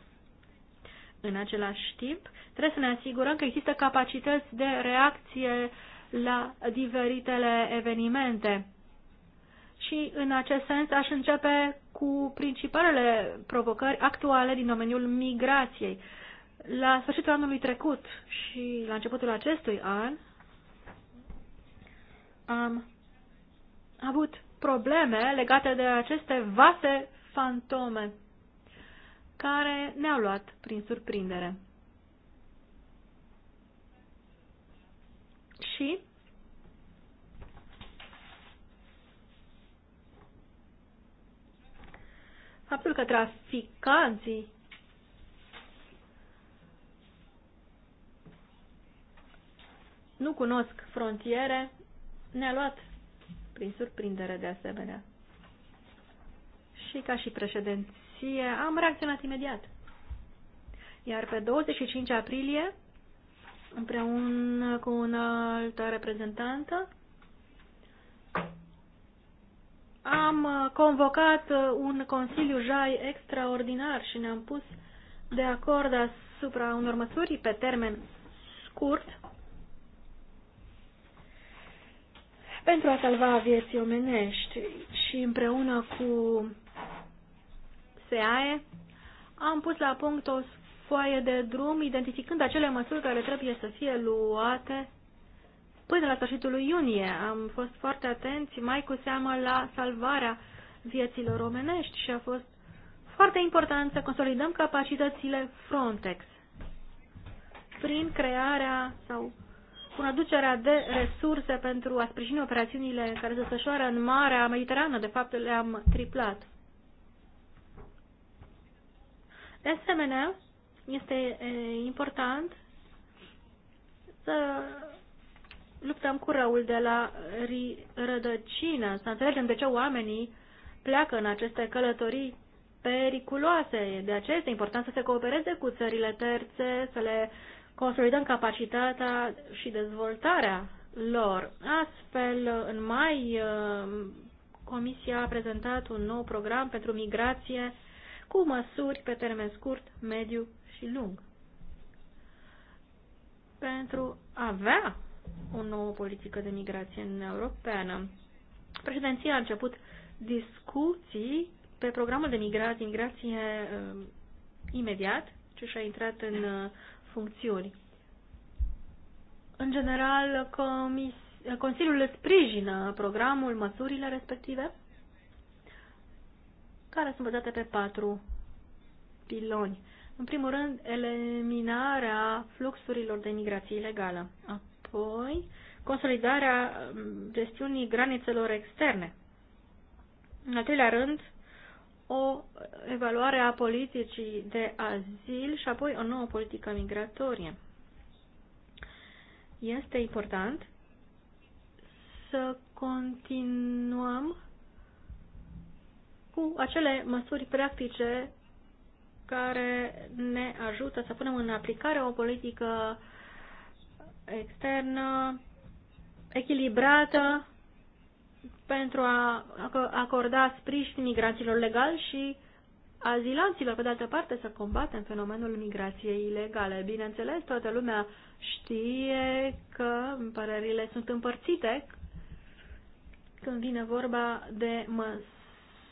În același timp, trebuie să ne asigurăm că există capacități de reacție la diferitele evenimente. Și în acest sens aș începe cu principalele provocări actuale din domeniul migrației. La sfârșitul anului trecut și la începutul acestui an am avut probleme legate de aceste vase fantome care ne-au luat prin surprindere. Și faptul că traficanții nu cunosc frontiere ne-a luat prin surprindere de asemenea. Și ca și președinți și am reacționat imediat. Iar pe 25 aprilie, împreună cu un altă reprezentantă, am convocat un Consiliu Jai extraordinar și ne-am pus de acord asupra unor măsuri pe termen scurt pentru a salva vieții omenești și împreună cu SEAE, am pus la punct o foaie de drum identificând acele măsuri care trebuie să fie luate până la sfârșitul lui iunie. Am fost foarte atenți, mai cu seamă, la salvarea vieților omenești și a fost foarte important să consolidăm capacitățile Frontex prin crearea sau cu aducerea de resurse pentru a sprijini operațiunile care se desfășoară în Marea Mediterană. De fapt, le-am triplat. De asemenea, este important să luptăm cu răul de la rădăcină, să înțelegem de ce oamenii pleacă în aceste călătorii periculoase. De aceea este important să se coopereze cu țările terțe, să le consolidăm capacitatea și dezvoltarea lor. Astfel, în mai, Comisia a prezentat un nou program pentru migrație cu măsuri pe termen scurt, mediu și lung. Pentru a avea o nouă politică de migrație în Europeană. Președinția a început discuții pe programul de migrație, migrație um, imediat ce și-a intrat în uh, funcțiuni. În general, comis, Consiliul sprijină programul, măsurile respective care sunt bazate pe patru piloni. În primul rând, eliminarea fluxurilor de migrație ilegală, apoi consolidarea um, gestiunii granițelor externe. În al treilea rând, o evaluare a politicii de azil și apoi o nouă politică migratorie. Este important să continuăm cu acele măsuri practice care ne ajută să punem în aplicare o politică externă echilibrată pentru a acorda sprijin migranților legali și azilanților, pe de altă parte, să combatem fenomenul migrației ilegale. Bineînțeles, toată lumea știe că părerile sunt împărțite când vine vorba de măs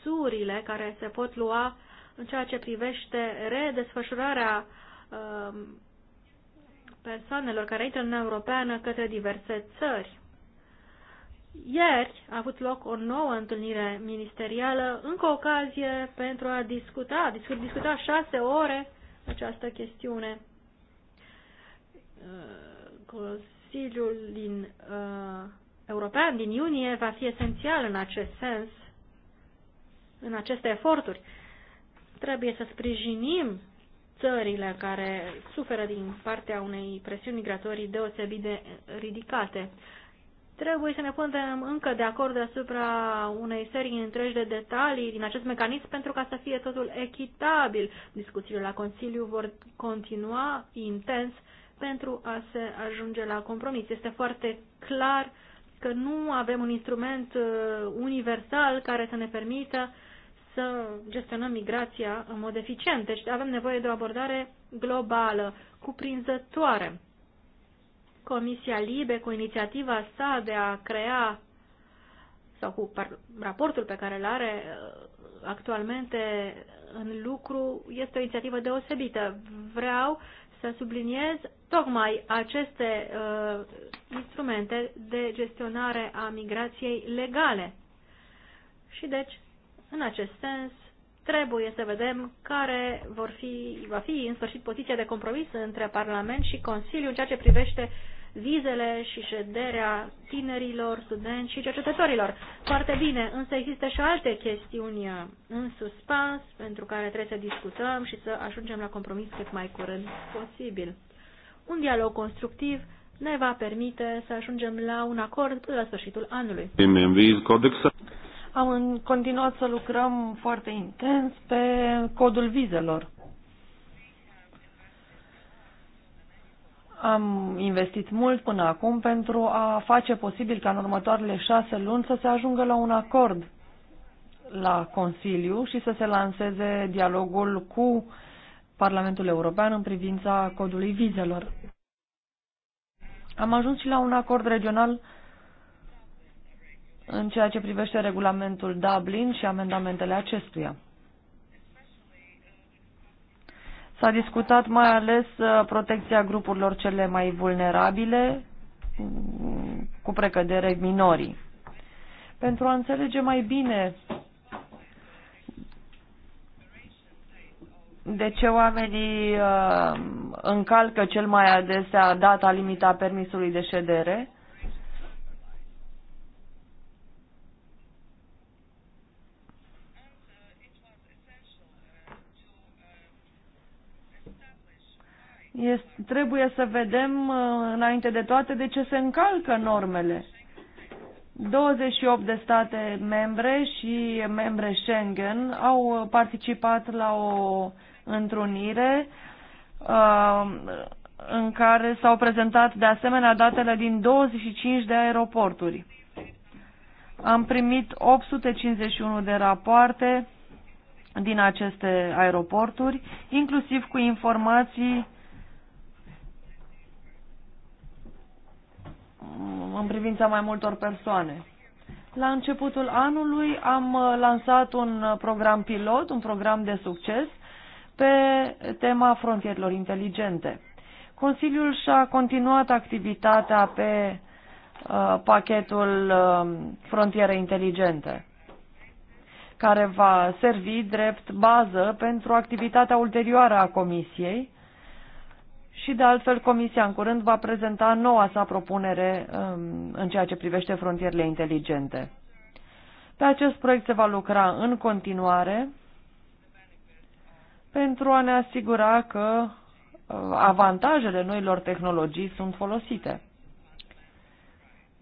măsurile care se pot lua în ceea ce privește redesfășurarea um, persoanelor care intră în Uniunea Europeană către diverse țări. Ieri a avut loc o nouă întâlnire ministerială, încă o ocazie pentru a discuta, discut, discuta șase ore această chestiune. Uh, Consiliul din, uh, European din iunie va fi esențial în acest sens în aceste eforturi. Trebuie să sprijinim țările care suferă din partea unei presiuni migratorii deosebit de ridicate. Trebuie să ne punem încă de acord asupra unei serii întregi de detalii din acest mecanism pentru ca să fie totul echitabil. Discuțiile la Consiliu vor continua intens pentru a se ajunge la compromis. Este foarte clar că nu avem un instrument uh, universal care să ne permită să gestionăm migrația în mod eficient. Deci avem nevoie de o abordare globală, cuprinzătoare. Comisia Libe, cu inițiativa sa de a crea, sau cu raportul pe care îl are uh, actualmente în lucru, este o inițiativă deosebită. Vreau să subliniez tocmai aceste uh, instrumente de gestionare a migrației legale. Și deci în acest sens, trebuie să vedem care vor fi, va fi în sfârșit poziția de compromis între Parlament și Consiliu în ceea ce privește vizele și șederea tinerilor, studenți și cercetătorilor. Foarte bine, însă există și alte chestiuni în suspans pentru care trebuie să discutăm și să ajungem la compromis cât mai curând posibil. Un dialog constructiv ne va permite să ajungem la un acord până la sfârșitul anului. Am continuat să lucrăm foarte intens pe codul vizelor. Am investit mult până acum pentru a face posibil ca în următoarele șase luni să se ajungă la un acord la Consiliu și să se lanseze dialogul cu Parlamentul European în privința codului vizelor. Am ajuns și la un acord regional în ceea ce privește regulamentul Dublin și amendamentele acestuia. S-a discutat mai ales uh, protecția grupurilor cele mai vulnerabile, mm, cu precădere minorii. Pentru a înțelege mai bine de ce oamenii uh, încalcă cel mai adesea data limita permisului de ședere, Este, trebuie să vedem uh, înainte de toate de ce se încalcă normele. 28 de state membre și membre Schengen au uh, participat la o întrunire uh, în care s-au prezentat de asemenea datele din 25 de aeroporturi. Am primit 851 de rapoarte din aceste aeroporturi, inclusiv cu informații Mm, în privința mai multor persoane. La începutul anului am uh, lansat un uh, program pilot, un program de succes pe tema frontierilor inteligente. Consiliul și-a continuat activitatea pe uh, pachetul uh, frontiere inteligente, care va servi drept bază pentru activitatea ulterioară a Comisiei și de altfel, Comisia în curând va prezenta noua sa propunere um, în ceea ce privește frontierele inteligente. Pe acest proiect se va lucra în continuare pentru a ne asigura că uh, avantajele noilor tehnologii sunt folosite.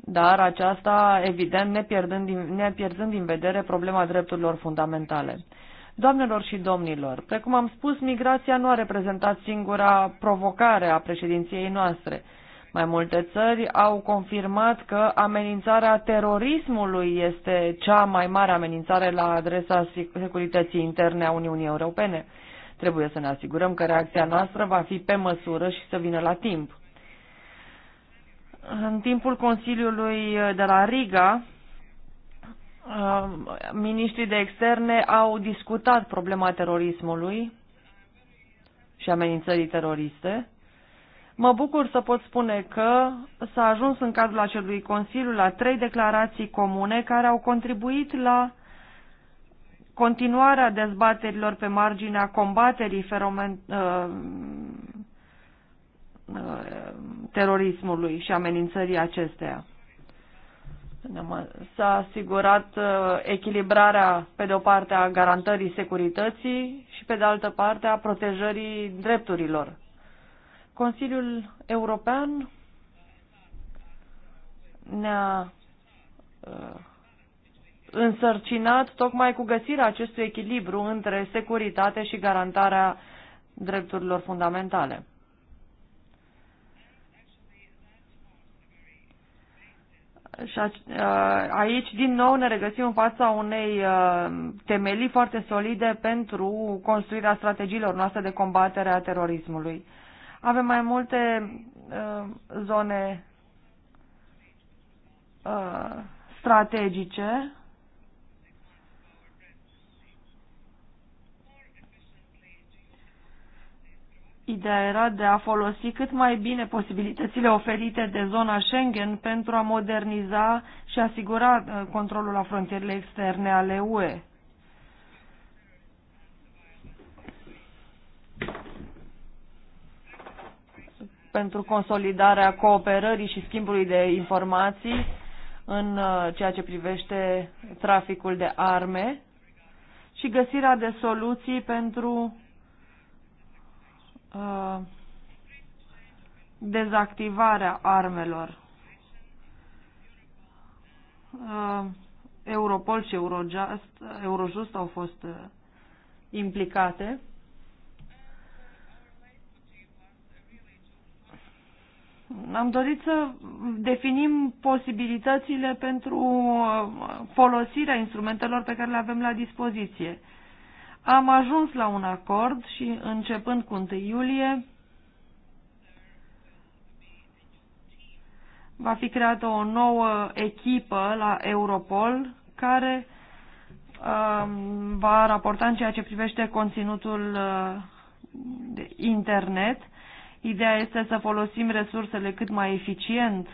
Dar aceasta, evident, ne pierdând, din, ne pierdând din vedere problema drepturilor fundamentale. Doamnelor și domnilor, precum am spus, migrația nu a reprezentat singura provocare a președinției noastre. Mai multe țări au confirmat că amenințarea terorismului este cea mai mare amenințare la adresa securității interne a Uniunii Europene. Trebuie să ne asigurăm că reacția noastră va fi pe măsură și să vină la timp. În timpul Consiliului de la Riga, Um, ministrii de externe au discutat problema terorismului și amenințării teroriste. Mă bucur să pot spune că s-a ajuns în cadrul acelui Consiliu la trei declarații comune care au contribuit la continuarea dezbaterilor pe marginea combaterii feromen, uh, uh, terorismului și amenințării acesteia. S-a asigurat uh, echilibrarea, pe de o parte, a garantării securității și, pe de altă parte, a protejării drepturilor. Consiliul European ne-a uh, însărcinat tocmai cu găsirea acestui echilibru între securitate și garantarea drepturilor fundamentale. Și aici, din nou, ne regăsim în fața unei uh, temelii foarte solide pentru construirea strategiilor noastre de combatere a terorismului. Avem mai multe uh, zone uh, strategice Ideea era de a folosi cât mai bine posibilitățile oferite de zona Schengen pentru a moderniza și asigura uh, controlul la frontierele externe ale UE. pentru consolidarea cooperării și schimbului de informații în uh, ceea ce privește traficul de arme și găsirea de soluții pentru Uh, dezactivarea armelor. Uh, Europol și Eurojust, Eurojust au fost uh, implicate. Am dorit să definim posibilitățile pentru uh, folosirea instrumentelor pe care le avem la dispoziție. Uh, am ajuns la un acord și începând cu 1 iulie va fi creată o nouă echipă la Europol care um, va raporta în ceea ce privește conținutul uh, internet. Ideea este să folosim resursele cât mai eficient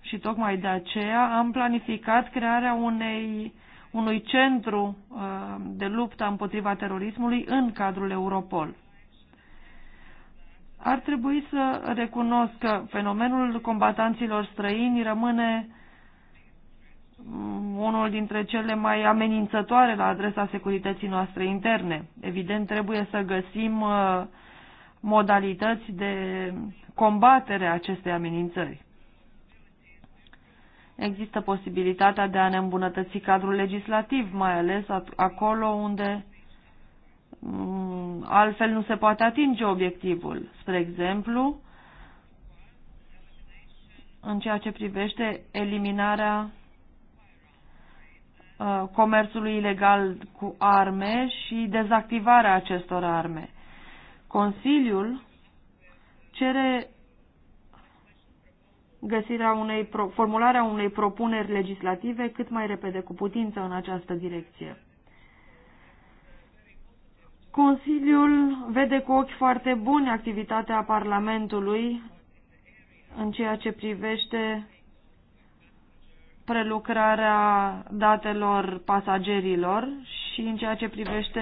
și tocmai de aceea am planificat crearea unei unui centru uh, de luptă împotriva terorismului în cadrul Europol. Ar trebui să recunosc că fenomenul combatanților străini rămâne mm, unul dintre cele mai amenințătoare la adresa securității noastre interne. Evident, trebuie să găsim uh, modalități de combatere a acestei amenințări există posibilitatea de a ne îmbunătăți cadrul legislativ, mai ales acolo unde mm, altfel nu se poate atinge obiectivul. Spre exemplu, în ceea ce privește eliminarea uh, comerțului ilegal cu arme și dezactivarea acestor arme. Consiliul cere găsirea unei pro formularea unei propuneri legislative cât mai repede cu putință în această direcție. Consiliul vede cu ochi foarte buni activitatea Parlamentului în ceea ce privește prelucrarea datelor pasagerilor și în ceea ce privește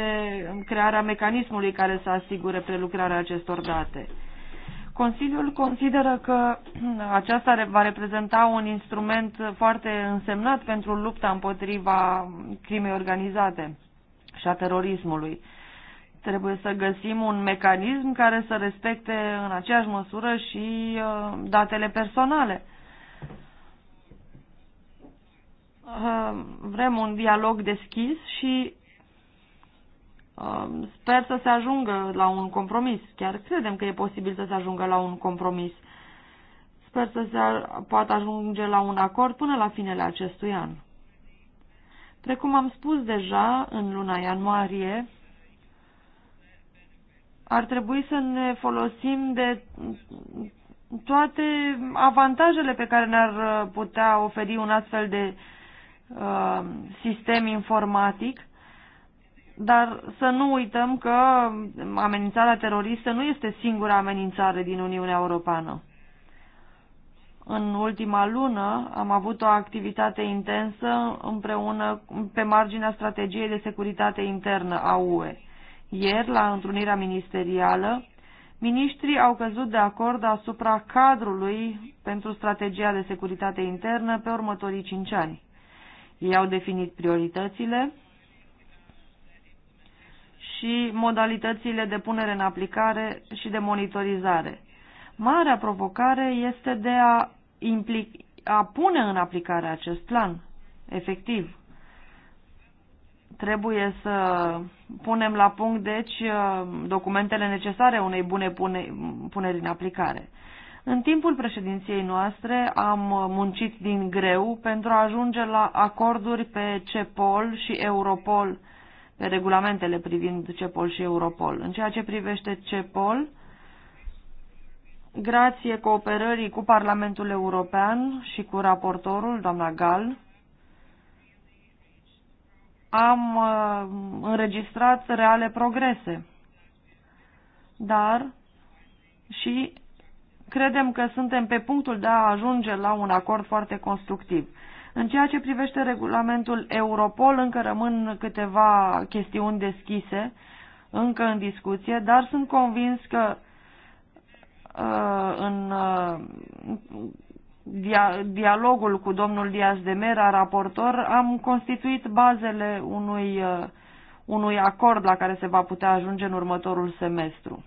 crearea mecanismului care să asigure prelucrarea acestor date. Consiliul consideră că *clears throat* aceasta va reprezenta un instrument foarte însemnat pentru lupta împotriva crimei organizate și a terorismului. Trebuie să găsim un mecanism care să respecte în aceeași măsură și uh, datele personale. Uh, vrem un dialog deschis și Um, sper să se ajungă la un compromis. Chiar credem că e posibil să se ajungă la un compromis. Sper să se poată ajunge la un acord până la finele acestui an. Precum am spus deja, în luna ianuarie ar trebui să ne folosim de toate avantajele pe care ne-ar uh, putea oferi un astfel de uh, sistem informatic dar să nu uităm că amenințarea teroristă nu este singura amenințare din Uniunea Europeană. În ultima lună am avut o activitate intensă împreună pe marginea strategiei de securitate internă a UE. Ieri, la întrunirea ministerială, miniștrii au căzut de acord asupra cadrului pentru strategia de securitate internă pe următorii cinci ani. Ei au definit prioritățile, și modalitățile de punere în aplicare și de monitorizare. Marea provocare este de a, implic, a pune în aplicare acest plan, efectiv. Trebuie să punem la punct, deci, uh, documentele necesare unei bune pune, puneri în aplicare. În timpul președinției noastre am muncit din greu pentru a ajunge la acorduri pe CEPOL și Europol pe regulamentele privind CEPOL și Europol. În ceea ce privește CEPOL, grație cooperării cu Parlamentul European și cu raportorul, doamna Gal, am uh, înregistrat reale progrese, dar și credem că suntem pe punctul de a ajunge la un acord foarte constructiv. În ceea ce privește regulamentul Europol, încă rămân câteva chestiuni deschise, încă în discuție, dar sunt convins că uh, în uh, dia dialogul cu domnul Diaz de Mera, raportor, am constituit bazele unui, uh, unui acord la care se va putea ajunge în următorul semestru.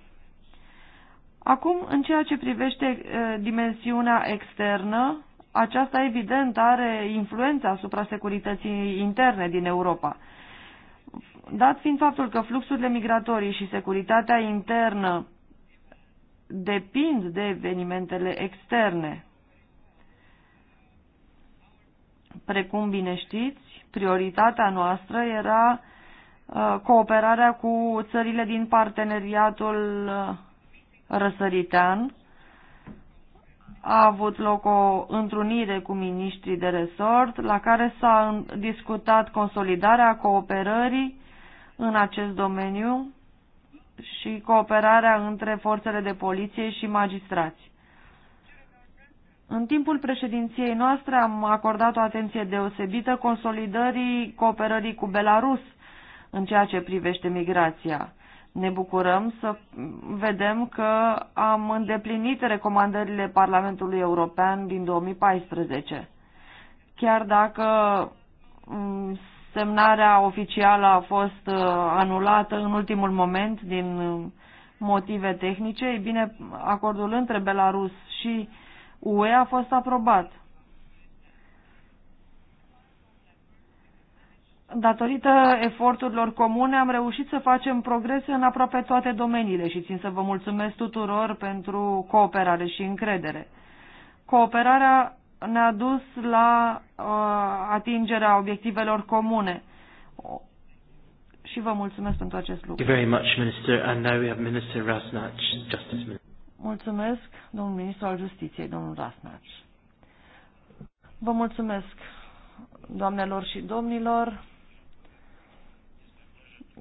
Acum, în ceea ce privește uh, dimensiunea externă, aceasta evident are influența asupra securității interne din Europa. Dat fiind faptul că fluxurile migratorii și securitatea internă depind de evenimentele externe, precum bine știți, prioritatea noastră era uh, cooperarea cu țările din parteneriatul uh, răsăritean, a avut loc o întrunire cu miniștrii de resort la care s-a discutat consolidarea cooperării în acest domeniu și cooperarea între forțele de poliție și magistrați. În timpul președinției noastre am acordat o atenție deosebită consolidării cooperării cu Belarus în ceea ce privește migrația. Ne bucurăm să vedem că am îndeplinit recomandările Parlamentului European din 2014. Chiar dacă mm, semnarea oficială a fost uh, anulată în ultimul moment din uh, motive tehnice, e bine, acordul între Belarus și UE a fost aprobat. Datorită eforturilor comune am reușit să facem progrese în aproape toate domeniile și țin să vă mulțumesc tuturor pentru cooperare și încredere. Cooperarea ne-a dus la uh, atingerea obiectivelor comune și vă mulțumesc pentru acest lucru. Very much, Minister. And now we have Minister Rasnach, Justice Minister. Mulțumesc, domnul ministru al Justiției, domnul Rasnach. Vă mulțumesc, doamnelor și domnilor.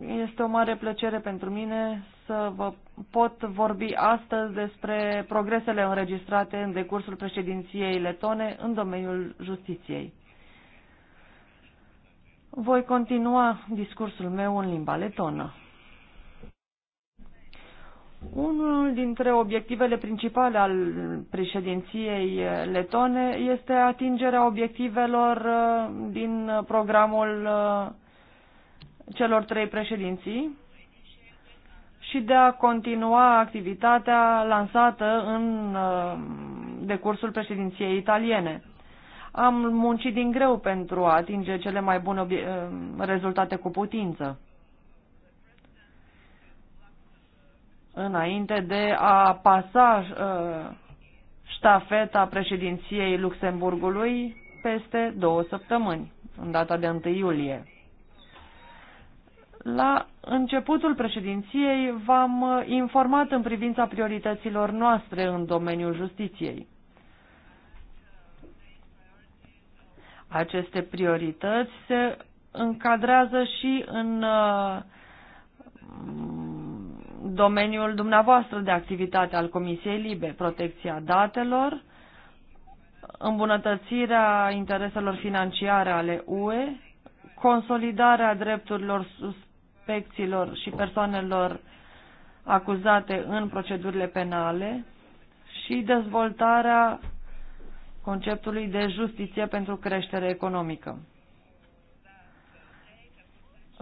Este o mare plăcere pentru mine să vă pot vorbi astăzi despre progresele înregistrate în decursul președinției letone în domeniul justiției. Voi continua discursul meu în limba letonă. Unul dintre obiectivele principale al președinției letone este atingerea obiectivelor uh, din programul uh, celor trei președinții și de a continua activitatea lansată în uh, decursul președinției italiene. Am muncit din greu pentru a atinge cele mai bune uh, rezultate cu putință. Înainte de a pasa uh, ștafeta președinției Luxemburgului peste două săptămâni, în data de 1 iulie. La începutul președinției v-am uh, informat în privința priorităților noastre în domeniul justiției. Aceste priorități se încadrează și în uh, domeniul dumneavoastră de activitate al Comisiei Libe, protecția datelor, îmbunătățirea intereselor financiare ale UE, consolidarea drepturilor sus suspecților și persoanelor acuzate în procedurile penale și dezvoltarea conceptului de justiție pentru creștere economică.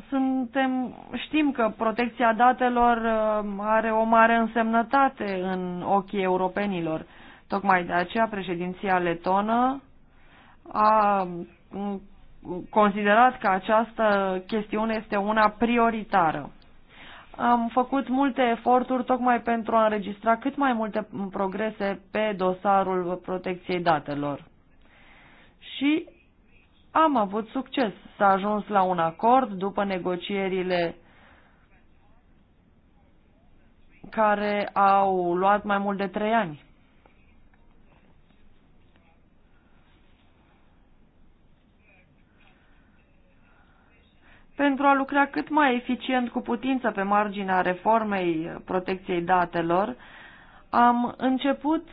Suntem, știm că protecția datelor uh, are o mare însemnătate în ochii europenilor. Tocmai de aceea președinția letonă a considerat că această chestiune este una prioritară. Am făcut multe eforturi tocmai pentru a înregistra cât mai multe progrese pe dosarul protecției datelor. Și am avut succes. S-a ajuns la un acord după negocierile care au luat mai mult de trei ani. pentru a lucra cât mai eficient cu putință pe marginea reformei protecției datelor, am început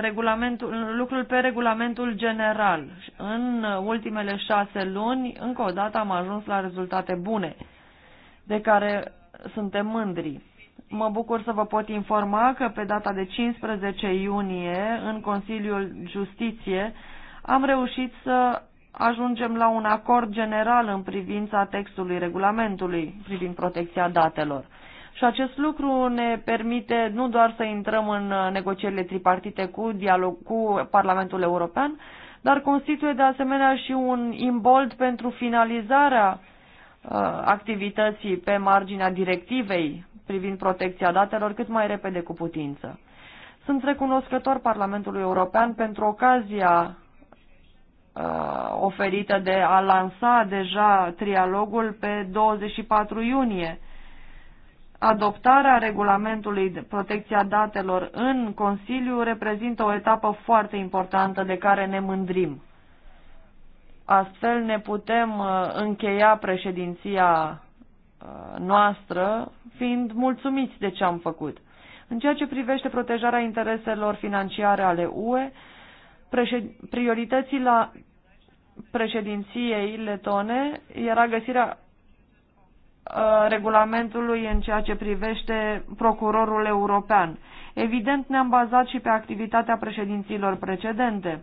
regulamentul, lucrul pe regulamentul general. În ultimele șase luni, încă o dată am ajuns la rezultate bune, de care suntem mândri. Mă bucur să vă pot informa că pe data de 15 iunie, în Consiliul Justiție, am reușit să ajungem la un acord general în privința textului regulamentului privind protecția datelor. Și acest lucru ne permite nu doar să intrăm în negocierile tripartite cu, dialog, cu Parlamentul European, dar constituie de asemenea și un imbold pentru finalizarea uh, activității pe marginea directivei privind protecția datelor cât mai repede cu putință. Sunt recunoscător Parlamentului European pentru ocazia uh, oferită de a lansa deja trialogul pe 24 iunie. Adoptarea regulamentului de protecția datelor în Consiliu reprezintă o etapă foarte importantă de care ne mândrim. Astfel ne putem uh, încheia președinția Uh, noastră, fiind mulțumiți de ce am făcut. În ceea ce privește protejarea intereselor financiare ale UE, la președinției letone era găsirea uh, regulamentului în ceea ce privește procurorul european. Evident, ne-am bazat și pe activitatea președinților precedente.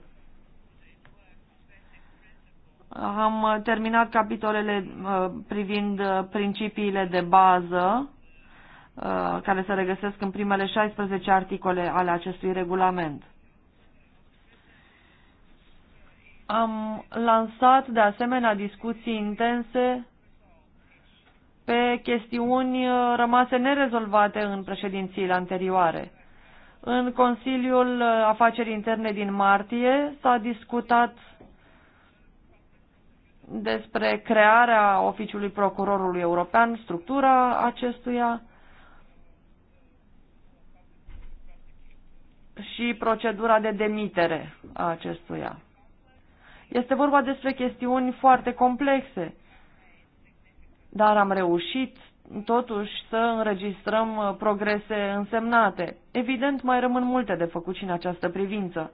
Am uh, terminat capitolele uh, privind uh, principiile de bază care se regăsesc în primele 16 articole ale acestui regulament. Am lansat de asemenea discuții intense pe chestiuni rămase nerezolvate în președințiile anterioare. În Consiliul Afaceri Interne din martie s-a discutat despre crearea oficiului procurorului european, structura acestuia și procedura de demitere a acestuia. Este vorba despre chestiuni foarte complexe, dar am reușit totuși să înregistrăm uh, progrese însemnate. Evident, mai rămân multe de făcut și în această privință.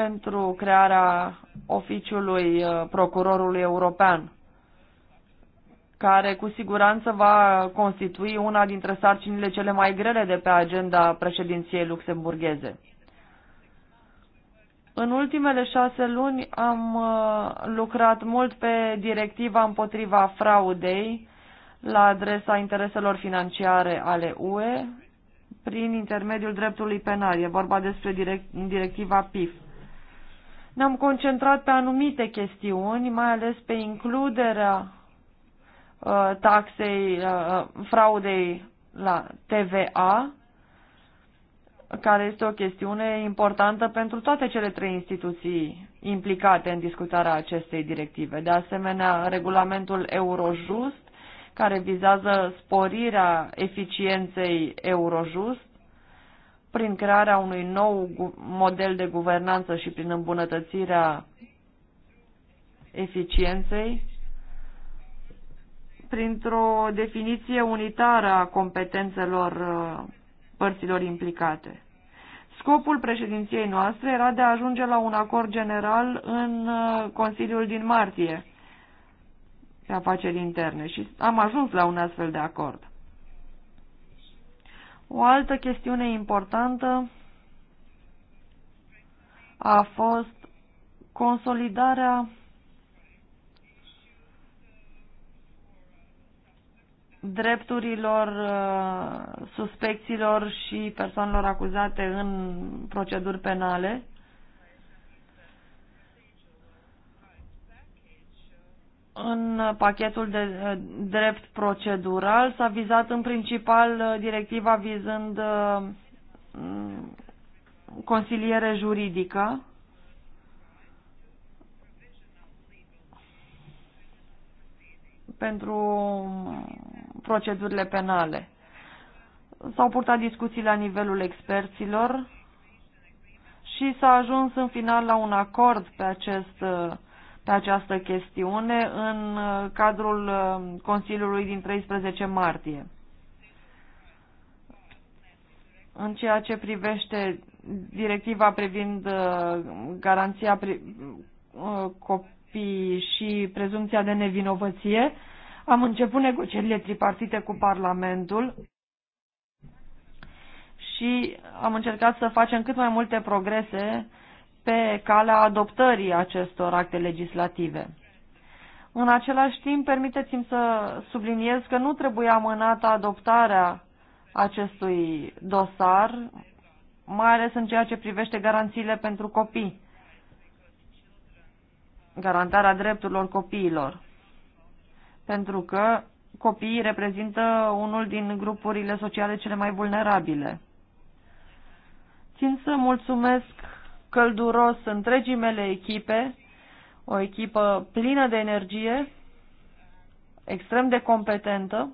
pentru crearea oficiului uh, procurorului european, care cu siguranță va constitui una dintre sarcinile cele mai grele de pe agenda președinției luxemburgheze. În ultimele șase luni am uh, lucrat mult pe directiva împotriva fraudei la adresa intereselor financiare ale UE prin intermediul dreptului penal. E vorba despre directiva PIF. Ne-am concentrat pe anumite chestiuni, mai ales pe includerea uh, taxei uh, uh fraudei la TVA, care este o chestiune importantă pentru toate cele trei instituții implicate în discutarea acestei directive. De asemenea, regulamentul Eurojust, care vizează sporirea eficienței Eurojust, prin crearea unui nou model de guvernanță și prin îmbunătățirea eficienței, printr-o definiție unitară a competențelor uh, părților implicate. Scopul președinției noastre era de a ajunge la un acord general în uh, Consiliul din martie pe afaceri interne și am ajuns la un astfel de acord. O altă chestiune importantă a fost consolidarea drepturilor uh, suspecților și persoanelor acuzate în proceduri penale. În pachetul de eh, drept procedural s-a vizat în principal eh, directiva vizând eh, mm, consiliere juridică. pentru mm, procedurile penale. S-au purtat discuții la nivelul experților și s-a ajuns în final la un acord pe acest pe această chestiune în uh, cadrul uh, Consiliului din 13 martie. În ceea ce privește directiva privind uh, garanția pri și prezumția de nevinovăție, am început negocierile tripartite cu Parlamentul și am încercat să facem cât mai multe progrese pe calea adoptării acestor acte legislative. În același timp, permiteți-mi să subliniez că nu trebuie amânată adoptarea acestui dosar, mai ales în ceea ce privește garanțiile pentru copii, garantarea drepturilor copiilor, pentru că copiii reprezintă unul din grupurile sociale cele mai vulnerabile. Țin să mulțumesc călduros întregii mele echipe, o echipă plină de energie, extrem de competentă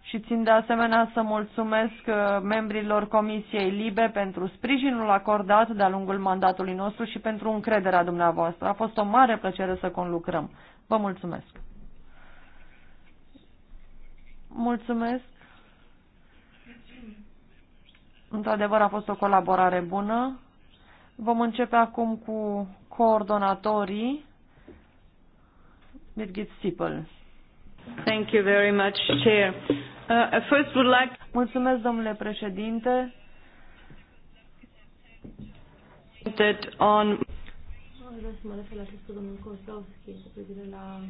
și țin de asemenea să mulțumesc uh, membrilor Comisiei Libe pentru sprijinul acordat de-a lungul mandatului nostru și pentru încrederea dumneavoastră. A fost o mare plăcere să conlucrăm. Vă mulțumesc! Mulțumesc! Într-adevăr a fost o colaborare bună. Vom începe acum cu coordonatorii. Birgit Sipel. Thank you very much, Chair. Uh, first would like... Mulțumesc, domnule președinte. That on... Aș să mă refer la ce spus domnul cu privire la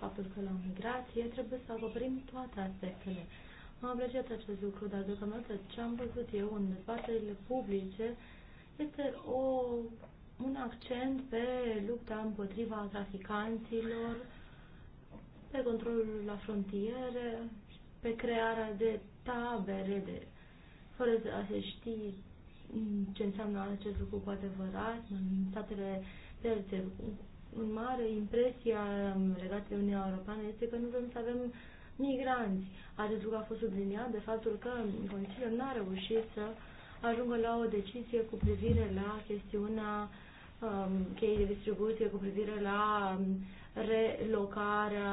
faptul că la migrație trebuie să acoperim toate aspectele. Am apreciat acest lucru, dar deocamdată ce am văzut eu în dezbaterile publice este o, un accent pe lupta împotriva traficanților, pe controlul la frontiere, pe crearea de tabere, de, fără să se știe ce înseamnă acest lucru cu adevărat, în statele terțe. În mare, impresia legată de Uniunea Europeană este că nu vrem să avem migranți. Acest lucru a fost subliniat de faptul că Consiliul n-a reușit să ajungă la o decizie cu privire la chestiunea um, cheii de distribuție, cu privire la um, relocarea,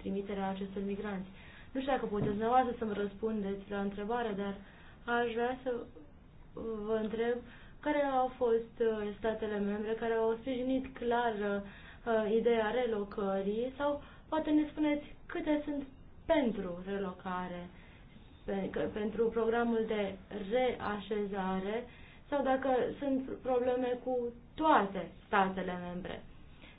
trimiterea acestor migranți. Nu știu dacă puteți dumneavoastră să-mi răspundeți la întrebare, dar aș vrea să vă întreb care au fost uh, statele membre care au sprijinit clar uh, ideea relocării sau poate ne spuneți câte sunt pentru relocare, pentru programul de reașezare sau dacă sunt probleme cu toate statele membre.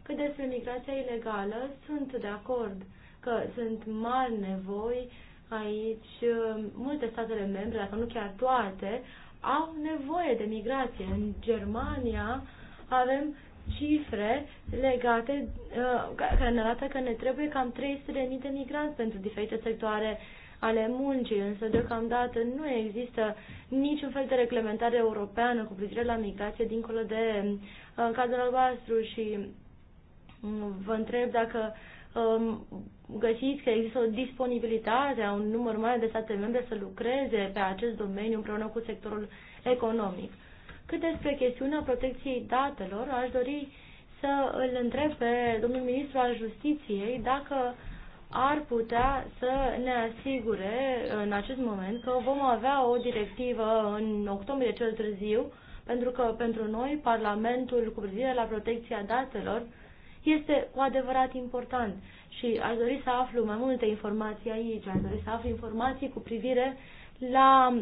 Cât despre migrația ilegală, sunt de acord că sunt mari nevoi aici. Multe statele membre, dacă nu chiar toate, au nevoie de migrație. În Germania avem cifre legate uh, care ne arată că ne trebuie cam 300.000 de migranți pentru diferite sectoare ale muncii, însă deocamdată nu există niciun fel de reglementare europeană cu privire la migrație dincolo de uh, cadrul albastru și mm, vă întreb dacă um, găsiți că există o disponibilitate a un număr mare de state membre să lucreze pe acest domeniu împreună cu sectorul economic. Cât despre chestiunea protecției datelor, aș dori să îl întreb pe domnul ministru al Justiției dacă ar putea să ne asigure în acest moment că vom avea o directivă în octombrie cel târziu, pentru că pentru noi Parlamentul cu privire la protecția datelor este cu adevărat important și aș dori să aflu mai multe informații aici, aș dori să aflu informații cu privire la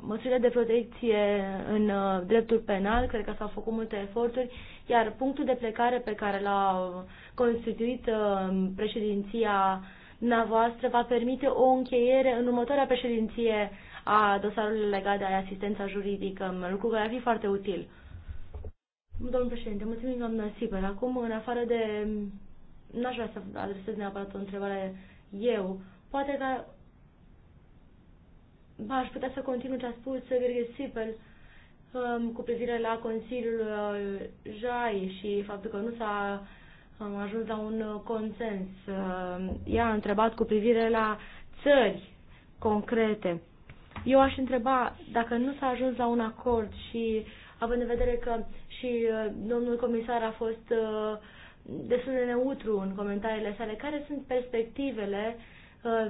măsurile de protecție în uh, dreptul penal, cred că s-au făcut multe eforturi, iar punctul de plecare pe care l-a constituit uh, președinția dumneavoastră va permite o încheiere în următoarea președinție a dosarului legat de asistența juridică, lucru care ar fi foarte util. Domnul președinte, mulțumim, doamnă Siber. Acum, în afară de... N-aș vrea să adresez neapărat o întrebare eu. Poate că aș putea să continu ce a spus Gheorghe Sipel um, cu privire la Consiliul uh, JAI și faptul că nu s-a um, ajuns la un uh, consens. Um, ea a întrebat cu privire la țări concrete. Eu aș întreba dacă nu s-a ajuns la un acord și având în vedere că și uh, domnul comisar a fost destul de neutru în comentariile sale, care sunt perspectivele uh,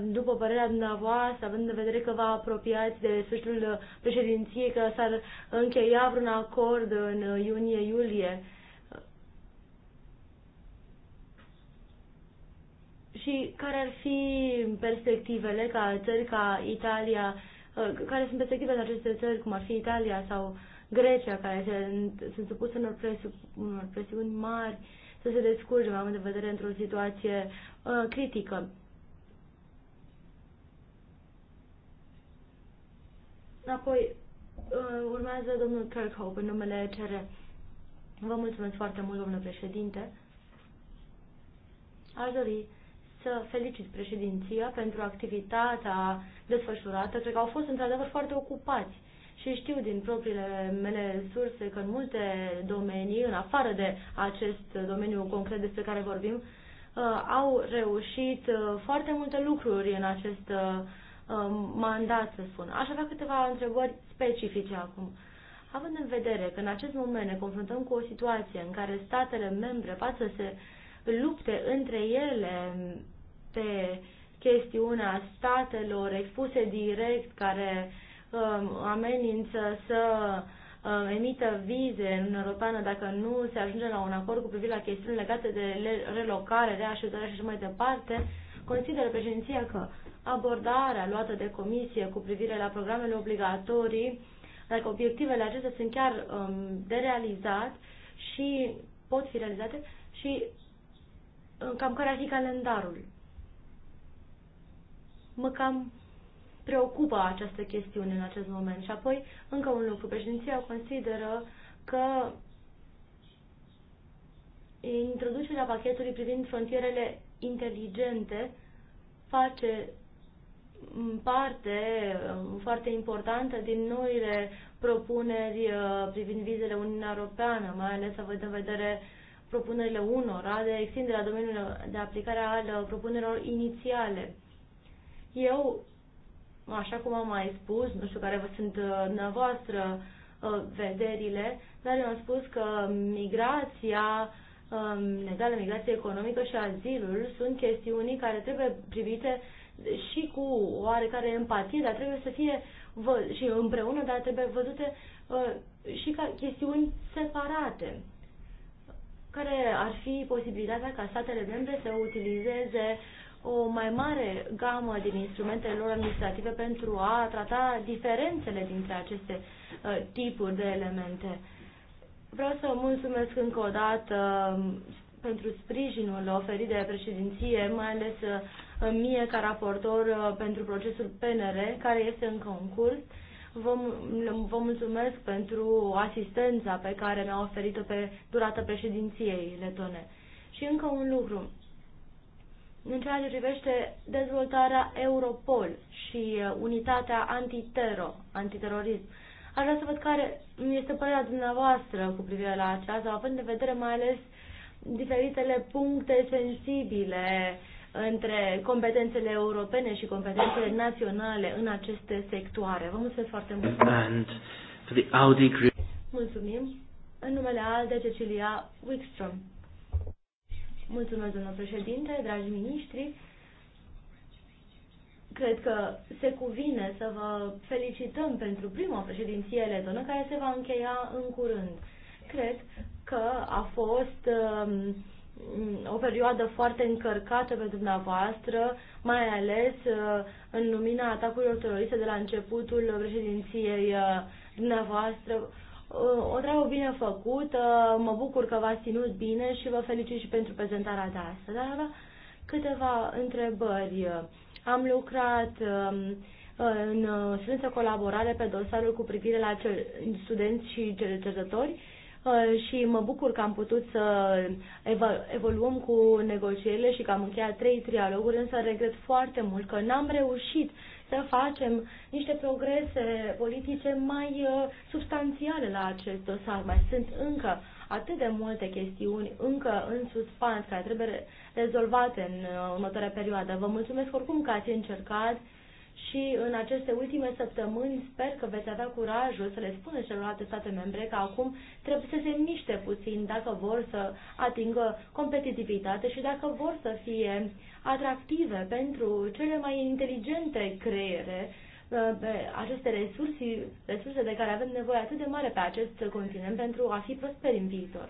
după părerea dumneavoastră, având în vedere că vă apropiați de sfârșitul președinției, că s-ar încheia vreun acord în iunie-iulie. Și care ar fi perspectivele ca țări ca Italia, care sunt perspectivele acestei țări, cum ar fi Italia sau Grecia, care se, sunt supuse unor, presi, unor presiuni mari, să se descurce, mai am de vedere, într-o situație uh, critică. Apoi uh, urmează domnul Kirkhope în numele CR. Vă mulțumesc foarte mult, domnule președinte. Aș dori să felicit președinția pentru activitatea desfășurată. Cred că au fost într-adevăr foarte ocupați și știu din propriile mele surse că în multe domenii, în afară de acest domeniu concret despre care vorbim, uh, au reușit uh, foarte multe lucruri în acest Um, mandat, să spun. Aș avea câteva întrebări specifice acum. Având în vedere că în acest moment ne confruntăm cu o situație în care statele membre pot să se lupte între ele pe chestiunea statelor expuse direct care uh, amenință să uh, emită vize în Uniunea Europeană dacă nu se ajunge la un acord cu privire la chestiuni legate de relocare, reașezare și așa mai departe, consideră președinția că abordarea luată de comisie cu privire la programele obligatorii, dacă obiectivele acestea sunt chiar um, de realizat și pot fi realizate și um, cam care ar fi calendarul. Mă cam preocupă această chestiune în acest moment. Și apoi, încă un lucru, președinția consideră că introducerea pachetului privind frontierele inteligente face parte um, foarte importantă din noile propuneri uh, privind vizele Uniunea Europeană, mai ales având în vedere propunerile unora de extinderea domeniului de aplicare al uh, propunerilor inițiale. Eu, așa cum am mai spus, nu știu care vă sunt uh, dumneavoastră vederile, dar eu am spus că migrația legală, um, migrație economică și azilul sunt chestiuni care trebuie privite și cu oarecare empatie, dar trebuie să fie și împreună, dar trebuie văzute uh, și ca chestiuni separate care ar fi posibilitatea ca statele membre să utilizeze o mai mare gamă din instrumentele lor administrative pentru a trata diferențele dintre aceste uh, tipuri de elemente. Vreau să mulțumesc încă o dată uh, pentru sprijinul oferit de președinție, mai ales uh, mie ca raportor uh, pentru procesul PNR, care este încă în curs. Vă, vă mulțumesc pentru asistența pe care mi-a oferit-o pe durata președinției letone. Și încă un lucru. În ceea ce privește dezvoltarea Europol și uh, unitatea antitero, antiterorism, aș vrea să văd care este părerea dumneavoastră cu privire la aceasta, având în vedere mai ales diferitele puncte sensibile între competențele europene și competențele naționale în aceste sectoare. Vă mulțumesc foarte mult! And for the Audi group. Mulțumim! În numele ALDE, Cecilia Wickstrom. Mulțumesc, domnul președinte, dragi miniștri. Cred că se cuvine să vă felicităm pentru prima președinție letonă care se va încheia în curând. Cred că a fost uh, o perioadă foarte încărcată pe dumneavoastră, mai ales uh, în lumina atacurilor teroriste de la începutul președinției uh, dumneavoastră. Uh, o treabă bine făcută, mă bucur că v-ați ținut bine și vă felicit și pentru prezentarea de astăzi. Dar avea câteva întrebări. Am lucrat um, în strânsă colaborare pe dosarul cu privire la studenți și cercetători Uh, și mă bucur că am putut să evoluăm cu negocierile și că am încheiat trei trialoguri, însă regret foarte mult că n-am reușit să facem niște progrese politice mai uh, substanțiale la acest dosar. Mai sunt încă atât de multe chestiuni încă în suspans care trebuie rezolvate în uh, următoarea perioadă. Vă mulțumesc oricum că ați încercat și în aceste ultime săptămâni sper că veți avea curajul să le spuneți celorlalte state membre că acum trebuie să se miște puțin dacă vor să atingă competitivitate și dacă vor să fie atractive pentru cele mai inteligente creiere, uh, aceste resurse, resurse de care avem nevoie atât de mare pe acest continent pentru a fi prosperi în viitor.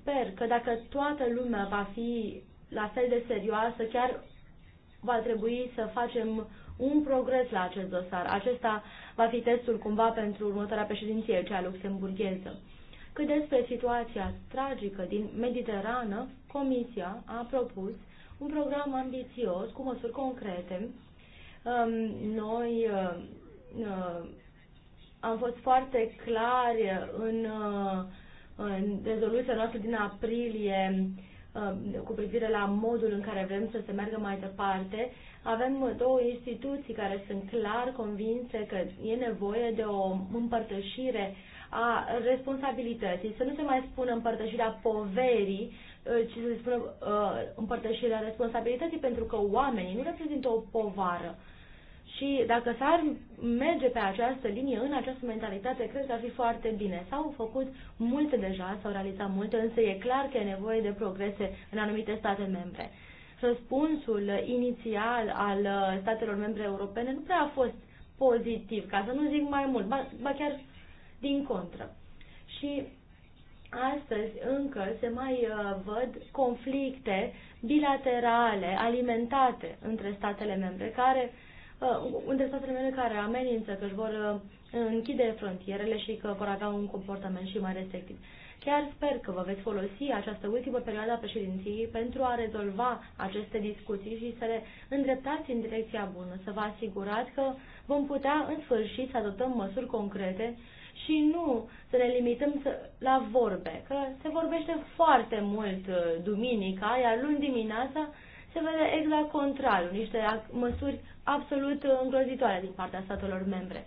Sper că dacă toată lumea va fi la fel de serioasă, chiar va trebui să facem un progres la acest dosar. Acesta va fi testul cumva pentru următoarea președinție, cea luxemburgheză. Cât despre situația tragică din Mediterană, Comisia a propus un program ambițios cu măsuri concrete. Um, noi um, uh, am fost foarte clari în, uh, în rezoluția noastră din aprilie Um, cu privire la modul în care vrem să se meargă mai departe, avem două instituții care sunt clar convinse că e nevoie de o împărtășire a responsabilității, să nu se mai spună împărtășirea poverii, uh, ci să se spună uh, împărtășirea responsabilității, pentru că oamenii nu reprezintă o povară, și dacă s-ar merge pe această linie, în această mentalitate, cred că ar fi foarte bine. S-au făcut multe deja, s-au realizat multe, însă e clar că e nevoie de progrese în anumite state membre. Răspunsul inițial al uh, statelor membre europene nu prea a fost pozitiv, ca să nu zic mai mult, ba, ba chiar din contră. Și astăzi încă se mai uh, văd conflicte bilaterale alimentate între statele membre care uh, Uh, între statele membre care amenință că își vor uh, închide frontierele și că vor avea un comportament și mai restrictiv. Chiar sper că vă veți folosi această ultimă perioadă a președinției pentru a rezolva aceste discuții și să le îndreptați în direcția bună, să vă asigurați că vom putea în sfârșit să adoptăm măsuri concrete și nu să ne limităm la vorbe, că se vorbește foarte mult uh, duminica, iar luni dimineața se vede exact contrariu, niște măsuri absolut uh, îngrozitoare din partea statelor membre.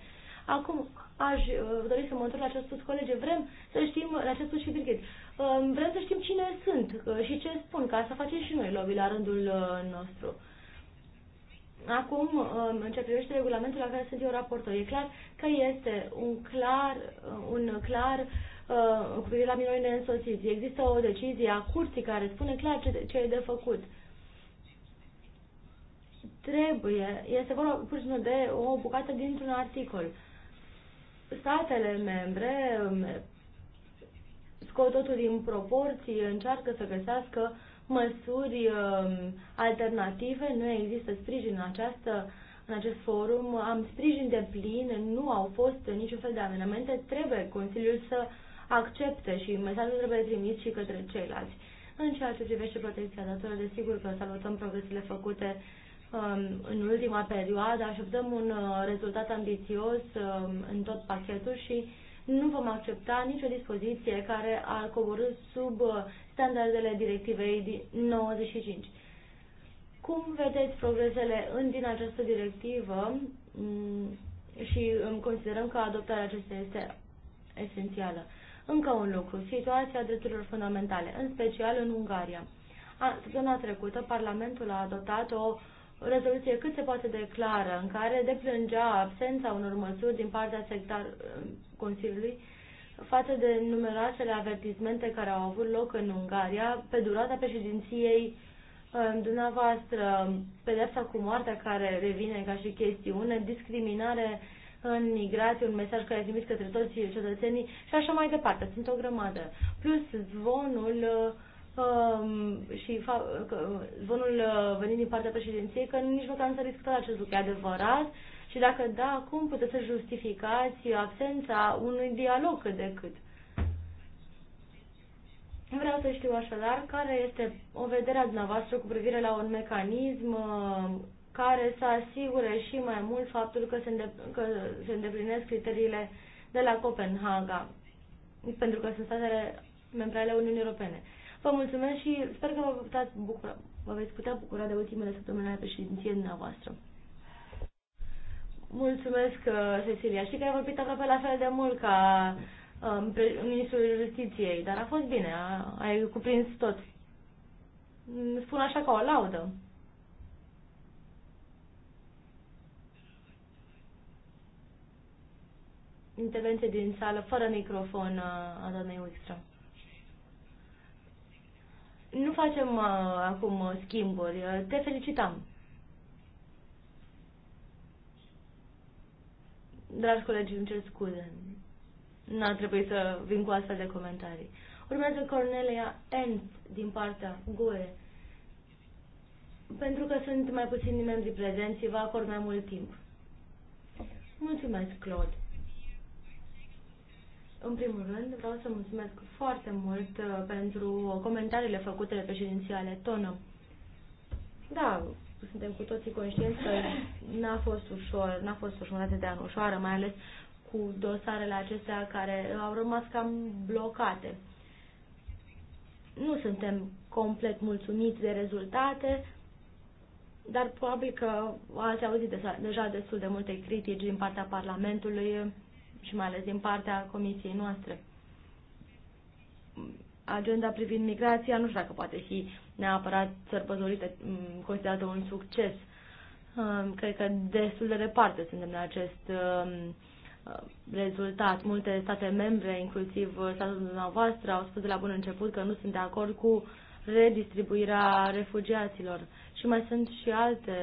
Acum, aș uh, dori să mă întorc la ce a spus colege. Vrem să știm, la ce spus și Birgit, um, vrem să știm cine sunt uh, și ce spun, ca să facem și noi lobby la rândul nostru. Acum, um, în ce privește regulamentul la care sunt eu raportor, e clar că este un clar, un clar cu privire la minorii neînsoțiți. Există o decizie a curții care spune clar ce, ce e de făcut trebuie, este vorba pur și simplu de o bucată dintr-un articol. Statele membre um, scot totul din proporții, încearcă să găsească măsuri um, alternative, nu există sprijin în, această, în acest forum, am sprijin de plin, nu au fost niciun fel de amenamente, trebuie Consiliul să accepte și mesajul trebuie trimis și către ceilalți. În ceea ce privește protecția datorilor, desigur că salutăm progresele făcute Um, în ultima perioadă, așteptăm un uh, rezultat ambițios um, în tot pachetul și nu vom accepta nicio dispoziție care ar coborâ sub uh, standardele directivei 95. Cum vedeți progresele în, din această directivă mm, și considerăm că adoptarea acestei este esențială? Încă un lucru, situația drepturilor fundamentale, în special în Ungaria. Săptămâna trecută, Parlamentul a adoptat o uh, rezoluție cât se poate de clară, în care deplângea absența unor măsuri din partea sectar uh, Consiliului față de numeroasele avertismente care au avut loc în Ungaria pe durata președinției uh, dumneavoastră, pedepsa cu moartea care revine ca și chestiune, discriminare în migrație, un mesaj care trimis către toți cetățenii și așa mai departe. Sunt o grămadă. Plus zvonul uh, Um, și fa zvonul uh, venit din partea președinției că nici măcar nu s-a discutat acest lucru. E adevărat? Și dacă da, cum puteți să justificați absența unui dialog cât de cât? Vreau să știu așadar care este o vederea dumneavoastră cu privire la un mecanism uh, care să asigure și mai mult faptul că se, îndep- că se îndeplinesc criteriile de la Copenhaga, pentru că sunt statele membre ale Uniunii Europene. Vă mulțumesc și sper că vă, puteți bucura, vă veți putea bucura de ultimele săptămâni ale președinției dumneavoastră. Mulțumesc, uh, Cecilia. Știi că ai vorbit aproape la fel de mult ca um, ministrul justiției, dar a fost bine, a, ai cuprins tot. Spun așa ca o laudă. Intervenție din sală, fără microfon uh, a doamnei Wickstrom. Nu facem uh, acum uh, schimburi. Uh, te felicităm. Dragi colegi, îmi cer scuze. N-a trebuit să vin cu astfel de comentarii. Urmează Cornelia Ernst din partea GUE. Pentru că sunt mai puțini membri prezenți, vă acord mai mult timp. Mulțumesc, Claude. În primul rând, vreau să mulțumesc foarte mult uh, pentru comentariile făcute de președințiale tonă. Da, suntem cu toții conștienți că n-a fost ușor, n-a fost o jumătate de an ușoară, mai ales cu dosarele acestea care au rămas cam blocate. Nu suntem complet mulțumiți de rezultate, dar probabil că ați auzit deja destul de multe critici din partea Parlamentului și mai ales din partea comisiei noastre. Agenda privind migrația nu știu dacă poate fi neapărat sărbătorită, mm, considerată un succes. Cred că destul de departe suntem la acest rezultat. Multe state membre, inclusiv statul dumneavoastră, au spus de la bun început că nu sunt de acord cu redistribuirea refugiaților. Și mai sunt și alte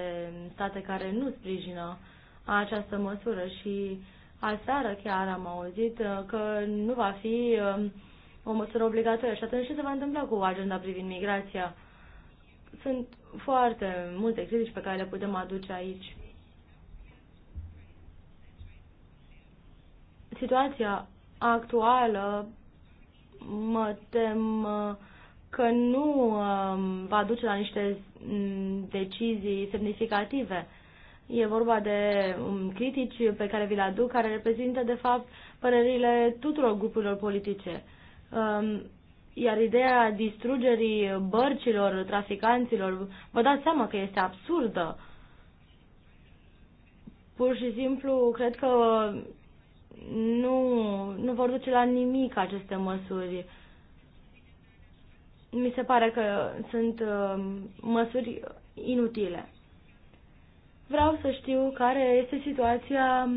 state care nu sprijină această măsură și Aseară chiar am auzit uh, că nu va fi um, o măsură obligatorie. Și atunci ce se va întâmpla cu agenda privind migrația? Sunt foarte multe critici pe care le putem aduce aici. Situația actuală mă tem uh, că nu um, va duce la niște mm, decizii semnificative. E vorba de um, critici pe care vi le aduc, care reprezintă, de fapt, părerile tuturor grupurilor politice. Um, iar ideea distrugerii bărcilor, traficanților, vă dați seama că este absurdă. Pur și simplu, cred că nu, nu vor duce la nimic aceste măsuri. Mi se pare că sunt um, măsuri inutile. Vreau să știu care este situația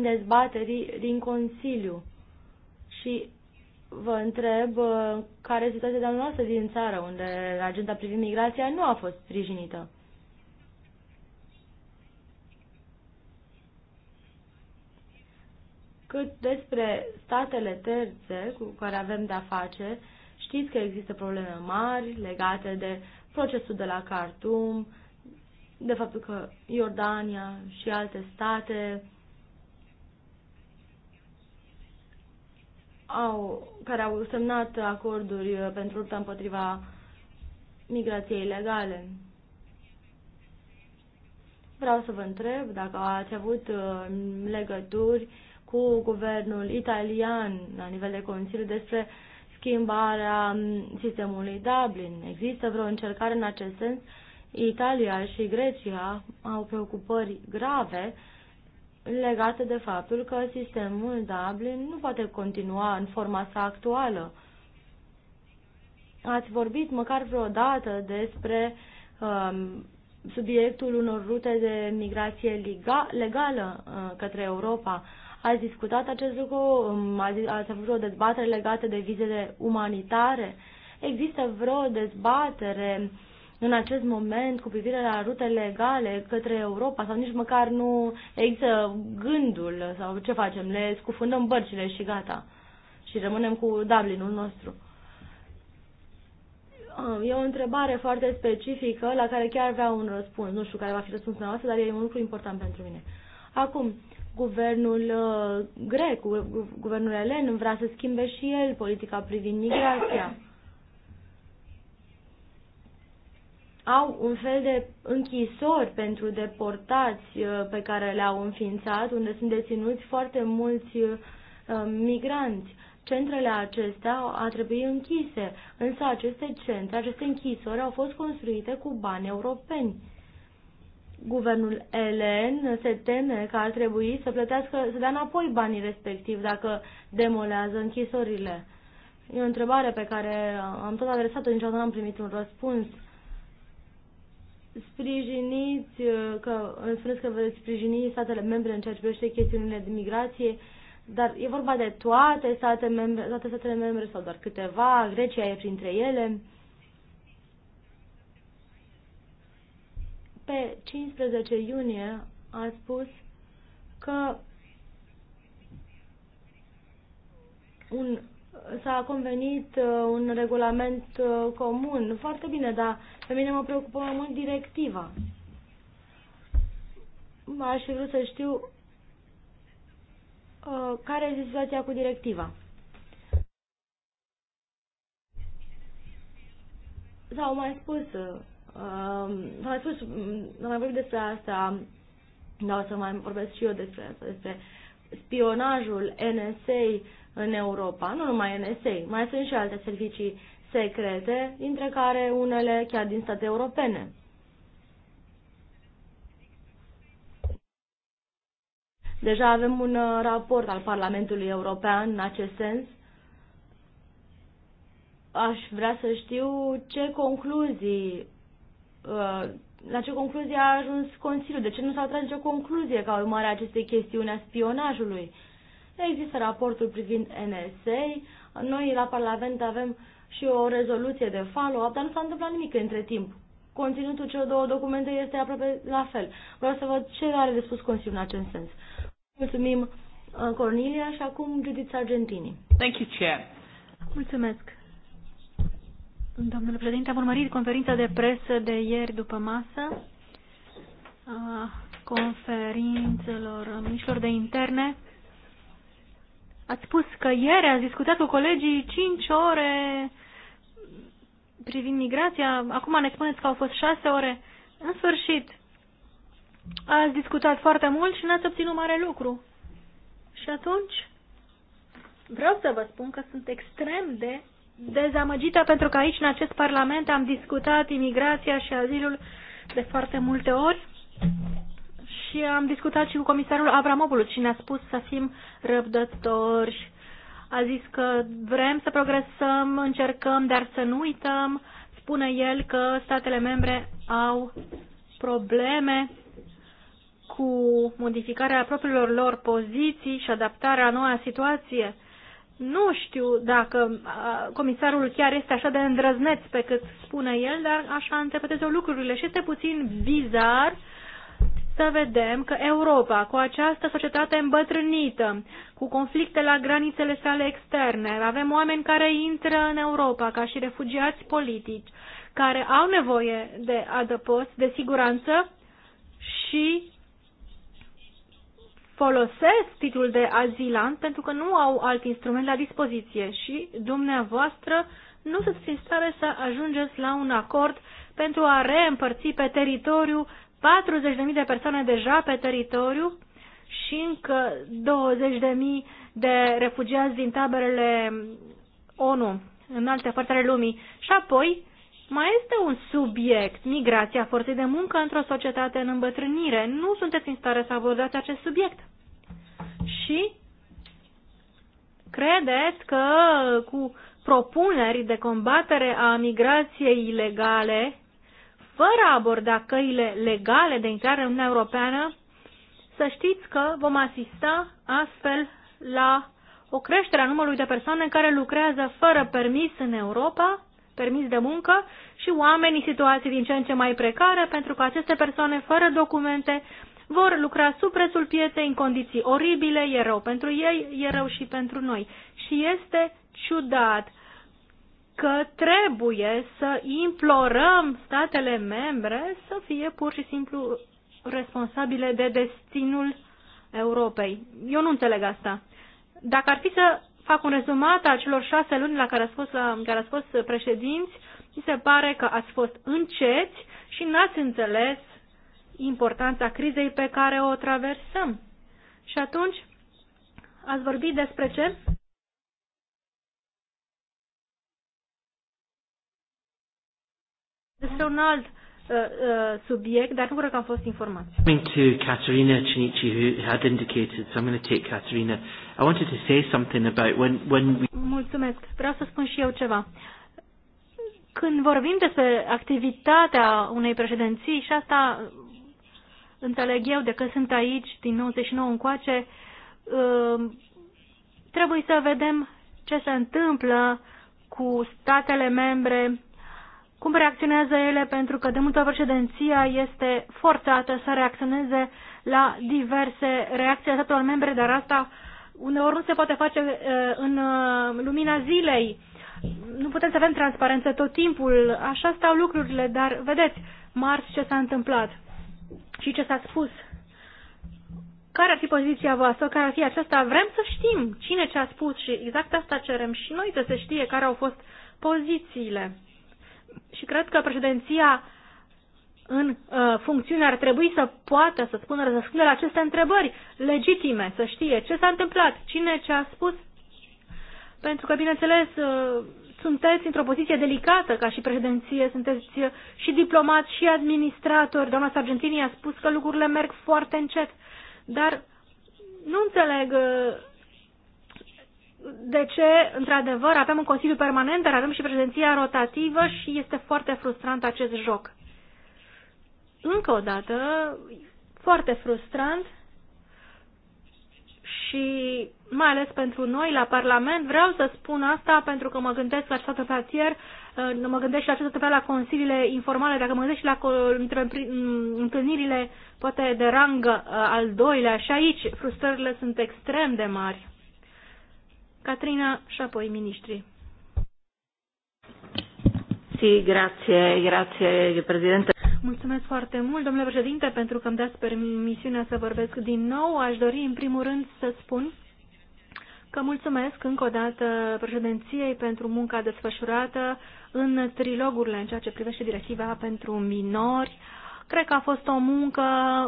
dezbaterii din Consiliu și vă întreb uh, care este situația noastră din țară, unde agenda privind migrația nu a fost sprijinită. Cât despre statele terțe cu care avem de-a face, știți că există probleme mari legate de procesul de la Khartoum, de faptul că Iordania și alte state au, care au semnat acorduri pentru lupta împotriva migrației ilegale. Vreau să vă întreb dacă ați avut uh, legături cu guvernul italian la nivel de Consiliu despre schimbarea um, sistemului Dublin. Există vreo încercare în acest sens Italia și Grecia au preocupări grave legate de faptul că sistemul Dublin nu poate continua în forma sa actuală. Ați vorbit măcar vreodată despre um, subiectul unor rute de migrație legală uh, către Europa. Ați discutat acest lucru? Um, ați avut o dezbatere legată de vizele umanitare? Există vreo dezbatere uh, în acest moment cu privire la rute legale către Europa sau nici măcar nu există gândul sau ce facem, le scufundăm bărcile și gata și rămânem cu Dublinul nostru. Ah, e o întrebare foarte specifică la care chiar vreau un răspuns. Nu știu care va fi răspunsul noastră, dar e un lucru important pentru mine. Acum, guvernul uh, grec, guvernul elen vrea să schimbe și el politica privind migrația. au un fel de închisori pentru deportați uh, pe care le-au înființat, unde sunt deținuți foarte mulți uh, migranți. Centrele acestea a trebuit închise, însă aceste centre, aceste închisori au fost construite cu bani europeni. Guvernul elen se teme că ar trebui să plătească, să dea înapoi banii respectiv dacă demolează închisorile. E o întrebare pe care am tot adresat-o, niciodată n-am primit un răspuns sprijiniți, uh, că spuneți că veți sprijini statele membre în ceea ce privește chestiunile de migrație, dar e vorba de toate, state membre, toate statele membre sau doar câteva, Grecia e printre ele. Pe 15 iunie a spus că un, s-a convenit uh, un regulament uh, comun. Foarte bine, dar pe mine mă preocupă mai mult directiva. Aș fi vrut să știu uh, care este situația cu directiva. Sau da, mai spus, uh, um, mai spus, am mm, mai vorbit despre asta, dar o să mai vorbesc și eu despre asta, despre spionajul NSA în Europa, nu numai NSA, mai sunt și alte servicii secrete, dintre care unele chiar din state europene. Deja avem un uh, raport al Parlamentului European în acest sens. Aș vrea să știu ce concluzii, uh, la ce concluzie a ajuns Consiliul, de ce nu s-a tras nicio concluzie ca urmare a acestei chestiuni a spionajului. Există raportul privind NSA, noi la Parlament avem și o rezoluție de follow-up, dar nu s-a întâmplat nimic între timp. Conținutul celor două documente este aproape la fel. Vreau să văd ce are de spus Consiliul în acest sens. Mulțumim, uh, Cornelia, și acum Judith Argentini. Thank you, Chair. Mulțumesc. Domnule președinte, am urmărit conferința de presă de ieri după masă a conferințelor mișilor de interne. Ați spus că ieri ați discutat cu colegii 5 ore privind migrația. Acum ne spuneți că au fost șase ore. În sfârșit, ați discutat foarte mult și n-ați obținut mare lucru. Și atunci, vreau să vă spun că sunt extrem de dezamăgită pentru că aici, în acest parlament, am discutat imigrația și azilul de foarte multe ori și am discutat și cu comisarul Abramopoulos și ne-a spus să fim răbdători a zis că vrem să progresăm, încercăm, dar să nu uităm. Spune el că statele membre au probleme cu modificarea propriilor lor poziții și adaptarea la noua situație. Nu știu dacă comisarul chiar este așa de îndrăzneț pe cât spune el, dar așa interpretează lucrurile și este puțin bizar uh, să vedem că Europa, cu această societate îmbătrânită, cu conflicte la granițele sale externe, avem oameni care intră în Europa ca și refugiați politici, care au nevoie de adăpost, de siguranță și folosesc titlul de azilant pentru că nu au alt instrument la dispoziție și dumneavoastră nu sunteți în stare să ajungeți la un acord pentru a reîmpărți pe teritoriu 40.000 de persoane deja pe teritoriu și încă 20.000 de refugiați din taberele ONU în alte părți ale lumii. Și apoi mai este un subiect, migrația forței de muncă într-o societate în îmbătrânire. Nu sunteți în stare să abordați acest subiect. Și credeți că cu propuneri de combatere a migrației ilegale fără a aborda căile legale de intrare în Uniunea Europeană, să știți că vom asista astfel la o creștere a numărului de persoane care lucrează fără permis în Europa, permis de muncă și oamenii în situații din ce în ce mai precare, pentru că aceste persoane fără documente vor lucra sub prețul pieței în condiții oribile, e rău pentru ei, e rău și pentru noi. Și este ciudat că trebuie să implorăm statele membre să fie pur și simplu responsabile de destinul Europei. Eu nu înțeleg asta. Dacă ar fi să fac un rezumat al celor șase luni la care ați fost, la, care ați fost președinți, mi se pare că ați fost înceți și n-ați înțeles importanța crizei pe care o traversăm. Și atunci, ați vorbit despre ce? Este un alt uh, uh, subiect, dar nu cred că am fost informat. Coming to Caterina Cinici, who had indicated, so I'm going to take Caterina. I wanted to say something about when, when we... Mulțumesc. Vreau să spun și eu ceva. Când vorbim despre activitatea unei președinții, și asta înțeleg eu de că sunt aici din 99 încoace, uh, trebuie să vedem ce se întâmplă cu statele membre cum reacționează ele? Pentru că de multe ori președinția este forțată să reacționeze la diverse reacții ale statelor membre, dar asta uneori nu se poate face uh, în uh, lumina zilei. Nu putem să avem transparență tot timpul, așa stau lucrurile, dar vedeți, marți ce s-a întâmplat și ce s-a spus. Care ar fi poziția voastră? Care ar fi aceasta? Vrem să știm cine ce a spus și exact asta cerem și noi să se știe care au fost pozițiile și cred că președinția în uh, funcțiune ar trebui să poată să spună răspunde la aceste întrebări legitime, să știe ce s-a întâmplat, cine ce a spus. Pentru că, bineînțeles, uh, sunteți într-o poziție delicată ca și președinție, sunteți și diplomat și administrator. Doamna Sargentini a spus că lucrurile merg foarte încet, dar nu înțeleg uh, de ce, într-adevăr, avem un Consiliu Permanent, dar avem și prezenția rotativă și este foarte frustrant acest joc. Încă o dată, foarte frustrant și mai ales pentru noi la Parlament. Vreau să spun asta pentru că mă gândesc la această platier, uh, mă gândesc și la această la consiliile informale, dacă mă gândesc și la întâlnirile poate de rang uh, al doilea și aici frustrările sunt extrem de mari. Catrina și apoi ministrii. Sì, grazie, grazie președinte. Mulțumesc foarte mult, domnule președinte, pentru că îmi dați permisiunea să vorbesc din nou. Aș dori, în primul rând, să spun că mulțumesc încă o dată președinției pentru munca desfășurată în trilogurile în ceea ce privește directiva pentru minori. Cred că a fost o muncă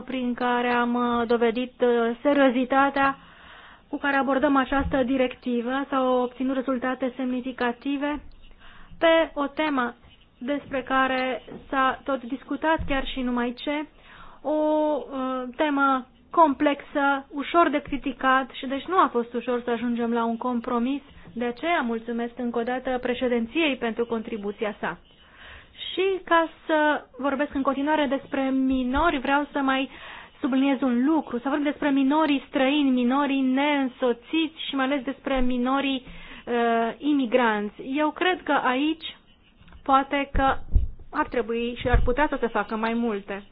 prin care am dovedit seriozitatea cu care abordăm această directivă s-au obținut rezultate semnificative pe o temă despre care s-a tot discutat chiar și numai ce, o uh, temă complexă, ușor de criticat și deci nu a fost ușor să ajungem la un compromis. De aceea mulțumesc încă o dată președinției pentru contribuția sa. Și ca să vorbesc în continuare despre minori, vreau să mai subliniez un lucru. Să vorbim despre minorii străini, minorii neînsoțiți și mai ales despre minorii uh, imigranți. Eu cred că aici poate că ar trebui și ar putea să se facă mai multe.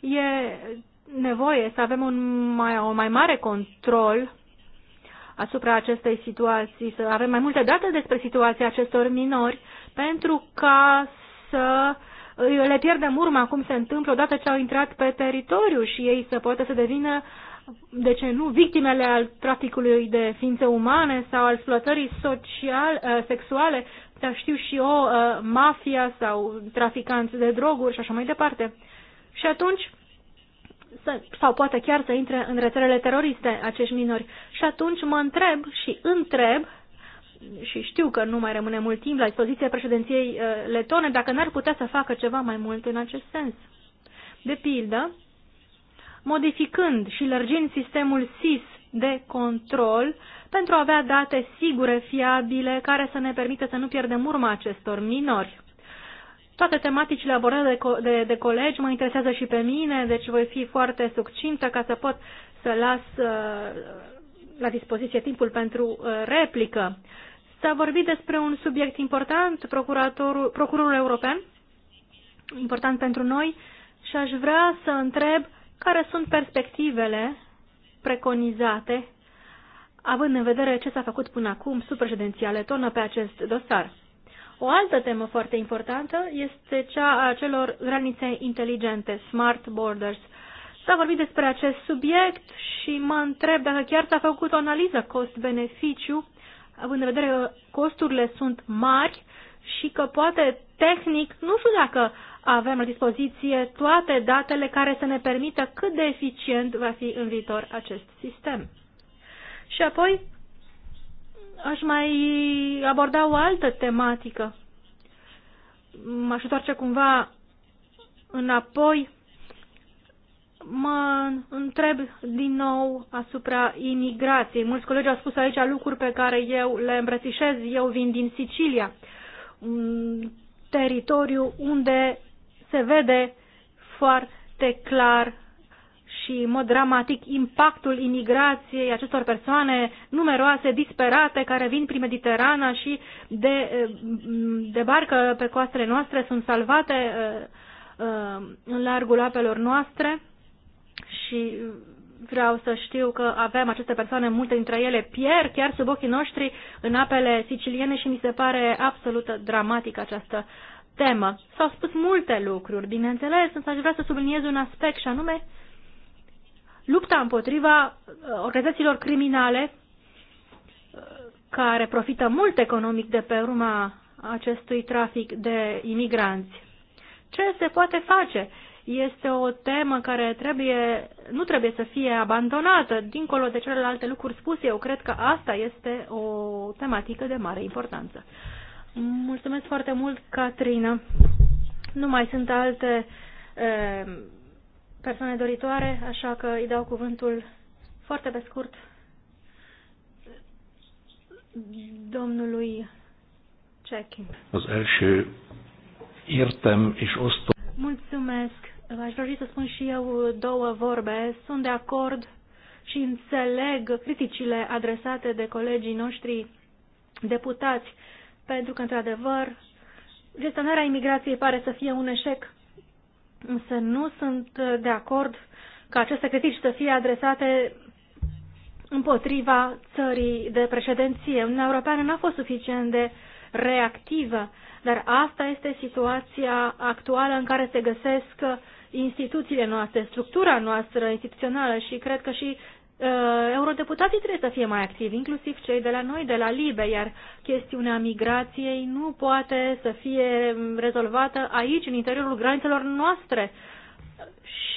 E nevoie să avem un mai, o mai mare control asupra acestei situații, să avem mai multe date despre situația acestor minori, pentru ca să uh, le pierdem urma cum se întâmplă odată ce au intrat pe teritoriu și ei să poată să devină, de ce nu, victimele al traficului de ființe umane sau al exploatării social, uh, sexuale, dar știu și eu, uh, mafia sau traficanți de droguri și așa mai departe. Și atunci, sau poate chiar să intre în rețelele teroriste acești minori. Și atunci mă întreb și întreb și știu că nu mai rămâne mult timp la dispoziția președinției uh, letone, dacă n-ar putea să facă ceva mai mult în acest sens. De pildă, modificând și lărgind sistemul SIS de control pentru a avea date sigure, fiabile, care să ne permită să nu pierdem urma acestor minori. Toate tematicile abordate de, co- de, de colegi mă interesează și pe mine, deci voi fi foarte succintă ca să pot să las uh, la dispoziție timpul pentru uh, replică. S-a vorbit despre un subiect important, procuratorul, procurorul european, important pentru noi, și aș vrea să întreb care sunt perspectivele preconizate, având în vedere ce s-a făcut până acum sub președinția letonă pe acest dosar. O altă temă foarte importantă este cea a celor granițe inteligente, smart borders. S-a vorbit despre acest subiect și mă întreb dacă chiar s-a făcut o analiză cost-beneficiu având în vedere că costurile sunt mari și că poate tehnic, nu știu dacă avem la dispoziție toate datele care să ne permită cât de eficient va fi în viitor acest sistem. Și apoi aș mai aborda o altă tematică. M-aș întoarce cumva înapoi mă întreb din nou asupra imigrației. Mulți colegi au spus aici lucruri pe care eu le îmbrățișez. Eu vin din Sicilia, un teritoriu unde se vede foarte clar și în mod dramatic impactul imigrației acestor persoane numeroase, disperate, care vin prin Mediterana și de, debarcă pe coastele noastre, sunt salvate uh, uh, în largul apelor noastre și vreau să știu că avem aceste persoane, multe dintre ele pierd chiar sub ochii noștri în apele siciliene și mi se pare absolut dramatic această temă. S-au spus multe lucruri, bineînțeles, însă aș vrea să subliniez un aspect și anume lupta împotriva uh, organizațiilor criminale uh, care profită mult economic de pe urma acestui trafic de imigranți. Ce se poate face? este o temă care trebuie, nu trebuie să fie abandonată. Dincolo de celelalte lucruri spuse, eu cred că asta este o tematică de mare importanță. Mulțumesc foarte mult, Catrina. Nu mai sunt alte e, persoane doritoare, așa că îi dau cuvântul foarte pe scurt domnului Cechin. Mulțumesc. Aș dori să spun și eu două vorbe. Sunt de acord și înțeleg criticile adresate de colegii noștri deputați, pentru că, într-adevăr, gestionarea imigrației pare să fie un eșec, însă nu sunt de acord ca aceste critici să fie adresate împotriva țării de președinție. Uniunea Europeană n-a fost suficient de reactivă, dar asta este situația actuală în care se găsesc instituțiile noastre, structura noastră instituțională și cred că și uh, eurodeputații trebuie să fie mai activi, inclusiv cei de la noi, de la LIBE, iar chestiunea migrației nu poate să fie rezolvată aici, în interiorul granițelor noastre.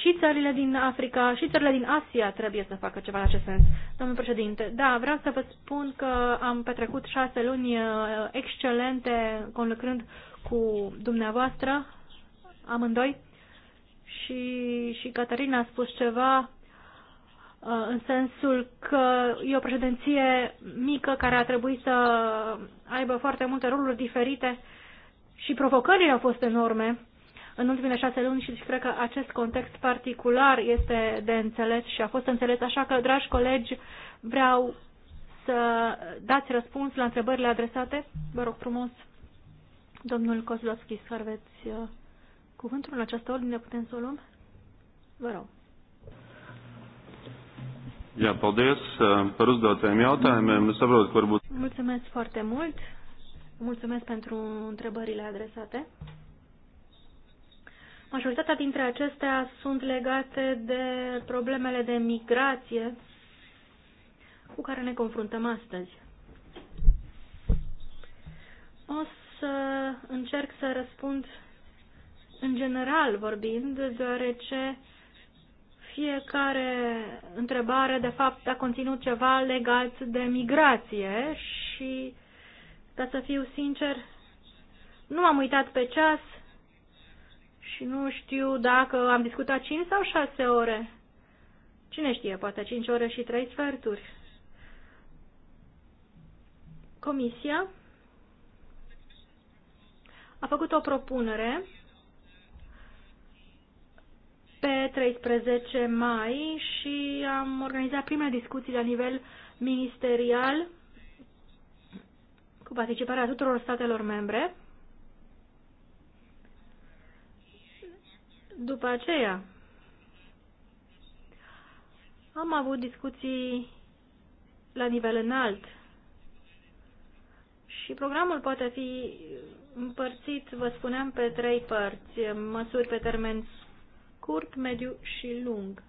Și țările din Africa, și țările din Asia trebuie să facă ceva în acest sens. Domnul președinte, da, vreau să vă spun că am petrecut șase luni uh, excelente conlucrând cu dumneavoastră, amândoi și, și Caterina a spus ceva uh, în sensul că e o președinție mică care a trebuit să aibă foarte multe roluri diferite și provocările au fost enorme în ultimele șase luni și cred că acest context particular este de înțeles și a fost înțeles. Așa că, dragi colegi, vreau să dați răspuns la întrebările adresate. Vă rog frumos, domnul Kozlovski, să aveți uh, Cuvântul în această ordine putem să o luăm? Vă rog. Jā, paldies par uzdotajiem jautājumiem. Es saprotu, ka varbūt. Mulțumesc foarte mult. Mulțumesc pentru întrebările adresate. Majoritatea dintre acestea sunt legate de problemele de migrație cu care ne confruntăm astăzi. O să încerc să răspund în general vorbind, deoarece fiecare întrebare, de fapt, a conținut ceva legat de migrație și, ca să fiu sincer, nu am uitat pe ceas și nu știu dacă am discutat 5 sau 6 ore. Cine știe, poate 5 ore și 3 sferturi. Comisia a făcut o propunere pe 13 mai și am organizat primele discuții la nivel ministerial cu participarea tuturor statelor membre. După aceea, am avut discuții la nivel înalt și programul poate fi împărțit, vă spuneam, pe trei părți. Măsuri pe termen scurt, mediu și lung.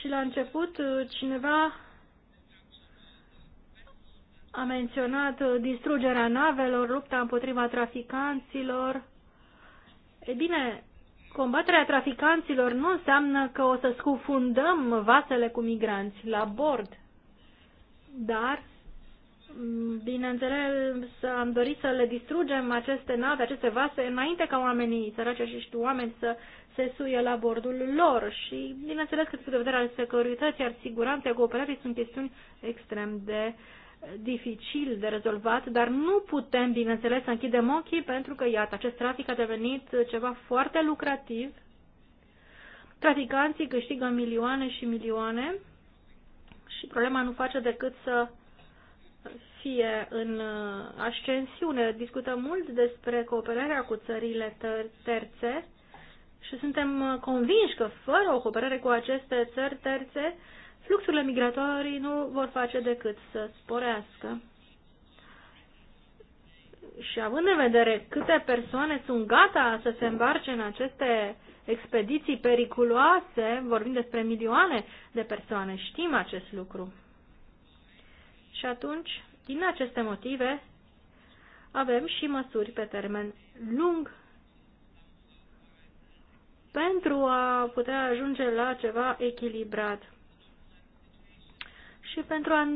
Și la început uh, cineva a menționat uh, distrugerea navelor, lupta împotriva traficanților. E bine, combaterea traficanților nu înseamnă că o să scufundăm vasele cu migranți la bord, dar Bineînțeles, am dorit să le distrugem aceste nave, aceste vase, înainte ca oamenii săraci acești oameni să se suie la bordul lor. Și, bineînțeles, cât de vedere al securității, al siguranței, cooperării sunt chestiuni extrem de dificil de rezolvat, dar nu putem, bineînțeles, să închidem ochii pentru că, iată, acest trafic a devenit ceva foarte lucrativ. Traficanții câștigă milioane și milioane și problema nu face decât să fie în uh, ascensiune. Discutăm mult despre cooperarea cu țările terțe și suntem uh, convinși că fără o cooperare cu aceste țări terțe, fluxurile migratorii nu vor face decât să sporească. Și având în vedere câte persoane sunt gata să se îmbarce în aceste expediții periculoase, vorbim despre milioane de persoane, știm acest lucru. Și atunci, din aceste motive, avem și măsuri pe termen lung pentru a putea ajunge la ceva echilibrat și pentru a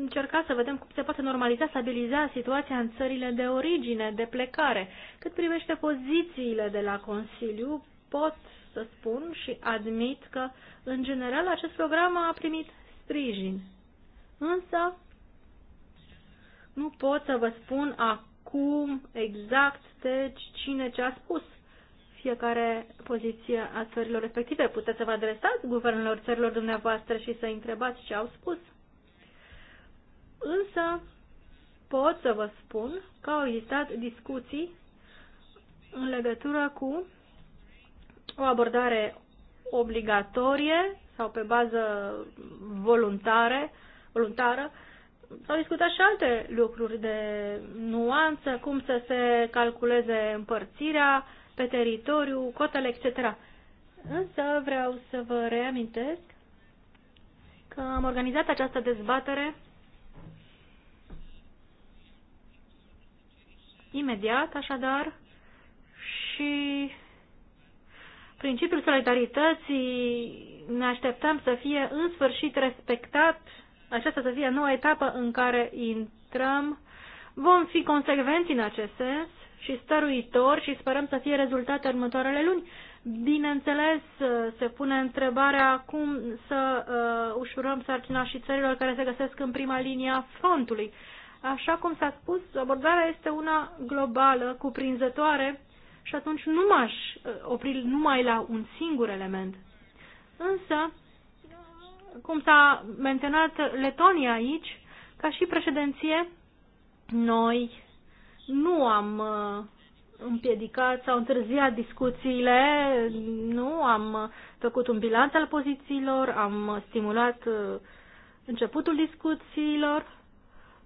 încerca să vedem cum se poate normaliza, stabiliza situația în țările de origine, de plecare. Cât privește pozițiile de la Consiliu, pot să spun și admit că, în general, acest program a primit sprijin. Însă, nu pot să vă spun acum exact deci cine ce a spus fiecare poziție a țărilor respective. Puteți să vă adresați guvernelor țărilor dumneavoastră și să întrebați ce au spus. Însă pot să vă spun că au existat discuții în legătură cu o abordare obligatorie sau pe bază voluntare, voluntară S-au discutat și alte lucruri de nuanță, cum să se calculeze împărțirea pe teritoriu, cotele, etc. Însă vreau să vă reamintesc că am organizat această dezbatere imediat, așadar, și principiul solidarității ne așteptăm să fie în sfârșit respectat aceasta să fie noua etapă în care intrăm. Vom fi consecvenți în acest sens și stăruitori și sperăm să fie rezultate următoarele luni. Bineînțeles, se pune întrebarea cum să uh, ușurăm sarcina și țărilor care se găsesc în prima linie a frontului. Așa cum s-a spus, abordarea este una globală, cuprinzătoare și atunci nu m-aș uh, opri numai la un singur element. Însă, cum s-a menționat Letonia aici, ca și președinție, noi nu am uh, împiedicat sau întârziat discuțiile, nu am uh, făcut un bilanț al pozițiilor, am stimulat uh, începutul discuțiilor,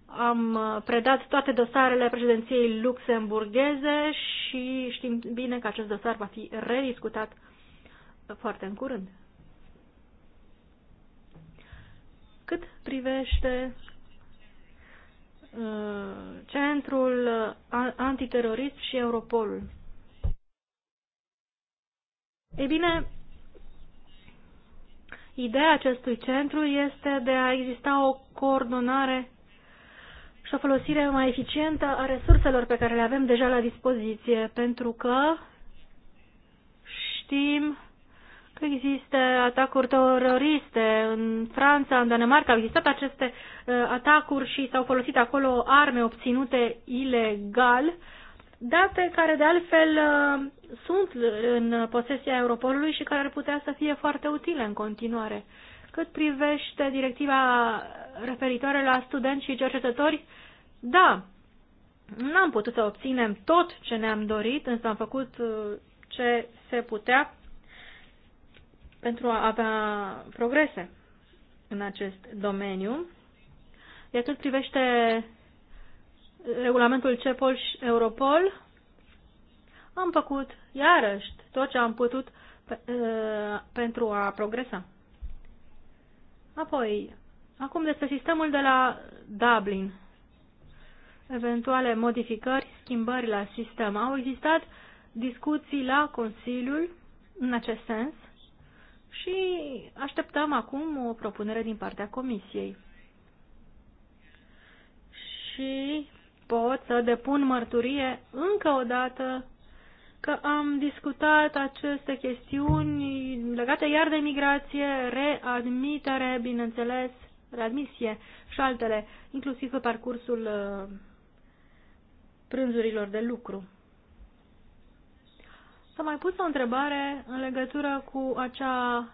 am predat toate dosarele președinției luxemburgheze și știm bine că acest dosar va fi rediscutat foarte în curând. Cât privește uh, Centrul uh, Antiterorist și Europolul. Ei bine, ideea acestui centru este de a exista o coordonare și o folosire mai eficientă a resurselor pe care le avem deja la dispoziție, pentru că știm Există atacuri teroriste în Franța, în Danemarca, au existat aceste uh, atacuri și s-au folosit acolo arme obținute ilegal, date care de altfel uh, sunt în posesia Europolului și care ar putea să fie foarte utile în continuare. Cât privește directiva referitoare la studenți și cercetători, da, n-am putut să obținem tot ce ne-am dorit, însă am făcut uh, ce se putea pentru a avea progrese în acest domeniu. Iar cât privește regulamentul CEPOL și Europol, am făcut iarăși tot ce am putut pe, pentru a progresa. Apoi, acum despre sistemul de la Dublin. Eventuale modificări, schimbări la sistem. Au existat discuții la Consiliul în acest sens și așteptăm acum o propunere din partea Comisiei. Și pot să depun mărturie încă o dată că am discutat aceste chestiuni legate iar de migrație, readmitere, bineînțeles, readmisie și altele, inclusiv pe parcursul uh, prânzurilor de lucru. S-a mai pus o întrebare în legătură cu acea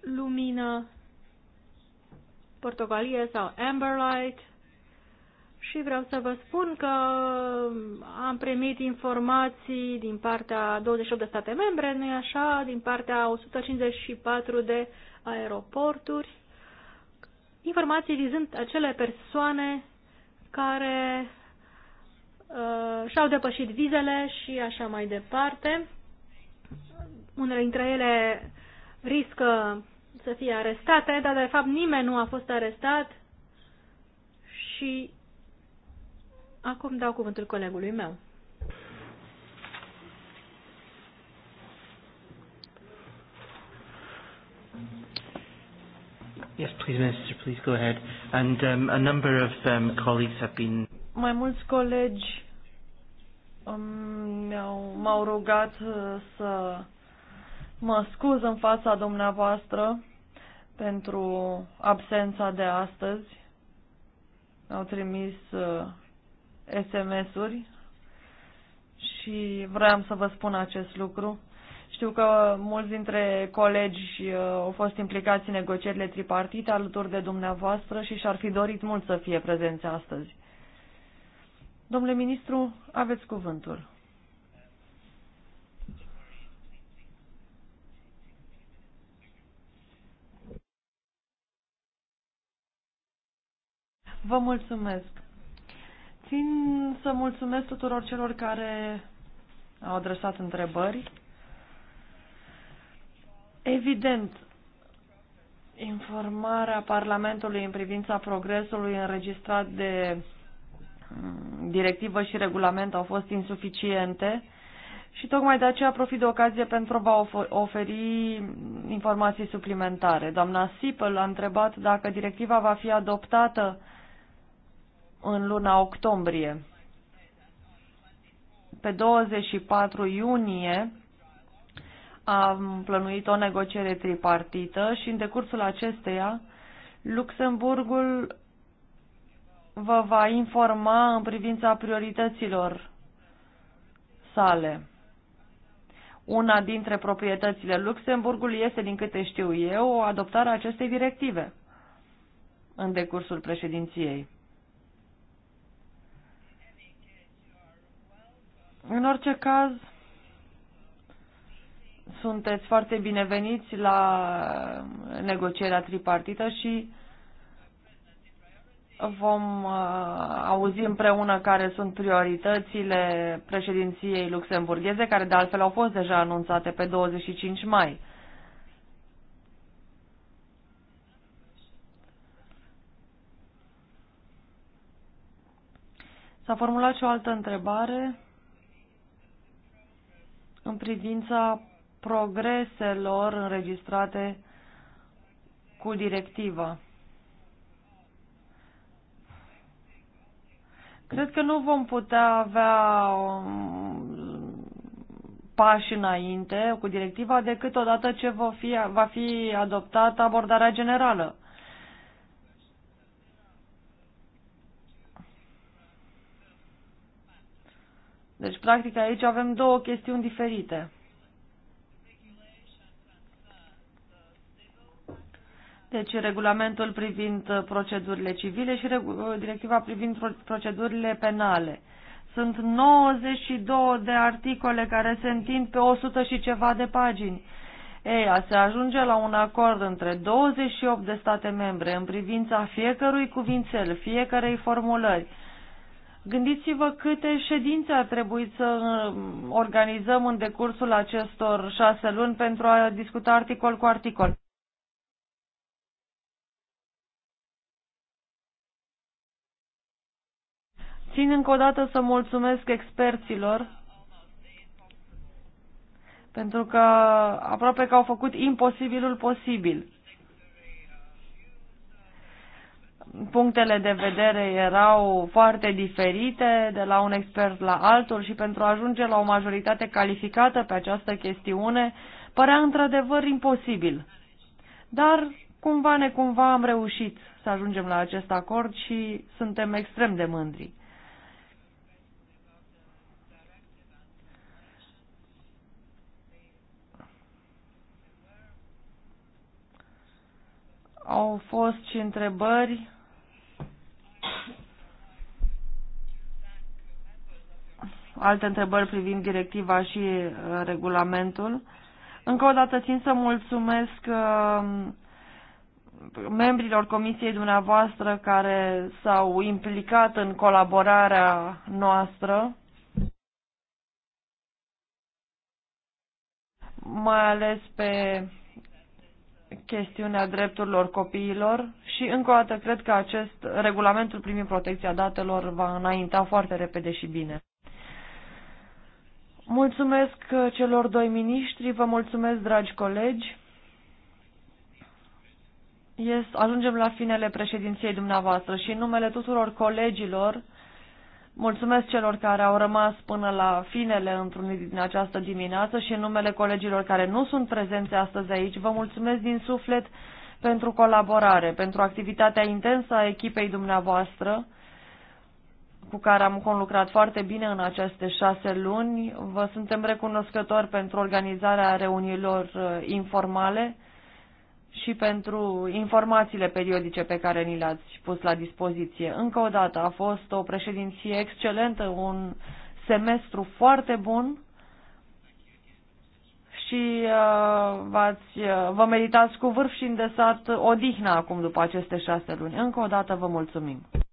lumină portocalie sau amber light și vreau să vă spun că am primit informații din partea 28 de state membre, nu așa, din partea 154 de aeroporturi, informații vizând acele persoane care Uh, și-au depășit vizele și așa mai departe. Unele dintre ele riscă să fie arestate, dar de fapt nimeni nu a fost arestat și acum dau cuvântul colegului meu. Yes, please, Minister, please go ahead. And um, a number of um, colleagues have been. Mai mulți colegi m-au rugat uh, să mă scuz în fața dumneavoastră pentru absența de astăzi. au trimis uh, SMS-uri și vreau să vă spun acest lucru. Știu că mulți dintre colegi uh, au fost implicați în negocierile tripartite alături de dumneavoastră și și-ar fi dorit mult să fie prezenți astăzi. Domnule ministru, aveți cuvântul. Vă mulțumesc. Țin să mulțumesc tuturor celor care au adresat întrebări. Evident, informarea Parlamentului în privința progresului înregistrat de Mm, directivă și regulament au fost insuficiente și tocmai de aceea profit de ocazie pentru a vă oferi informații suplimentare. Doamna Sipel a întrebat dacă directiva va fi adoptată în luna octombrie. Pe 24 iunie am plănuit o negociere tripartită și în decursul acesteia Luxemburgul vă va informa în privința priorităților sale. Una dintre proprietățile Luxemburgului este, din câte știu eu, a acestei directive în decursul președinției. În orice caz, sunteți foarte bineveniți la negocierea tripartită și vom uh, auzi împreună care sunt prioritățile președinției luxemburgheze, care de altfel au fost deja anunțate pe 25 mai. S-a formulat și o altă întrebare în privința progreselor înregistrate cu directiva. Cred că nu vom putea avea um, pași înainte cu directiva decât odată ce va fi, va fi adoptată abordarea generală. Deci, practic, aici avem două chestiuni diferite. Deci regulamentul privind uh, procedurile civile și uh, directiva privind procedurile penale. Sunt 92 de articole care se întind pe 100 și ceva de pagini. Ei, a se ajunge la un acord între 28 de state membre în privința fiecărui cuvințel, fiecarei formulări. Gândiți-vă câte ședințe ar trebui să uh, organizăm în decursul acestor șase luni pentru a discuta articol cu articol. Țin încă o dată să mulțumesc experților pentru că aproape că au făcut imposibilul posibil. Punctele de vedere erau foarte diferite de la un expert la altul și pentru a ajunge la o majoritate calificată pe această chestiune părea într-adevăr imposibil. Dar cumva ne cumva am reușit să ajungem la acest acord și suntem extrem de mândri. Au fost și întrebări alte întrebări privind directiva și uh, regulamentul. Încă o dată țin să mulțumesc uh, membrilor comisiei dumneavoastră care s-au implicat în colaborarea noastră, mai ales pe chestiunea drepturilor copiilor și încă o dată cred că acest regulamentul privind protecția datelor va înainta foarte repede și bine. Mulțumesc uh, celor doi miniștri, vă mulțumesc, dragi colegi. Yes, ajungem la finele președinției dumneavoastră și în numele tuturor colegilor Mulțumesc celor care au rămas până la finele întrunit din această dimineață și în numele colegilor care nu sunt prezenți astăzi aici, vă mulțumesc din suflet pentru colaborare, pentru activitatea intensă a echipei dumneavoastră, cu care am conlucrat foarte bine în aceste șase luni. Vă suntem recunoscători pentru organizarea reuniilor uh, informale și pentru informațiile periodice pe care ni le-ați pus la dispoziție. Încă o dată, a fost o președinție excelentă, un semestru foarte bun și uh, v-ați, uh, vă meritați cu vârf și îndesat odihna acum după aceste șase luni. Încă o dată vă mulțumim!